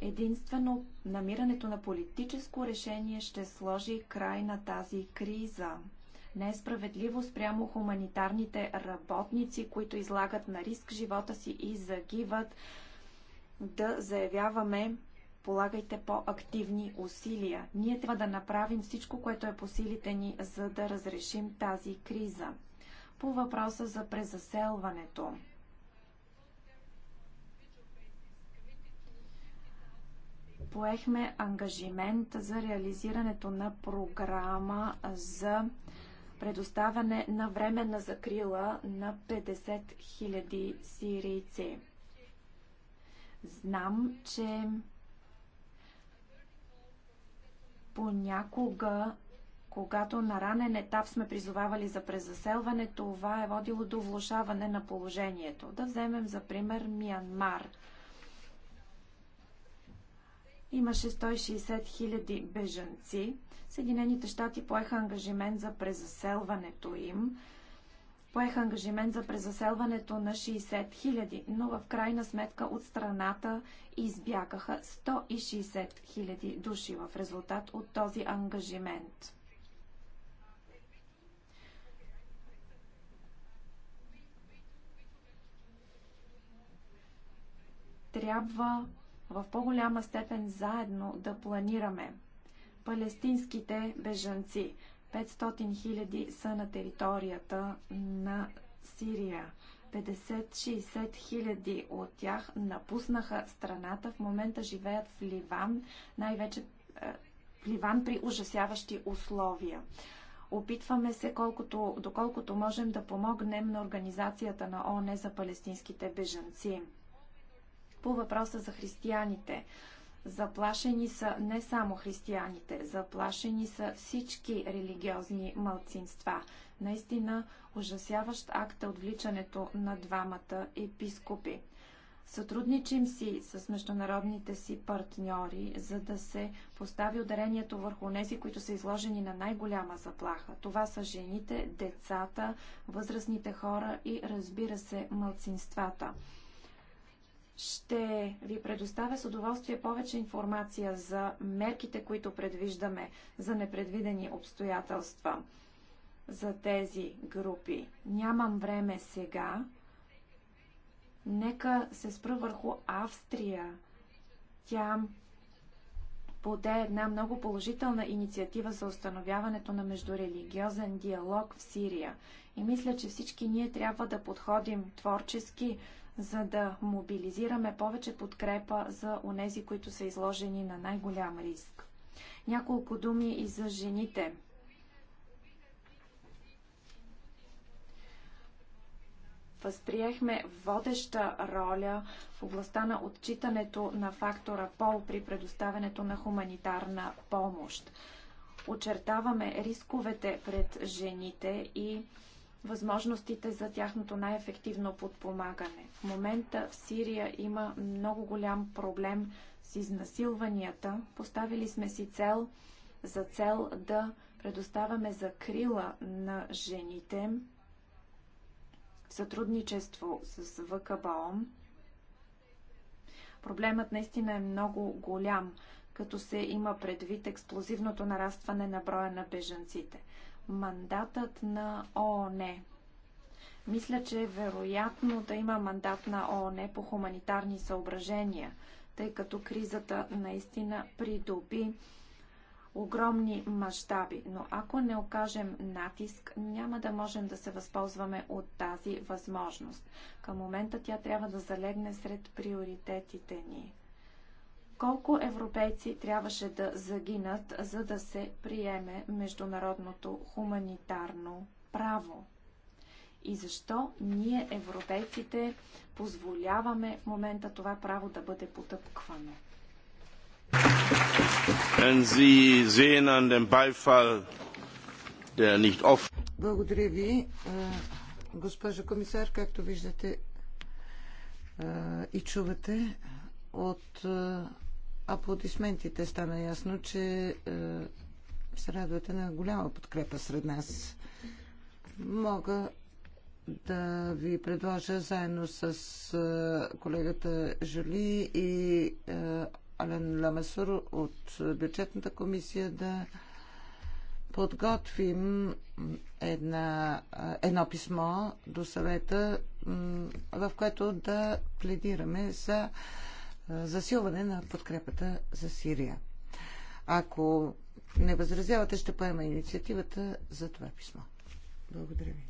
Единствено намирането на политическо решение ще сложи край на тази криза. Не е справедливо спрямо хуманитарните работници, които излагат на риск живота си и загиват, да заявяваме полагайте по-активни усилия. Ние трябва да направим всичко, което е по силите ни, за да разрешим тази криза. По въпроса за презаселването. поехме ангажимент за реализирането на програма за предоставяне на временна закрила на 50 000 сирийци. Знам, че понякога, когато на ранен етап сме призовавали за презаселване, това е водило до влушаване на положението. Да вземем за пример Миянмар – Имаше 160 000 бежанци. Съединените щати поеха ангажимент за презаселването им. Поеха ангажимент за презаселването на 60 000, но в крайна сметка от страната избягаха 160 000 души в резултат от този ангажимент. Трябва в по-голяма степен заедно да планираме. Палестинските бежанци 500 000 са на територията на Сирия. 50-60 хиляди от тях напуснаха страната. В момента живеят в Ливан, най-вече е, в Ливан при ужасяващи условия. Опитваме се, колкото, доколкото можем да помогнем на Организацията на ООН за палестинските бежанци по въпроса за християните. Заплашени са не само християните, заплашени са всички религиозни мълцинства. Наистина ужасяващ акт е отвличането на двамата епископи. Сътрудничим си с международните си партньори, за да се постави ударението върху нези, които са изложени на най-голяма заплаха. Това са жените, децата, възрастните хора и разбира се, мълцинствата. Ще ви предоставя с удоволствие повече информация за мерките, които предвиждаме за непредвидени обстоятелства за тези групи. Нямам време сега. Нека се спра върху Австрия. Тя поде една много положителна инициатива за установяването на междурелигиозен диалог в Сирия. И мисля, че всички ние трябва да подходим творчески, за да мобилизираме повече подкрепа за онези, които са изложени на най-голям риск. Няколко думи и за жените. възприехме водеща роля в областта на отчитането на фактора пол при предоставянето на хуманитарна помощ. Очертаваме рисковете пред жените и възможностите за тяхното най-ефективно подпомагане. В момента в Сирия има много голям проблем с изнасилванията. Поставили сме си цел за цел да предоставяме закрила на жените в сътрудничество с ВКБОМ. Проблемът наистина е много голям, като се има предвид експлозивното нарастване на броя на бежанците мандатът на ООН. Мисля, че е вероятно да има мандат на ООН по хуманитарни съображения, тъй като кризата наистина придоби огромни мащаби. Но ако не окажем натиск, няма да можем да се възползваме от тази възможност. Към момента тя трябва да залегне сред приоритетите ни. Колко европейци трябваше да загинат, за да се приеме международното хуманитарно право? И защо ние, европейците, позволяваме в момента това право да бъде потъпквано? Благодаря ви, госпожо комисар. Както виждате и чувате от аплодисментите стана ясно, че е, се радвате на голяма подкрепа сред нас. Мога да ви предложа заедно с е, колегата Жули и е, Ален Ламасур от бюджетната комисия да подготвим една, едно писмо до съвета, в което да пледираме за засилване на подкрепата за Сирия. Ако не възразявате, ще поема инициативата за това писмо. Благодаря ви.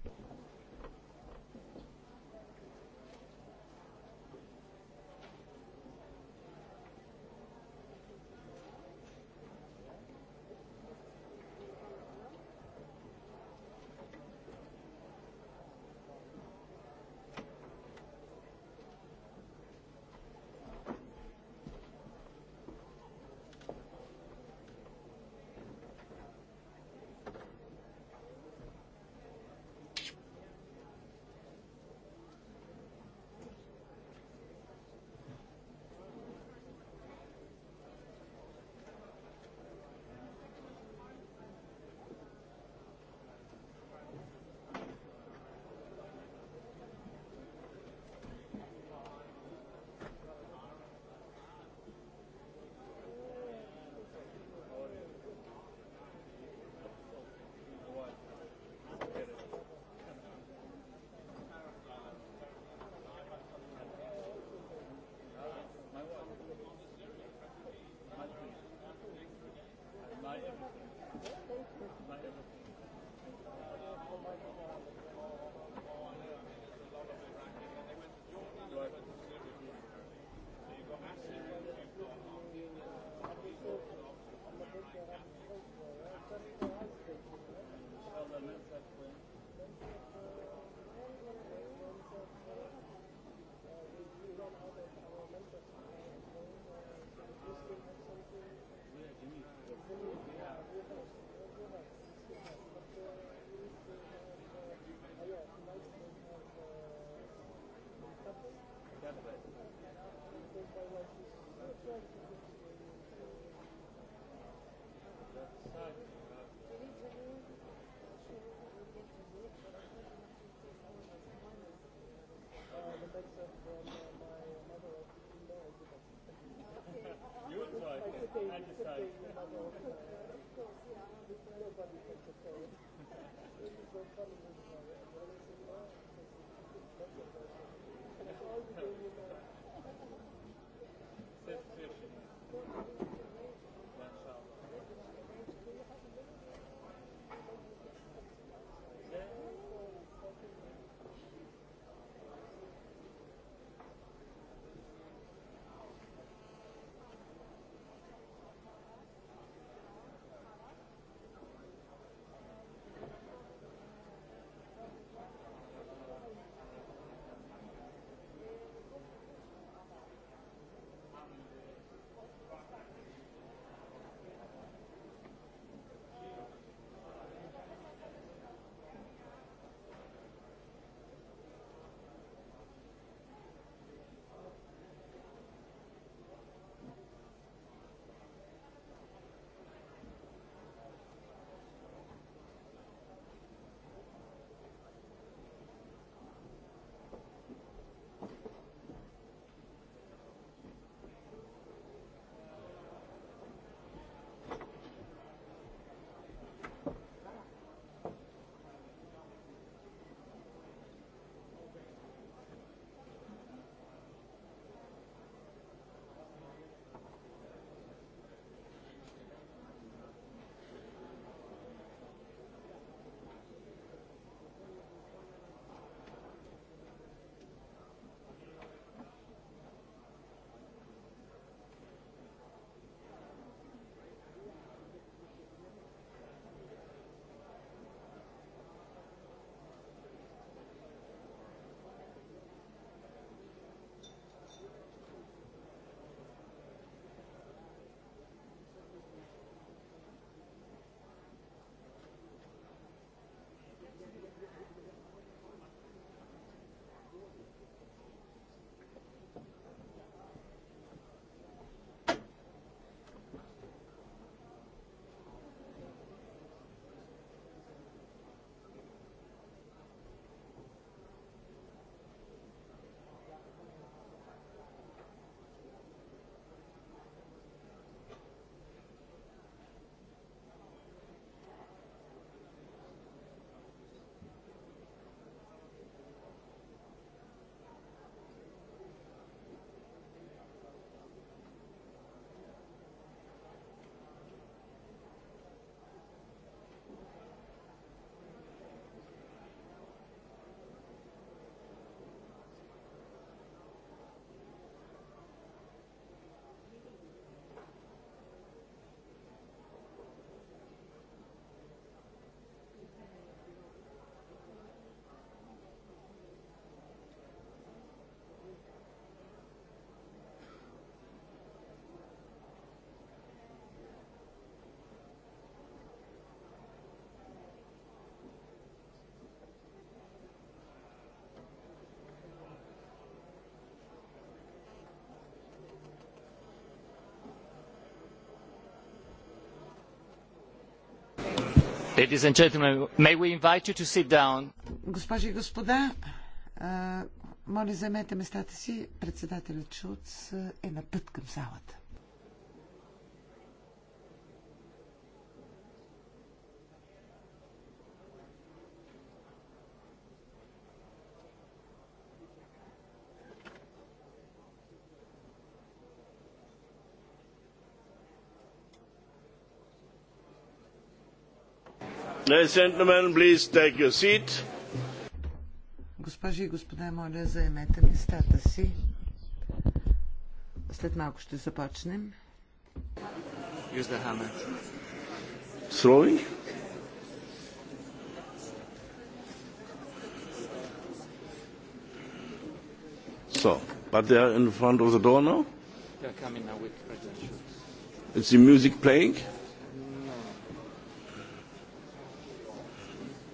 Ladies and gentlemen, may we invite you to sit down? Госпожи и господа, моля, заемете местата си. Председателят Шулц е на път към залата. Ladies and gentlemen, please take your seat. Госпожи и господа, моля, заемете местата си. След малко ще започнем. Use the hammer. Throwing? So, but they are in front of the door now? They are coming now with presentations. Is the music playing?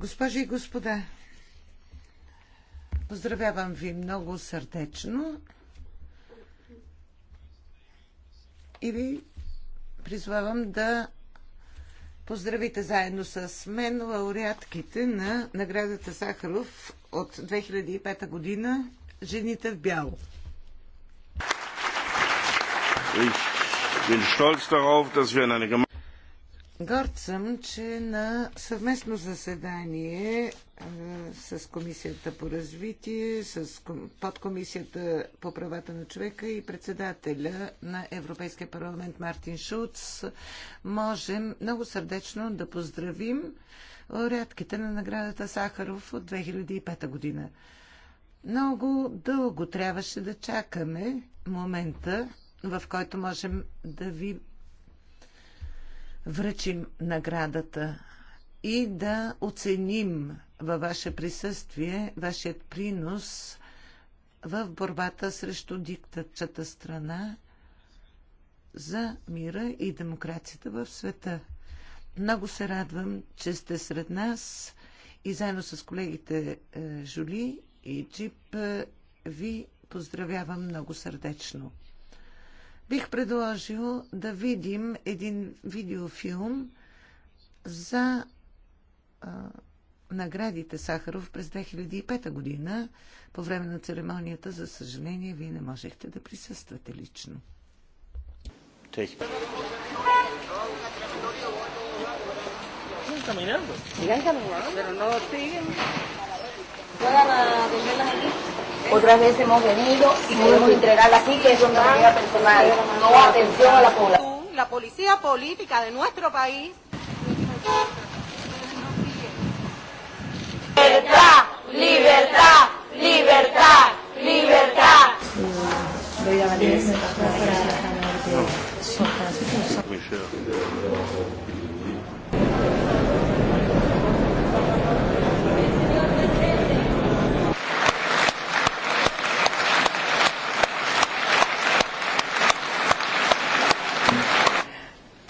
Госпожи и господа, поздравявам ви много сърдечно и ви призвавам да поздравите заедно с мен лауреатките на наградата Сахаров от 2005 година «Жените в бяло». Ich bin stolz darauf, dass wir in eine Горд съм, че на съвместно заседание е, с Комисията по развитие, с подкомисията по правата на човека и председателя на Европейския парламент Мартин Шуц можем много сърдечно да поздравим рядките на наградата Сахаров от 2005 година. Много дълго трябваше да чакаме момента, в който можем да ви връчим наградата и да оценим във ваше присъствие вашият принос в борбата срещу диктатчата страна за мира и демокрацията в света. Много се радвам, че сте сред нас и заедно с колегите е, Жули и Джип е, ви поздравявам много сърдечно бих предложил да видим един видеофилм за а, наградите Сахаров през 2005 година. По време на церемонията, за съжаление, вие не можехте да присъствате лично. Thank puedan venderlas aquí. Otras veces hemos venido y podemos entregar aquí, que es una manera personal, no atención a la población. La policía política de nuestro país.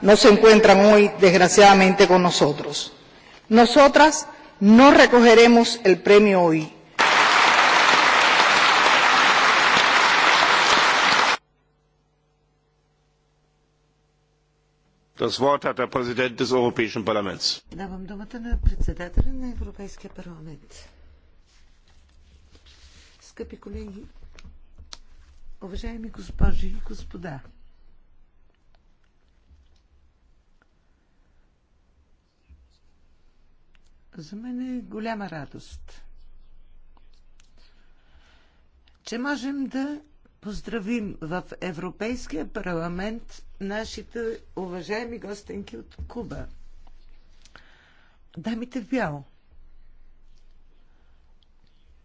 no se encuentran hoy, desgraciadamente, con nosotros. Nosotras no recogeremos el premio hoy. Das Wort hat der Präsident des Europäischen Parlaments. Скъпи колеги, уважаеми госпожи и господа, За мен е голяма радост, че можем да поздравим в Европейския парламент нашите уважаеми гостенки от Куба. Дамите в бяло.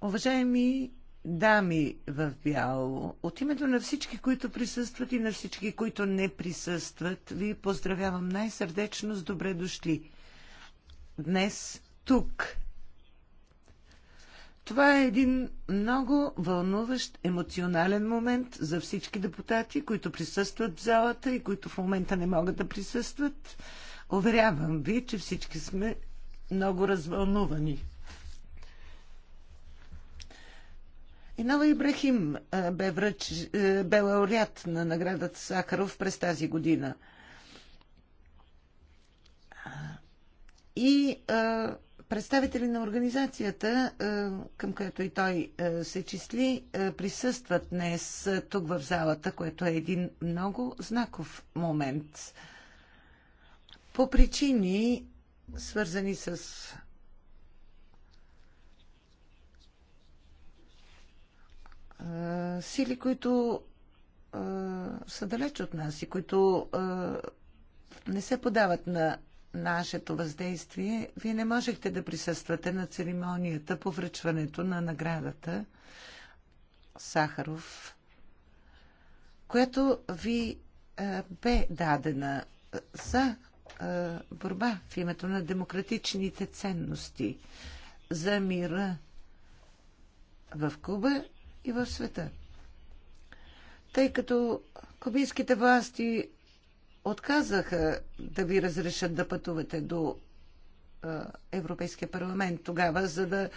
Уважаеми дами в бяло, от името на всички, които присъстват и на всички, които не присъстват, ви поздравявам най-сърдечно с добре дошли. Днес тук. Това е един много вълнуващ емоционален момент за всички депутати, които присъстват в залата и които в момента не могат да присъстват. Уверявам ви, че всички сме много развълнувани. Инала Ибрахим бе, връч, бе лауреат на наградата Сахаров през тази година. И а, Представители на организацията, е, към която и той е, се числи, е, присъстват днес тук в залата, което е един много знаков момент. По причини, свързани с сили, които са далеч от нас и които не се подават на нашето въздействие. Вие не можехте да присъствате на церемонията по връчването на наградата Сахаров, която ви е, бе дадена е, за е, борба в името на демократичните ценности, за мира в Куба и в света. Тъй като кубинските власти отказаха да ви разрешат да пътувате до Европейския парламент тогава, за да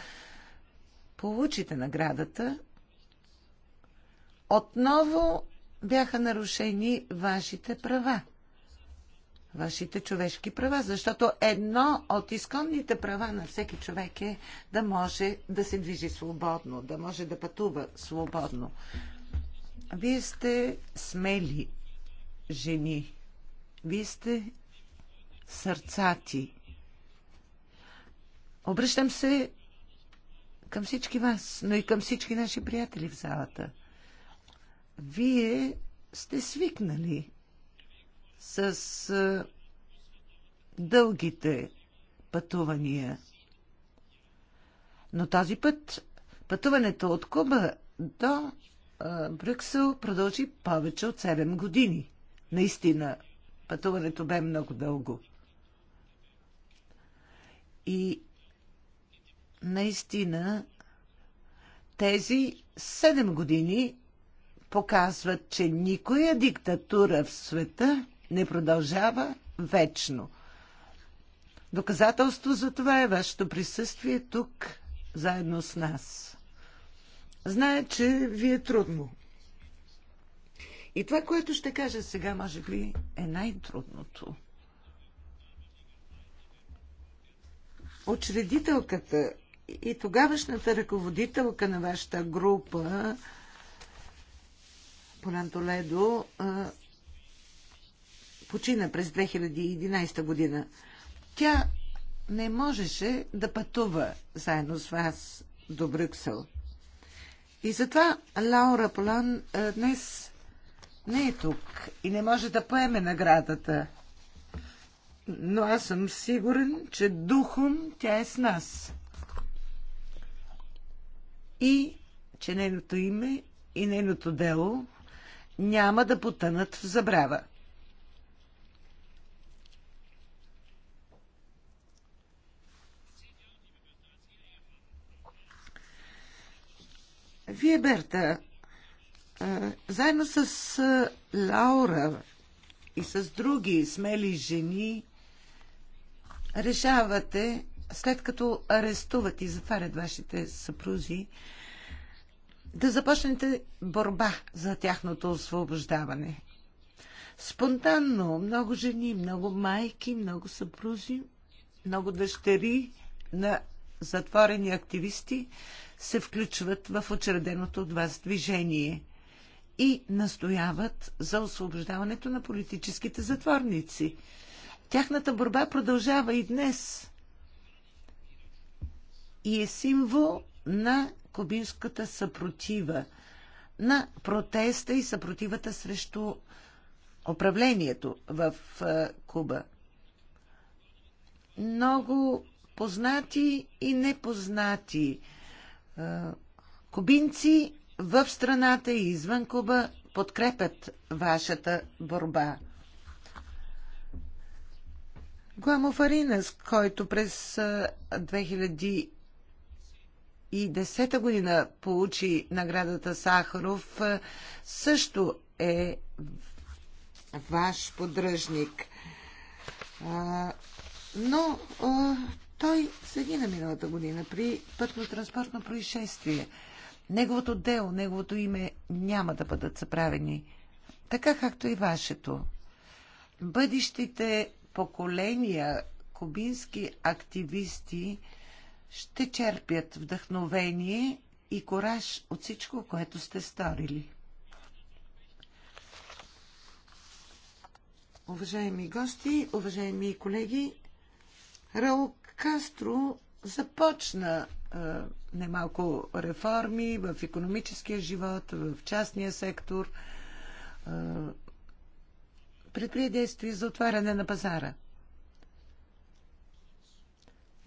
получите наградата, отново бяха нарушени вашите права. Вашите човешки права, защото едно от изконните права на всеки човек е да може да се движи свободно, да може да пътува свободно. Вие сте смели жени. Вие сте сърцати. Обръщам се към всички вас, но и към всички наши приятели в залата. Вие сте свикнали с дългите пътувания. Но този път пътуването от Куба до а, Брюксел продължи повече от 7 години. Наистина Пътуването бе много дълго. И наистина тези 7 години показват, че никоя диктатура в света не продължава вечно. Доказателство за това е вашето присъствие тук, заедно с нас. Зная, че ви е трудно и това, което ще кажа сега, може би е най-трудното. Очредителката и тогавашната ръководителка на вашата група, Полян Толедо, почина през 2011 година. Тя не можеше да пътува заедно с вас до Брюксел. И затова Лаура Полан днес не е тук и не може да поеме наградата. Но аз съм сигурен, че духом тя е с нас. И че нейното име и нейното дело няма да потънат в забрава. Вие, Берта, заедно с Лаура и с други смели жени решавате, след като арестуват и затварят вашите съпрузи, да започнете борба за тяхното освобождаване. Спонтанно много жени, много майки, много съпрузи, много дъщери на затворени активисти се включват в учреденото от вас движение – и настояват за освобождаването на политическите затворници. Тяхната борба продължава и днес и е символ на кубинската съпротива, на протеста и съпротивата срещу управлението в Куба. Много познати и непознати кубинци в страната и извън Куба подкрепят вашата борба. Гуамо който през 2010 година получи наградата Сахаров, също е ваш поддръжник. Но той загина миналата година при пътно-транспортно происшествие. Неговото дело, неговото име няма да бъдат съправени, така както и вашето. Бъдещите поколения кубински активисти ще черпят вдъхновение и кораж от всичко, което сте сторили. Уважаеми гости, уважаеми колеги, Раул Кастро започна а, немалко реформи в економическия живот, в частния сектор. а, предприе действия за отваряне на пазара.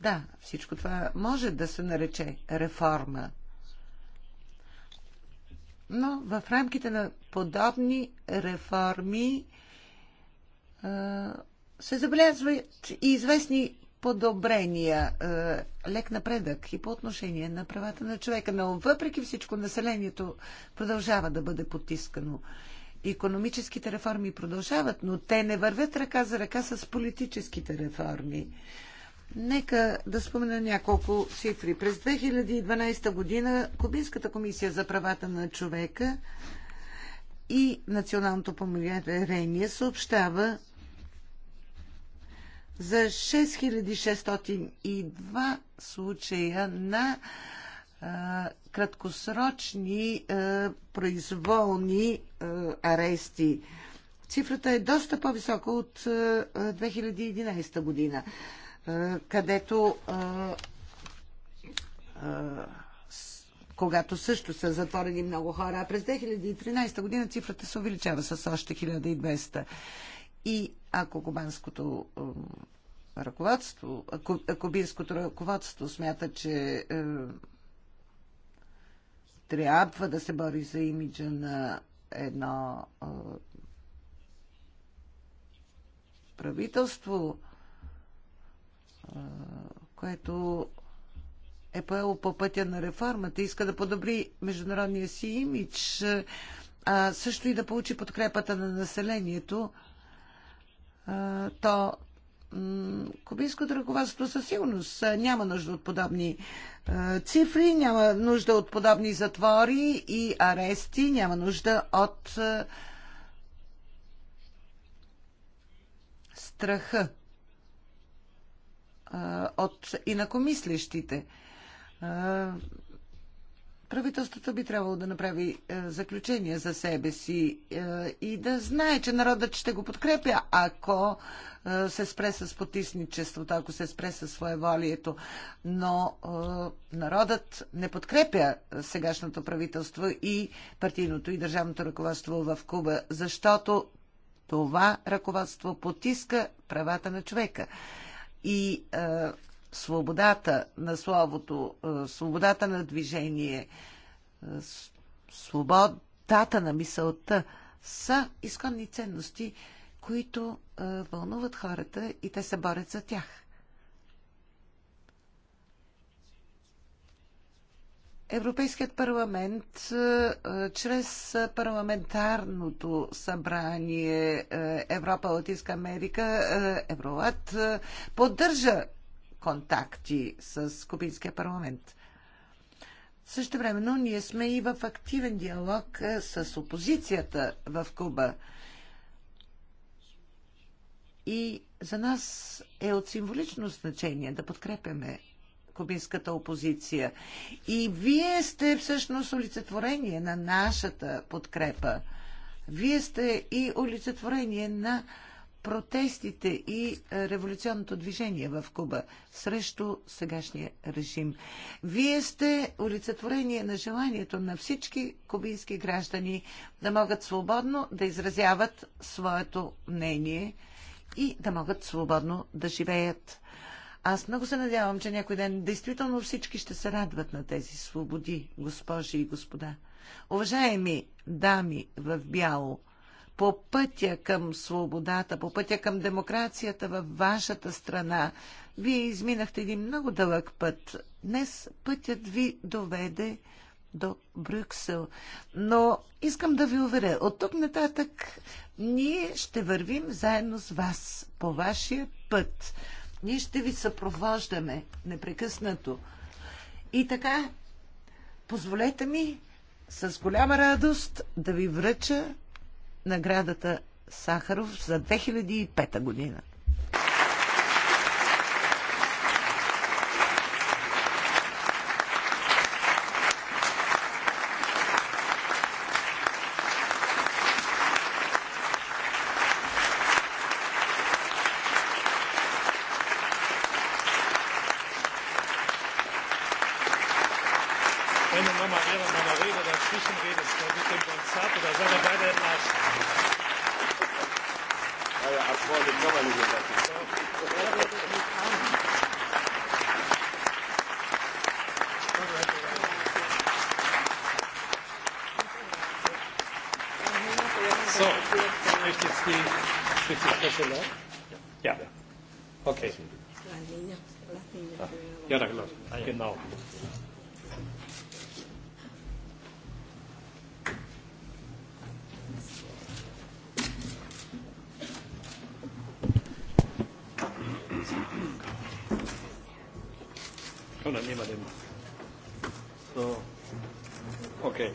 Да, всичко това може да се нарече реформа. Но в рамките на подобни реформи е, се забелязват и известни подобрения, е, лек напредък и по отношение на правата на човека. Но въпреки всичко населението продължава да бъде потискано. Економическите реформи продължават, но те не вървят ръка за ръка с политическите реформи. Нека да спомена няколко цифри. През 2012 година Кубинската комисия за правата на човека и Националното помирение съобщава за 6602 случая на а, краткосрочни а, произволни а, арести. Цифрата е доста по-висока от а, 2011 година, а, където а, а, когато също са затворени много хора. А през 2013 година цифрата се увеличава с още 1200. И ако кубанското ръководство, кубинското ръководство смята, че е, трябва да се бори за имиджа на едно е, правителство, е, което е поело по пътя на реформата, иска да подобри международния си имидж, а също и да получи подкрепата на населението, то кубинското ръководство със сигурност няма нужда от подобни цифри, няма нужда от подобни затвори и арести, няма нужда от страха от инакомислещите правителството би трябвало да направи е, заключение за себе си е, и да знае, че народът ще го подкрепя, ако е, се спре с потисничеството, ако се спре с своеволието. Но народът не подкрепя сегашното правителство и партийното и държавното ръководство в Куба, защото това ръководство потиска правата на човека. И свободата на словото, е, свободата на движение, е, свободата на мисълта са изконни ценности, които е, вълнуват хората и те се борят за тях. Европейският парламент чрез парламентарното събрание Европа, Латинска Америка, Евролат поддържа контакти с Кубинския парламент. Също времено ние сме и в активен диалог е, с опозицията в Куба. И за нас е от символично значение да подкрепяме кубинската опозиция. И вие сте всъщност олицетворение на нашата подкрепа. Вие сте и олицетворение на протестите и е, революционното движение в Куба срещу сегашния режим. Вие сте олицетворение на желанието на всички кубински граждани да могат свободно да изразяват своето мнение и да могат свободно да живеят. Аз много се надявам, че някой ден действително всички ще се радват на тези свободи, госпожи и господа. Уважаеми дами в бяло, по пътя към свободата, по пътя към демокрацията във вашата страна. Вие изминахте един много дълъг път. Днес пътят ви доведе до Брюксел. Но искам да ви уверя, от тук нататък ние ще вървим заедно с вас по вашия път. Ние ще ви съпровождаме непрекъснато. И така, позволете ми с голяма радост да ви връча наградата Сахаров за 2005 година. Okay. Ja, klar. Genau. Komm, dann nehmen wir den. So. Okay.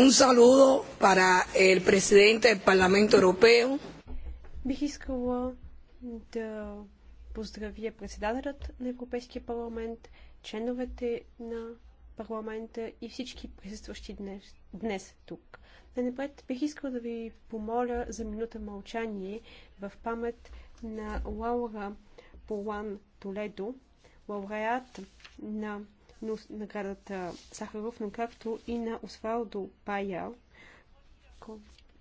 Un saludo para el presidente del Parlamento Europeo. Бих искала да поздравя председателят на Европейския парламент, членовете на парламента и всички присъстващи днес, днес тук. Най-напред бих искала да ви помоля за минута мълчание в памет на Лаура Полан Толедо, лауреат на но наградата Сахаров, но както и на Освалдо Пая.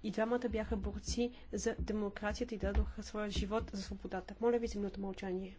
И двамата бяха борци за демокрацията и дадоха своя живот за свободата. Моля ви за минута мълчание.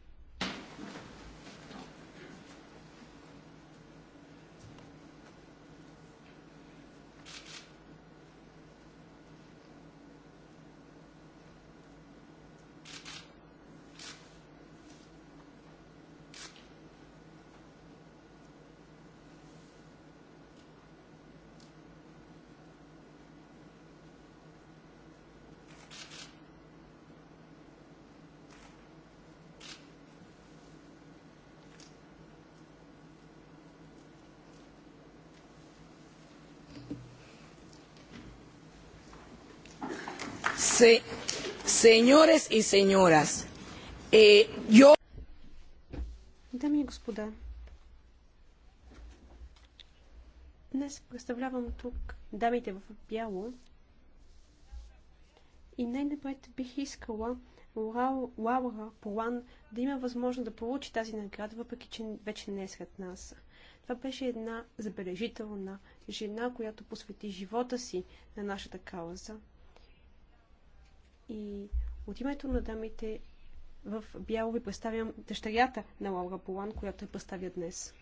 Se, señores y señoras, eh, yo... Дами и господа, днес представлявам тук дамите в бяло и най-напред бих искала Лаура, Лаура Полан да има възможност да получи тази награда, въпреки че вече не е сред нас. Това беше една забележителна жена, която посвети живота си на нашата кауза. И от името на дамите в бяло ви представям дъщерята на Лаура Полан, която я представя днес.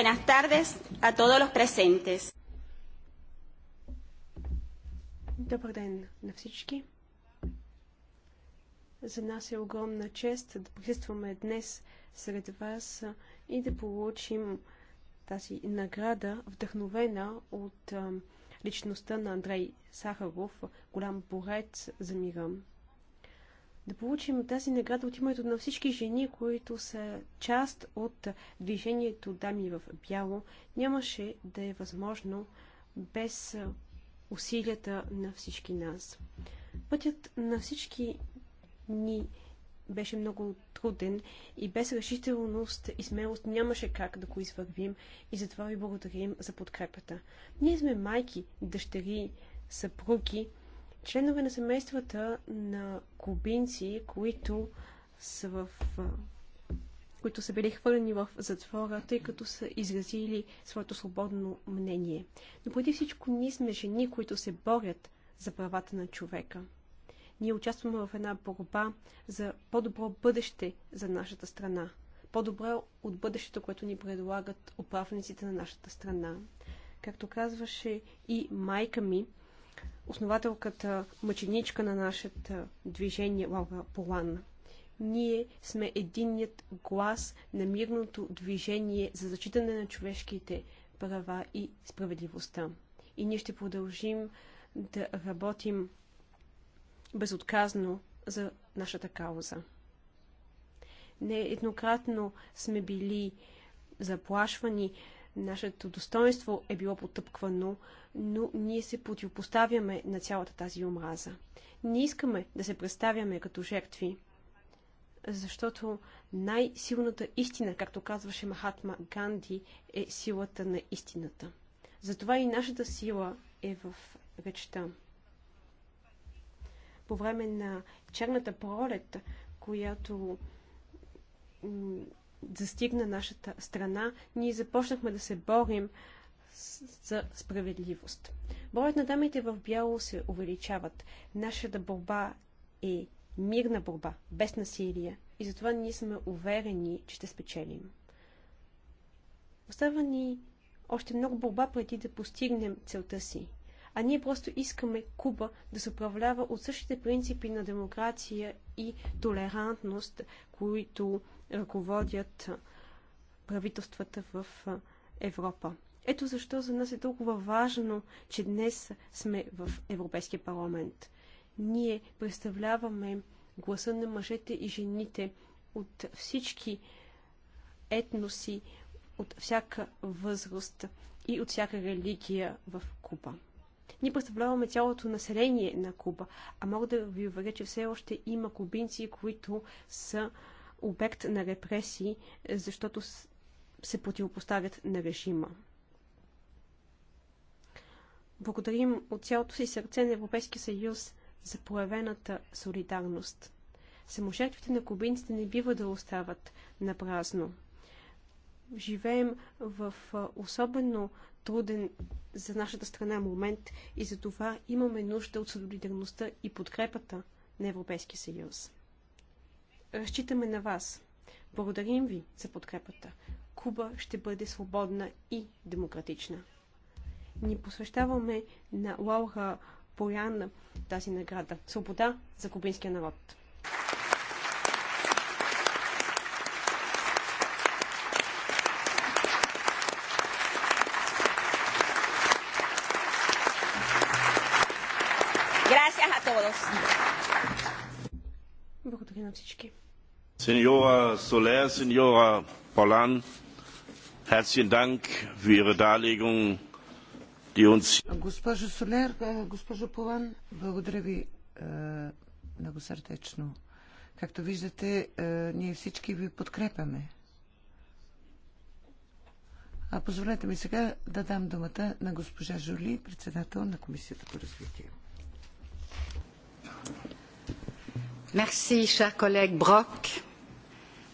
Buenas tardes a todos los presentes. Добър ден на всички. За нас е огромна чест да присъстваме днес сред вас и да получим тази награда, вдъхновена от личността на Андрей Сахаров, голям борец за мира. Да получим тази награда от името на всички жени, които са част от движението Дами в бяло, нямаше да е възможно без усилията на всички нас. Пътят на всички ни беше много труден и без решителност и смелост нямаше как да го извървим и затова ви благодарим за подкрепата. Ние сме майки, дъщери, съпруги, членове на семействата на кубинци, които са в които са били хвърлени в затвора, тъй като са изразили своето свободно мнение. Но преди всичко ние сме жени, които се борят за правата на човека – ние участваме в една борба за по-добро бъдеще за нашата страна. По-добре от бъдещето, което ни предлагат управниците на нашата страна. Както казваше и майка ми, основателката, мъченичка на нашето движение Лаура Полан. Ние сме единният глас на мирното движение за зачитане на човешките права и справедливостта. И ние ще продължим да работим безотказно за нашата кауза. Нееднократно сме били заплашвани, нашето достоинство е било потъпквано, но ние се противопоставяме на цялата тази омраза. Не искаме да се представяме като жертви, защото най-силната истина, както казваше Махатма Ганди, е силата на истината. Затова и нашата сила е в речта по време на черната пролет, която застигна нашата страна, ние започнахме да се борим за справедливост. Броят на дамите в бяло се увеличават. Нашата борба е мирна борба, без насилие. И затова ние сме уверени, че ще спечелим. Остава ни още много борба преди да постигнем целта си а ние просто искаме Куба да се управлява от същите принципи на демокрация и толерантност, които ръководят правителствата в Европа. Ето защо за нас е толкова важно, че днес сме в Европейския парламент. Ние представляваме гласа на мъжете и жените от всички етноси, от всяка възраст и от всяка религия в Куба. Ние представляваме цялото население на Куба, а мога да ви уверя, че все още има кубинци, които са обект на репресии, защото се противопоставят на режима. Благодарим от цялото си сърце на Европейския съюз за проявената солидарност. Саможертвите на кубинците не бива да остават на празно живеем в особено труден за нашата страна момент и за това имаме нужда от солидарността и подкрепата на Европейския съюз. Разчитаме на вас. Благодарим ви за подкрепата. Куба ще бъде свободна и демократична. Ни посвещаваме на Лаура поян тази награда. Свобода за кубинския народ. всички. Сеньора Солер, сеньора Полан, herzlichen Dank für Ihre Darlegung, die uns... Госпожо Солер, госпожо Полан, благодаря ви много сърдечно. Както виждате, ние всички ви подкрепяме. А позволете ми сега да дам думата на госпожа Жули, председател на Комисията по развитие. Merci, cher collègue Brock,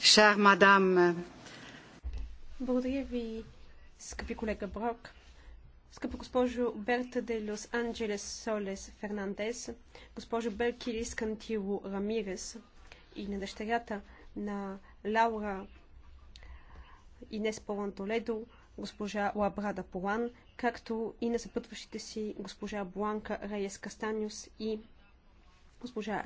chère madame. Благодаря ви, скъпи колега Брок. Скъпа госпожо Берта де Лос Анджелес Солес Фернандес, госпожо Белкирис Кантило Рамирес и на дъщерята на Лаура Инес Полан Толедо, госпожа Лабрада Полан, както и на съпътващите си госпожа Бланка Рейес Кастаниус и госпожа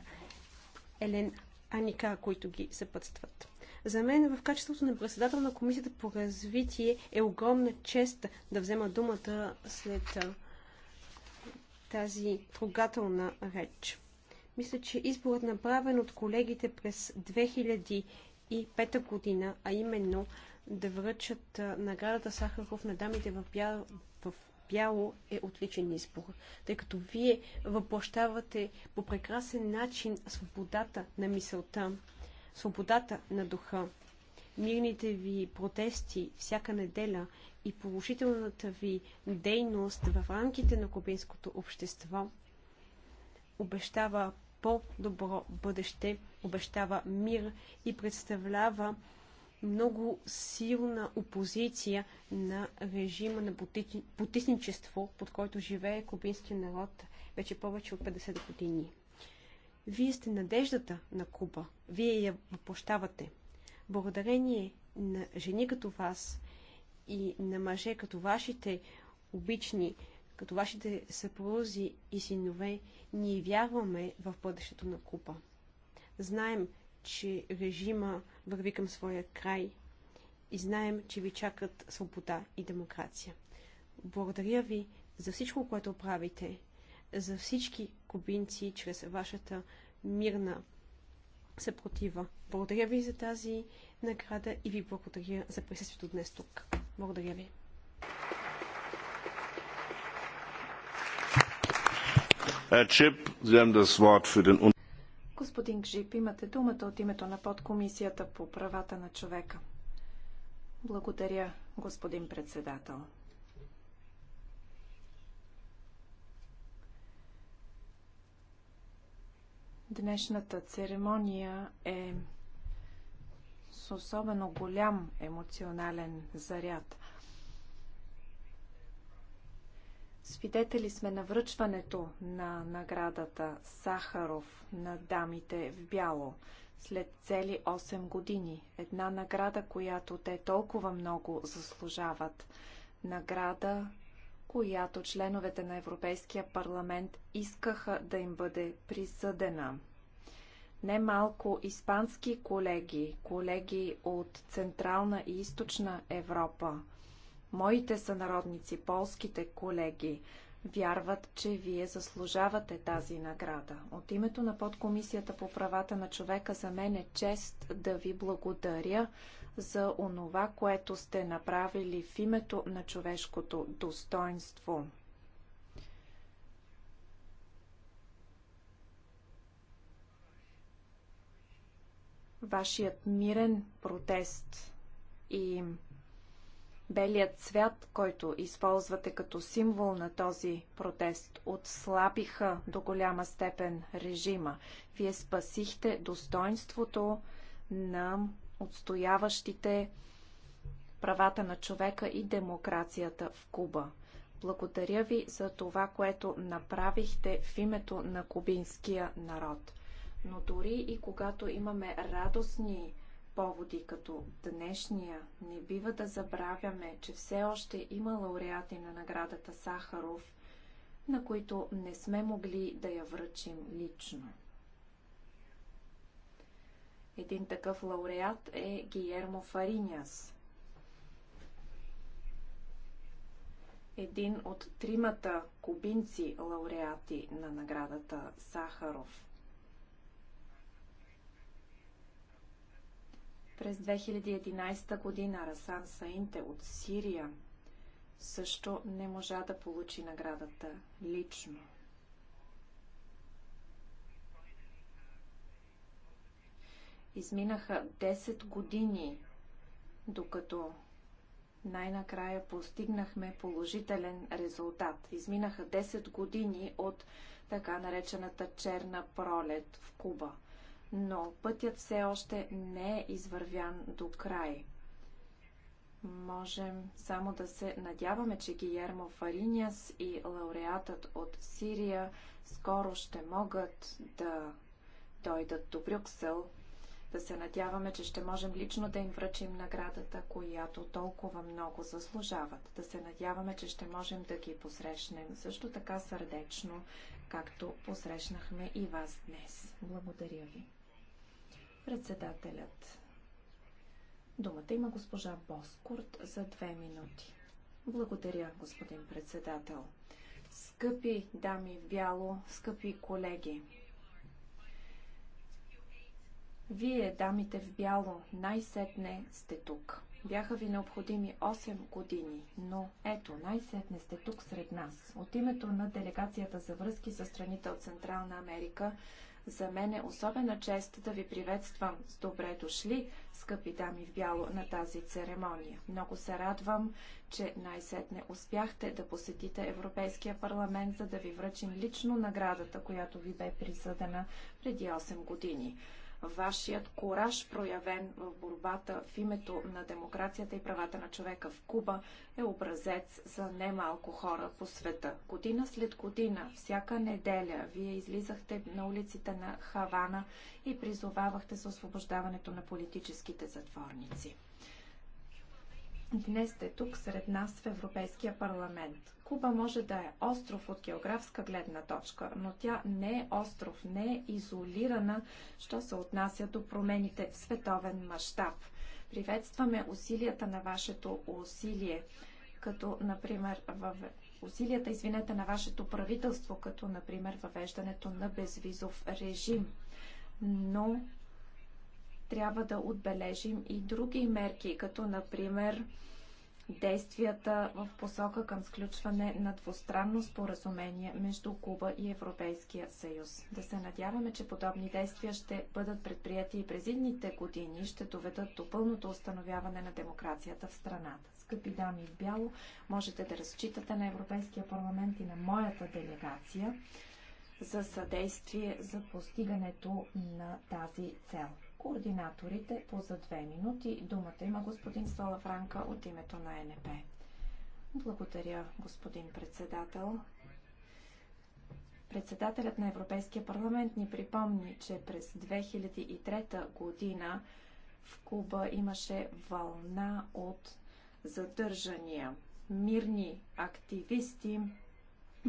Елен Аника, които ги съпътстват. За мен в качеството на председател на Комисията по развитие е огромна чест да взема думата след тази трогателна реч. Мисля, че изборът направен от колегите през 2005 година, а именно да връчат наградата Сахаров на дамите в, бял, в бяло е отличен избор, тъй като вие въплащавате по прекрасен начин свободата на мисълта, свободата на духа, мирните ви протести всяка неделя и положителната ви дейност в рамките на кубинското общество обещава по-добро бъдеще, обещава мир и представлява много силна опозиция на режима на потисничество, под който живее кубинския народ вече повече от 50 години. Вие сте надеждата на Куба. Вие я въплощавате. Благодарение на жени като вас и на мъже като вашите обични, като вашите съпрузи и синове, ние вярваме в бъдещето на Куба. Знаем, че режима върви към своя край и знаем, че ви чакат свобода и демокрация. Благодаря ви за всичко, което правите, за всички кубинци чрез вашата мирна съпротива. Благодаря ви за тази награда и ви благодаря за присъствието днес тук. Благодаря ви. Herr Chip, Sie haben das Wort für den Господин Гжип, имате думата от името на подкомисията по правата на човека. Благодаря, господин председател. Днешната церемония е с особено голям емоционален заряд – Свидетели сме на връчването на наградата Сахаров на дамите в бяло след цели 8 години. Една награда, която те толкова много заслужават. Награда, която членовете на Европейския парламент искаха да им бъде присъдена. Немалко испански колеги, колеги от Централна и Източна Европа, Моите сънародници, полските колеги, вярват, че вие заслужавате тази награда. От името на подкомисията по правата на човека за мен е чест да ви благодаря за онова, което сте направили в името на човешкото достоинство. Вашият мирен протест и белият цвят, който използвате като символ на този протест, отслабиха до голяма степен режима. Вие спасихте достоинството на отстояващите правата на човека и демокрацията в Куба. Благодаря ви за това, което направихте в името на кубинския народ. Но дори и когато имаме радостни поводи, като днешния, не бива да забравяме, че все още има лауреати на наградата Сахаров, на които не сме могли да я връчим лично. Един такъв лауреат е Гиермо Фариняс. Един от тримата кубинци лауреати на наградата Сахаров. През 2011 година Расан Саинте от Сирия също не можа да получи наградата лично. Изминаха 10 години, докато най-накрая постигнахме положителен резултат. Изминаха 10 години от така наречената черна пролет в Куба – но пътят все още не е извървян до край. Можем само да се надяваме, че Гиермо Фариняс и лауреатът от Сирия скоро ще могат да дойдат до Брюксел. Да се надяваме, че ще можем лично да им връчим наградата, която толкова много заслужават. Да се надяваме, че ще можем да ги посрещнем също така сърдечно, както посрещнахме и вас днес. Благодаря ви. Председателят. Думата има госпожа Боскорт за две минути. Благодаря, господин председател. Скъпи дами в бяло, скъпи колеги, вие, дамите в бяло, най-сетне сте тук. Бяха ви необходими 8 години, но ето, най-сетне сте тук сред нас. От името на делегацията за връзки с страните от Централна Америка за мен е особена чест да ви приветствам с добре дошли, скъпи дами в бяло, на тази церемония. Много се радвам, че най-сетне успяхте да посетите Европейския парламент, за да ви връчим лично наградата, която ви бе присъдена преди 8 години вашият кораж, проявен в борбата в името на демокрацията и правата на човека в Куба, е образец за немалко хора по света. Година след година, всяка неделя, вие излизахте на улиците на Хавана и призовавахте за освобождаването на политическите затворници. Днес сте тук сред нас в Европейския парламент. Куба може да е остров от географска гледна точка, но тя не е остров, не е изолирана, що се отнася до промените в световен мащаб. Приветстваме усилията на вашето усилие, като, например, в усилията, извинете, на вашето правителство, като, например, въвеждането на безвизов режим. Но трябва да отбележим и други мерки, като например действията в посока към сключване на двустранно споразумение между Куба и Европейския съюз. Да се надяваме, че подобни действия ще бъдат предприяти и през идните години и ще доведат до пълното установяване на демокрацията в страната. Скъпи дами в бяло, можете да разчитате на Европейския парламент и на моята делегация за съдействие за постигането на тази цел. Координаторите по за две минути. Думата има господин Франка от името на НП. Благодаря, господин председател. Председателят на Европейския парламент ни припомни, че през 2003 година в Куба имаше вълна от задържания. Мирни активисти,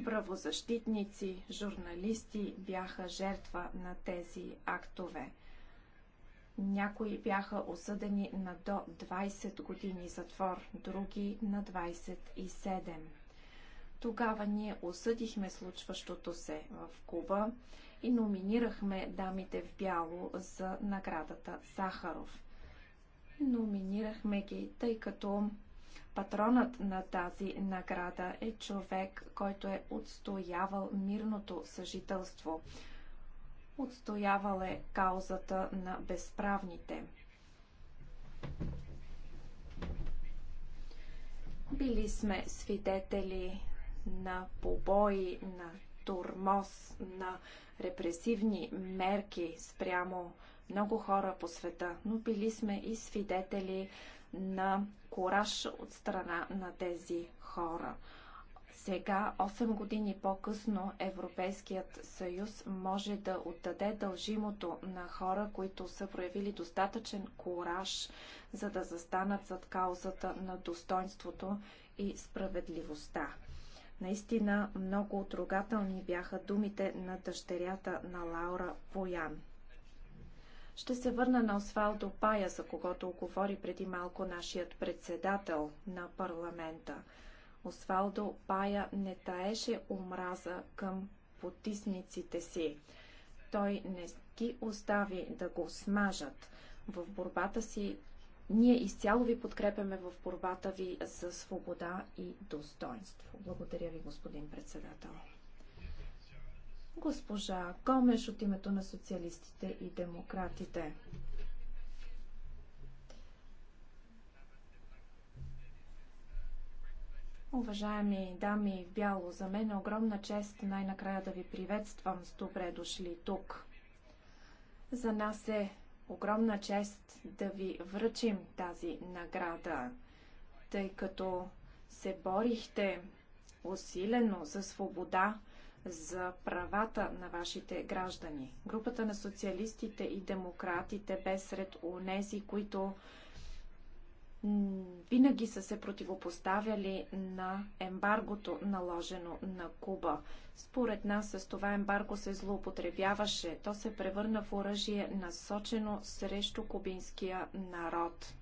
правозащитници, журналисти бяха жертва на тези актове. Някои бяха осъдени на до 20 години затвор, други на 27. Тогава ние осъдихме случващото се в Куба и номинирахме дамите в бяло за наградата Сахаров. Номинирахме ги, тъй като патронът на тази награда е човек, който е отстоявал мирното съжителство Отстоявал е каузата на безправните. Били сме свидетели на побои, на турмоз, на репресивни мерки спрямо много хора по света, но били сме и свидетели на кораж от страна на тези хора. Сега, 8 години по-късно, Европейският съюз може да отдаде дължимото на хора, които са проявили достатъчен кураж, за да застанат зад каузата на достоинството и справедливостта. Наистина много отругателни бяха думите на дъщерята на Лаура Поян. Ще се върна на Освалдо Пая, за когото говори преди малко нашият председател на парламента – Освалдо Пая не таеше омраза към потисниците си. Той не ги остави да го смажат. В борбата си ние изцяло ви подкрепяме в борбата ви за свобода и достоинство. Благодаря ви, господин председател. Госпожа Комеш от името на социалистите и демократите. Уважаеми дами в бяло, за мен е огромна чест най-накрая да ви приветствам с добре дошли тук. За нас е огромна чест да ви връчим тази награда, тъй като се борихте усилено за свобода, за правата на вашите граждани. Групата на социалистите и демократите бе сред онези, които винаги са се противопоставяли на ембаргото, наложено на Куба. Според нас с това ембарго се злоупотребяваше. То се превърна в оръжие, насочено срещу кубинския народ.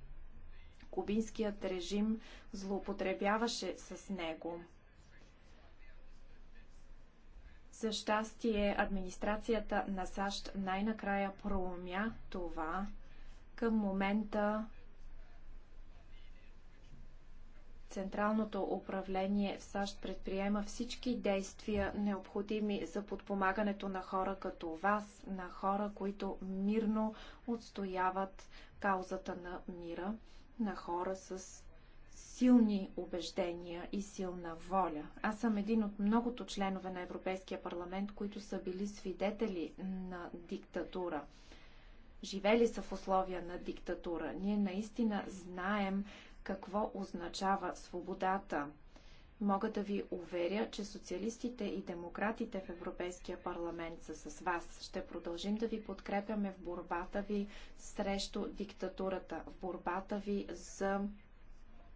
Кубинският режим злоупотребяваше с него. За щастие, администрацията на САЩ най-накрая проумя това. Към момента Централното управление в САЩ предприема всички действия, необходими за подпомагането на хора като вас, на хора, които мирно отстояват каузата на мира, на хора с силни убеждения и силна воля. Аз съм един от многото членове на Европейския парламент, които са били свидетели на диктатура. Живели са в условия на диктатура. Ние наистина знаем какво означава свободата. Мога да ви уверя, че социалистите и демократите в Европейския парламент са с вас. Ще продължим да ви подкрепяме в борбата ви срещу диктатурата, в борбата ви за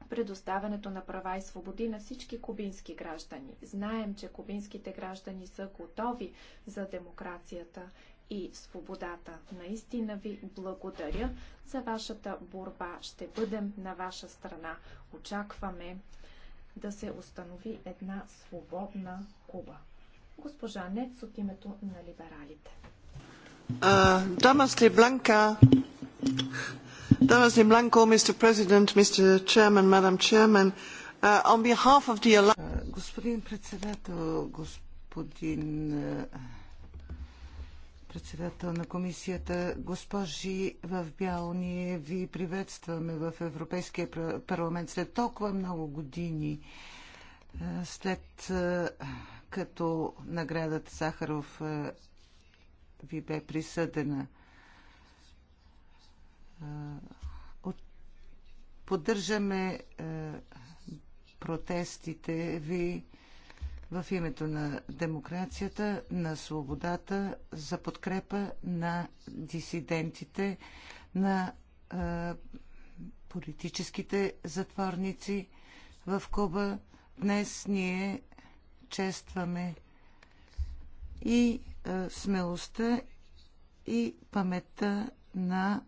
предоставянето на права и свободи на всички кубински граждани. Знаем, че кубинските граждани са готови за демокрацията и свободата. Наистина ви благодаря за вашата борба. Ще бъдем на ваша страна. Очакваме да се установи една свободна Куба. Госпожа Нец от името на либералите. Дамас ли Бланка, Дамас ли Бланко, мистер президент, мистер чермен, мадам чермен, on behalf of the... Господин председател, господин председател на комисията. Госпожи в бяло, ние ви приветстваме в Европейския парламент след толкова много години. След като наградата Сахаров ви бе присъдена, поддържаме протестите ви в името на демокрацията, на свободата, за подкрепа на дисидентите, на а, политическите затворници в Куба. Днес ние честваме и а, смелостта и паметта на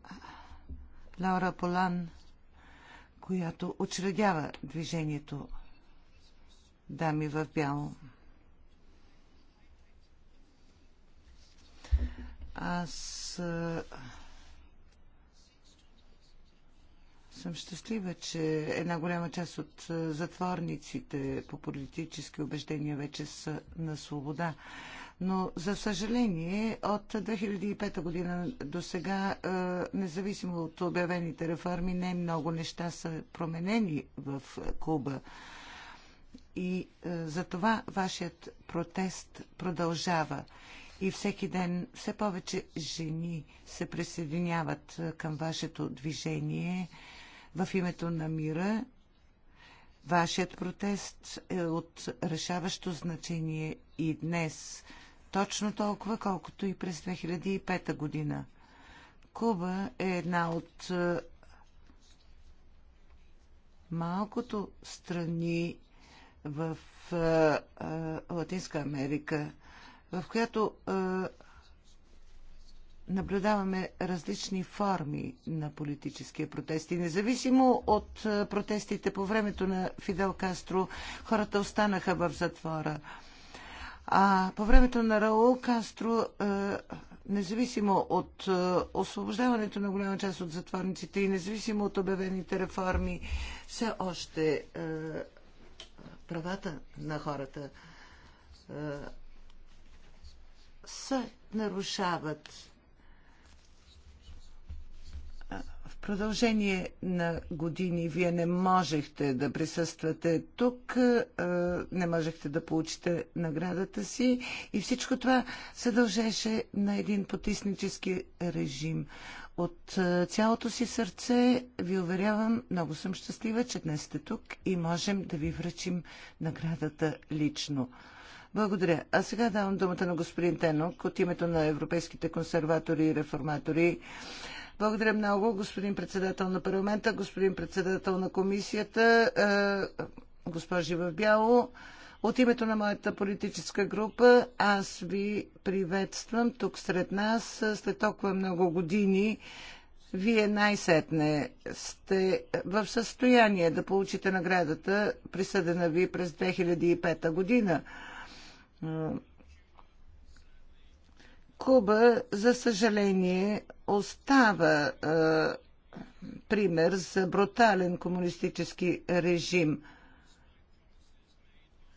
Лаура Полан, която учредява движението дами в бяло. Аз съм щастлива, че една голяма част от затворниците по политически убеждения вече са на свобода. Но, за съжаление, от 2005 година до сега, независимо от обявените реформи, не много неща са променени в Куба. И е, за това вашият протест продължава. И всеки ден все повече жени се присъединяват е, към вашето движение в името на мира. Вашият протест е от решаващо значение и днес, точно толкова, колкото и през 2005 година. Куба е една от е, малкото страни в а, а, Латинска Америка, в която а, наблюдаваме различни форми на политическия протест. И независимо от протестите по времето на Фидел Кастро, хората останаха в затвора. А по времето на Раул Кастро, независимо от освобождаването на голяма част от затворниците и независимо от обявените реформи, все още правата на хората се нарушават. В продължение на години вие не можехте да присъствате тук, не можехте да получите наградата си и всичко това се дължеше на един потиснически режим. От е, цялото си сърце ви уверявам, много съм щастлива, че днес сте тук и можем да ви връчим наградата лично. Благодаря. А сега давам думата на господин Тенок от името на европейските консерватори и реформатори. Благодаря много, господин председател на парламента, господин председател на комисията, е, госпожи в бяло. От името на моята политическа група аз ви приветствам тук сред нас след толкова много години. Вие най-сетне сте в състояние да получите наградата, присъдена ви през 2005 година. Куба, за съжаление, остава пример за брутален комунистически режим –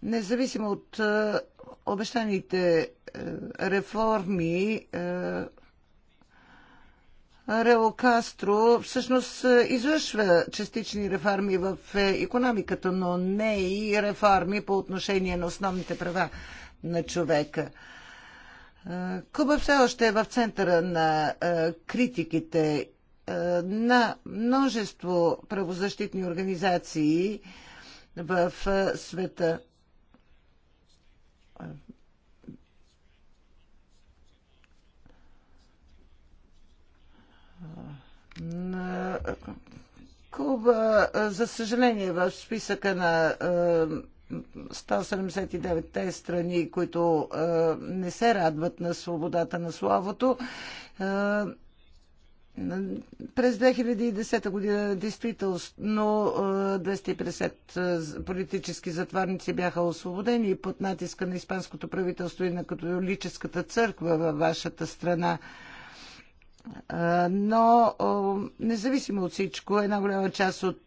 Независимо от е, обещаните е, реформи, е, Рео Кастро всъщност извършва частични реформи в економиката, но не и реформи по отношение на основните права на човека. Куба все още е в центъра на критиките на множество правозащитни организации в света. на Куба, за съжаление, в списъка на 179-те е, страни, които е, не се радват на свободата на словото, е, през 2010 година действително 250 политически затворници бяха освободени под натиска на испанското правителство и на католическата църква във вашата страна. Но, независимо от всичко, една голяма част от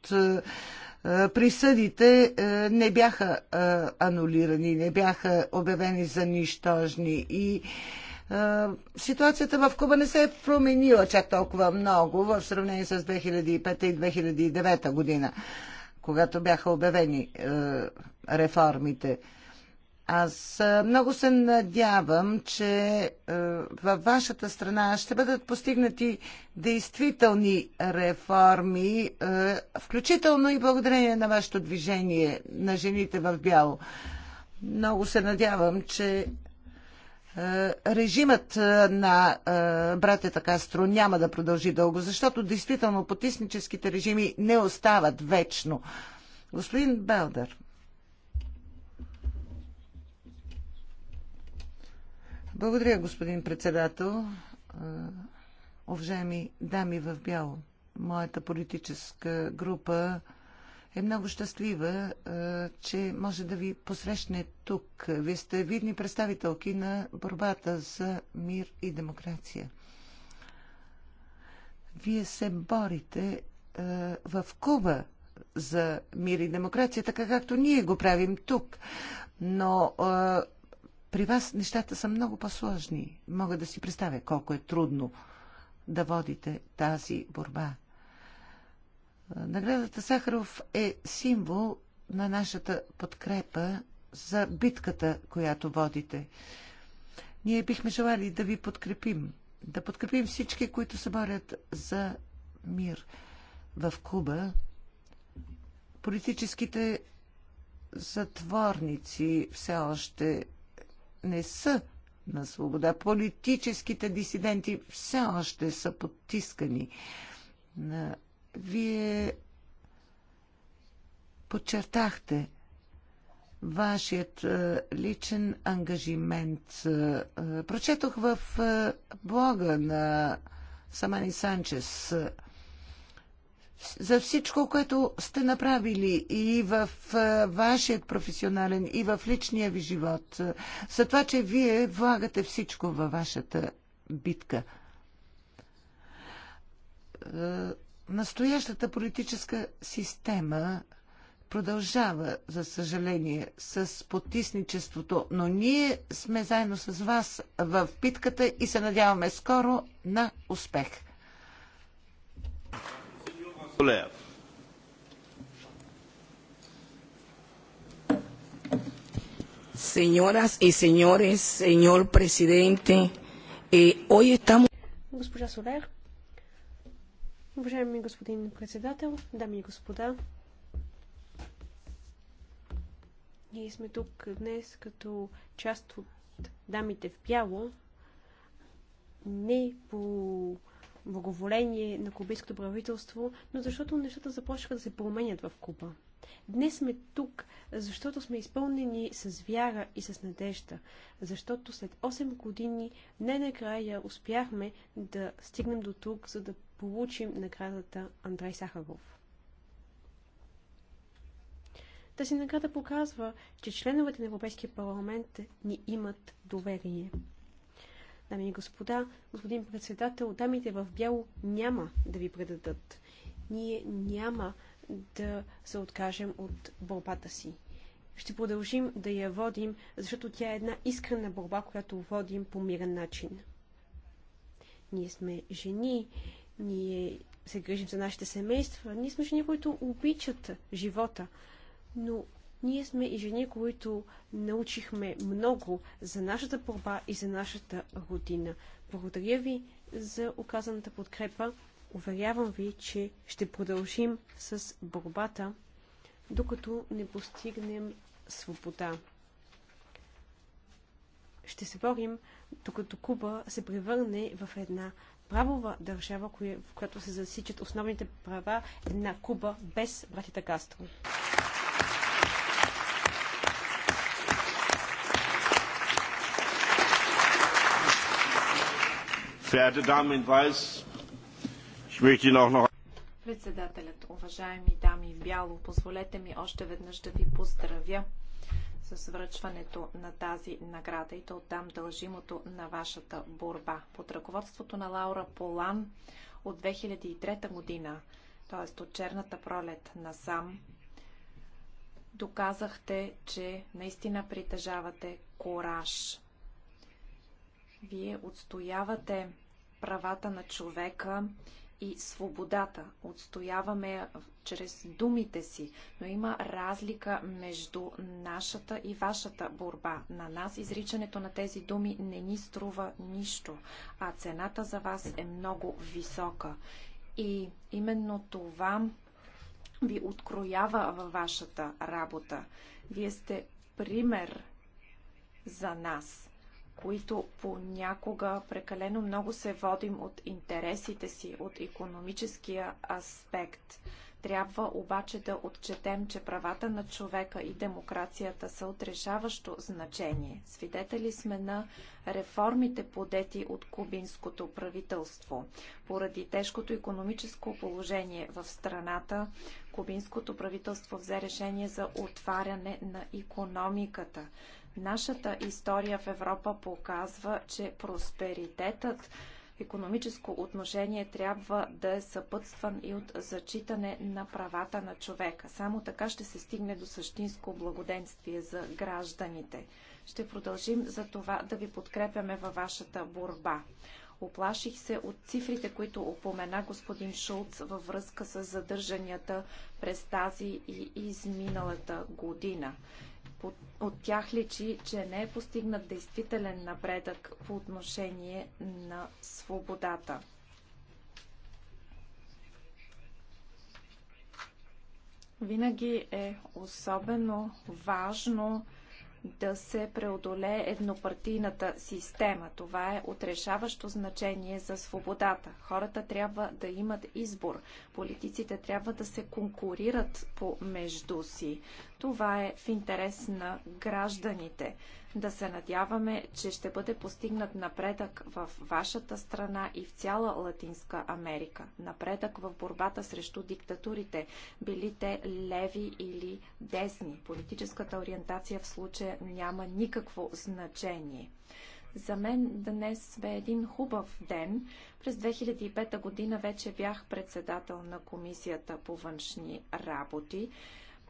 присъдите не бяха анулирани, не бяха обявени за нищожни и ситуацията в Куба не се е променила чак толкова много в сравнение с 2005 и 2009 година, когато бяха обявени реформите. Аз много се надявам, че във вашата страна ще бъдат постигнати действителни реформи, включително и благодарение на вашето движение на жените в бяло. Много се надявам, че режимът на братята Кастро няма да продължи дълго, защото действително потисническите режими не остават вечно. Господин Белдър, Благодаря, господин председател. Уважаеми дами в бяло, моята политическа група е много щастлива, че може да ви посрещне тук. Вие сте видни представителки на борбата за мир и демокрация. Вие се борите в Куба за мир и демокрация, така както ние го правим тук. Но при вас нещата са много по-сложни. Мога да си представя колко е трудно да водите тази борба. Наградата Сахаров е символ на нашата подкрепа за битката, която водите. Ние бихме желали да ви подкрепим, да подкрепим всички, които се борят за мир в Куба. Политическите затворници все още не са на свобода. Политическите дисиденти все още са потискани. Вие подчертахте вашият личен ангажимент. Прочетох в блога на Самани Санчес за всичко, което сте направили и в вашият професионален, и в личния ви живот. За това, че вие влагате всичко във вашата битка. Настоящата политическа система продължава, за съжаление, с потисничеството, но ние сме заедно с вас в битката и се надяваме скоро на успех. Señoras y señores, señor presidente, eh, hoy estamos. Госпожа Солер, уважаеми господин председател, дами и господа, ние сме тук днес като част от дамите в бяло, не по благоволение на кубинското правителство, но защото нещата започнаха да се променят в Куба. Днес сме тук, защото сме изпълнени с вяра и с надежда, защото след 8 години най-накрая успяхме да стигнем до тук, за да получим наградата Андрей Сахаров. Тази награда показва, че членовете на Европейския парламент ни имат доверие. Дами и господа, господин председател, дамите в бяло няма да ви предадат. Ние няма да се откажем от борбата си. Ще продължим да я водим, защото тя е една искрена борба, която водим по мирен начин. Ние сме жени, ние се грижим за нашите семейства, ние сме жени, които обичат живота, но ние сме и жени, които научихме много за нашата борба и за нашата родина. Благодаря ви за оказаната подкрепа. Уверявам ви, че ще продължим с борбата, докато не постигнем свобода. Ще се борим, докато Куба се превърне в една правова държава, в която се засичат основните права на Куба без братята Кастро. Verehrte Damen in Weiß, ich möchte Ihnen auch noch председателят. Уважаеми дами в бяло, позволете ми още веднъж да ви поздравя с връчването на тази награда и да отдам дължимото на вашата борба. Под ръководството на Лаура Полан от 2003 година, т.е. от черната пролет на сам, доказахте, че наистина притежавате кораж. Вие отстоявате правата на човека и свободата. Отстояваме я чрез думите си, но има разлика между нашата и вашата борба. На нас изричането на тези думи не ни струва нищо, а цената за вас е много висока. И именно това ви откроява във вашата работа. Вие сте пример за нас които понякога прекалено много се водим от интересите си, от економическия аспект. Трябва обаче да отчетем, че правата на човека и демокрацията са от решаващо значение. Свидетели сме на реформите подети от кубинското правителство. Поради тежкото економическо положение в страната, кубинското правителство взе решение за отваряне на економиката. Нашата история в Европа показва, че просперитетът економическо отношение трябва да е съпътстван и от зачитане на правата на човека. Само така ще се стигне до същинско благоденствие за гражданите. Ще продължим за това да ви подкрепяме във вашата борба. Оплаших се от цифрите, които упомена господин Шулц във връзка с задържанията през тази и изминалата година. От тях личи, че не е постигнат действителен напредък по отношение на свободата. Винаги е особено важно да се преодолее еднопартийната система. Това е отрешаващо значение за свободата. Хората трябва да имат избор. Политиците трябва да се конкурират помежду си. Това е в интерес на гражданите. Да се надяваме, че ще бъде постигнат напредък в вашата страна и в цяла Латинска Америка. Напредък в борбата срещу диктатурите, били те леви или десни. Политическата ориентация в случая няма никакво значение. За мен днес бе един хубав ден. През 2005 година вече бях председател на Комисията по външни работи.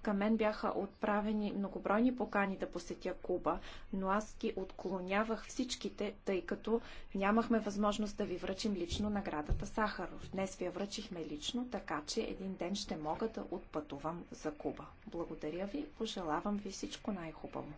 Към мен бяха отправени многобройни покани да посетя Куба, но аз ги отклонявах всичките, тъй като нямахме възможност да ви връчим лично наградата Сахаров. Днес ви я връчихме лично, така че един ден ще мога да отпътувам за Куба. Благодаря ви, пожелавам ви всичко най-хубаво.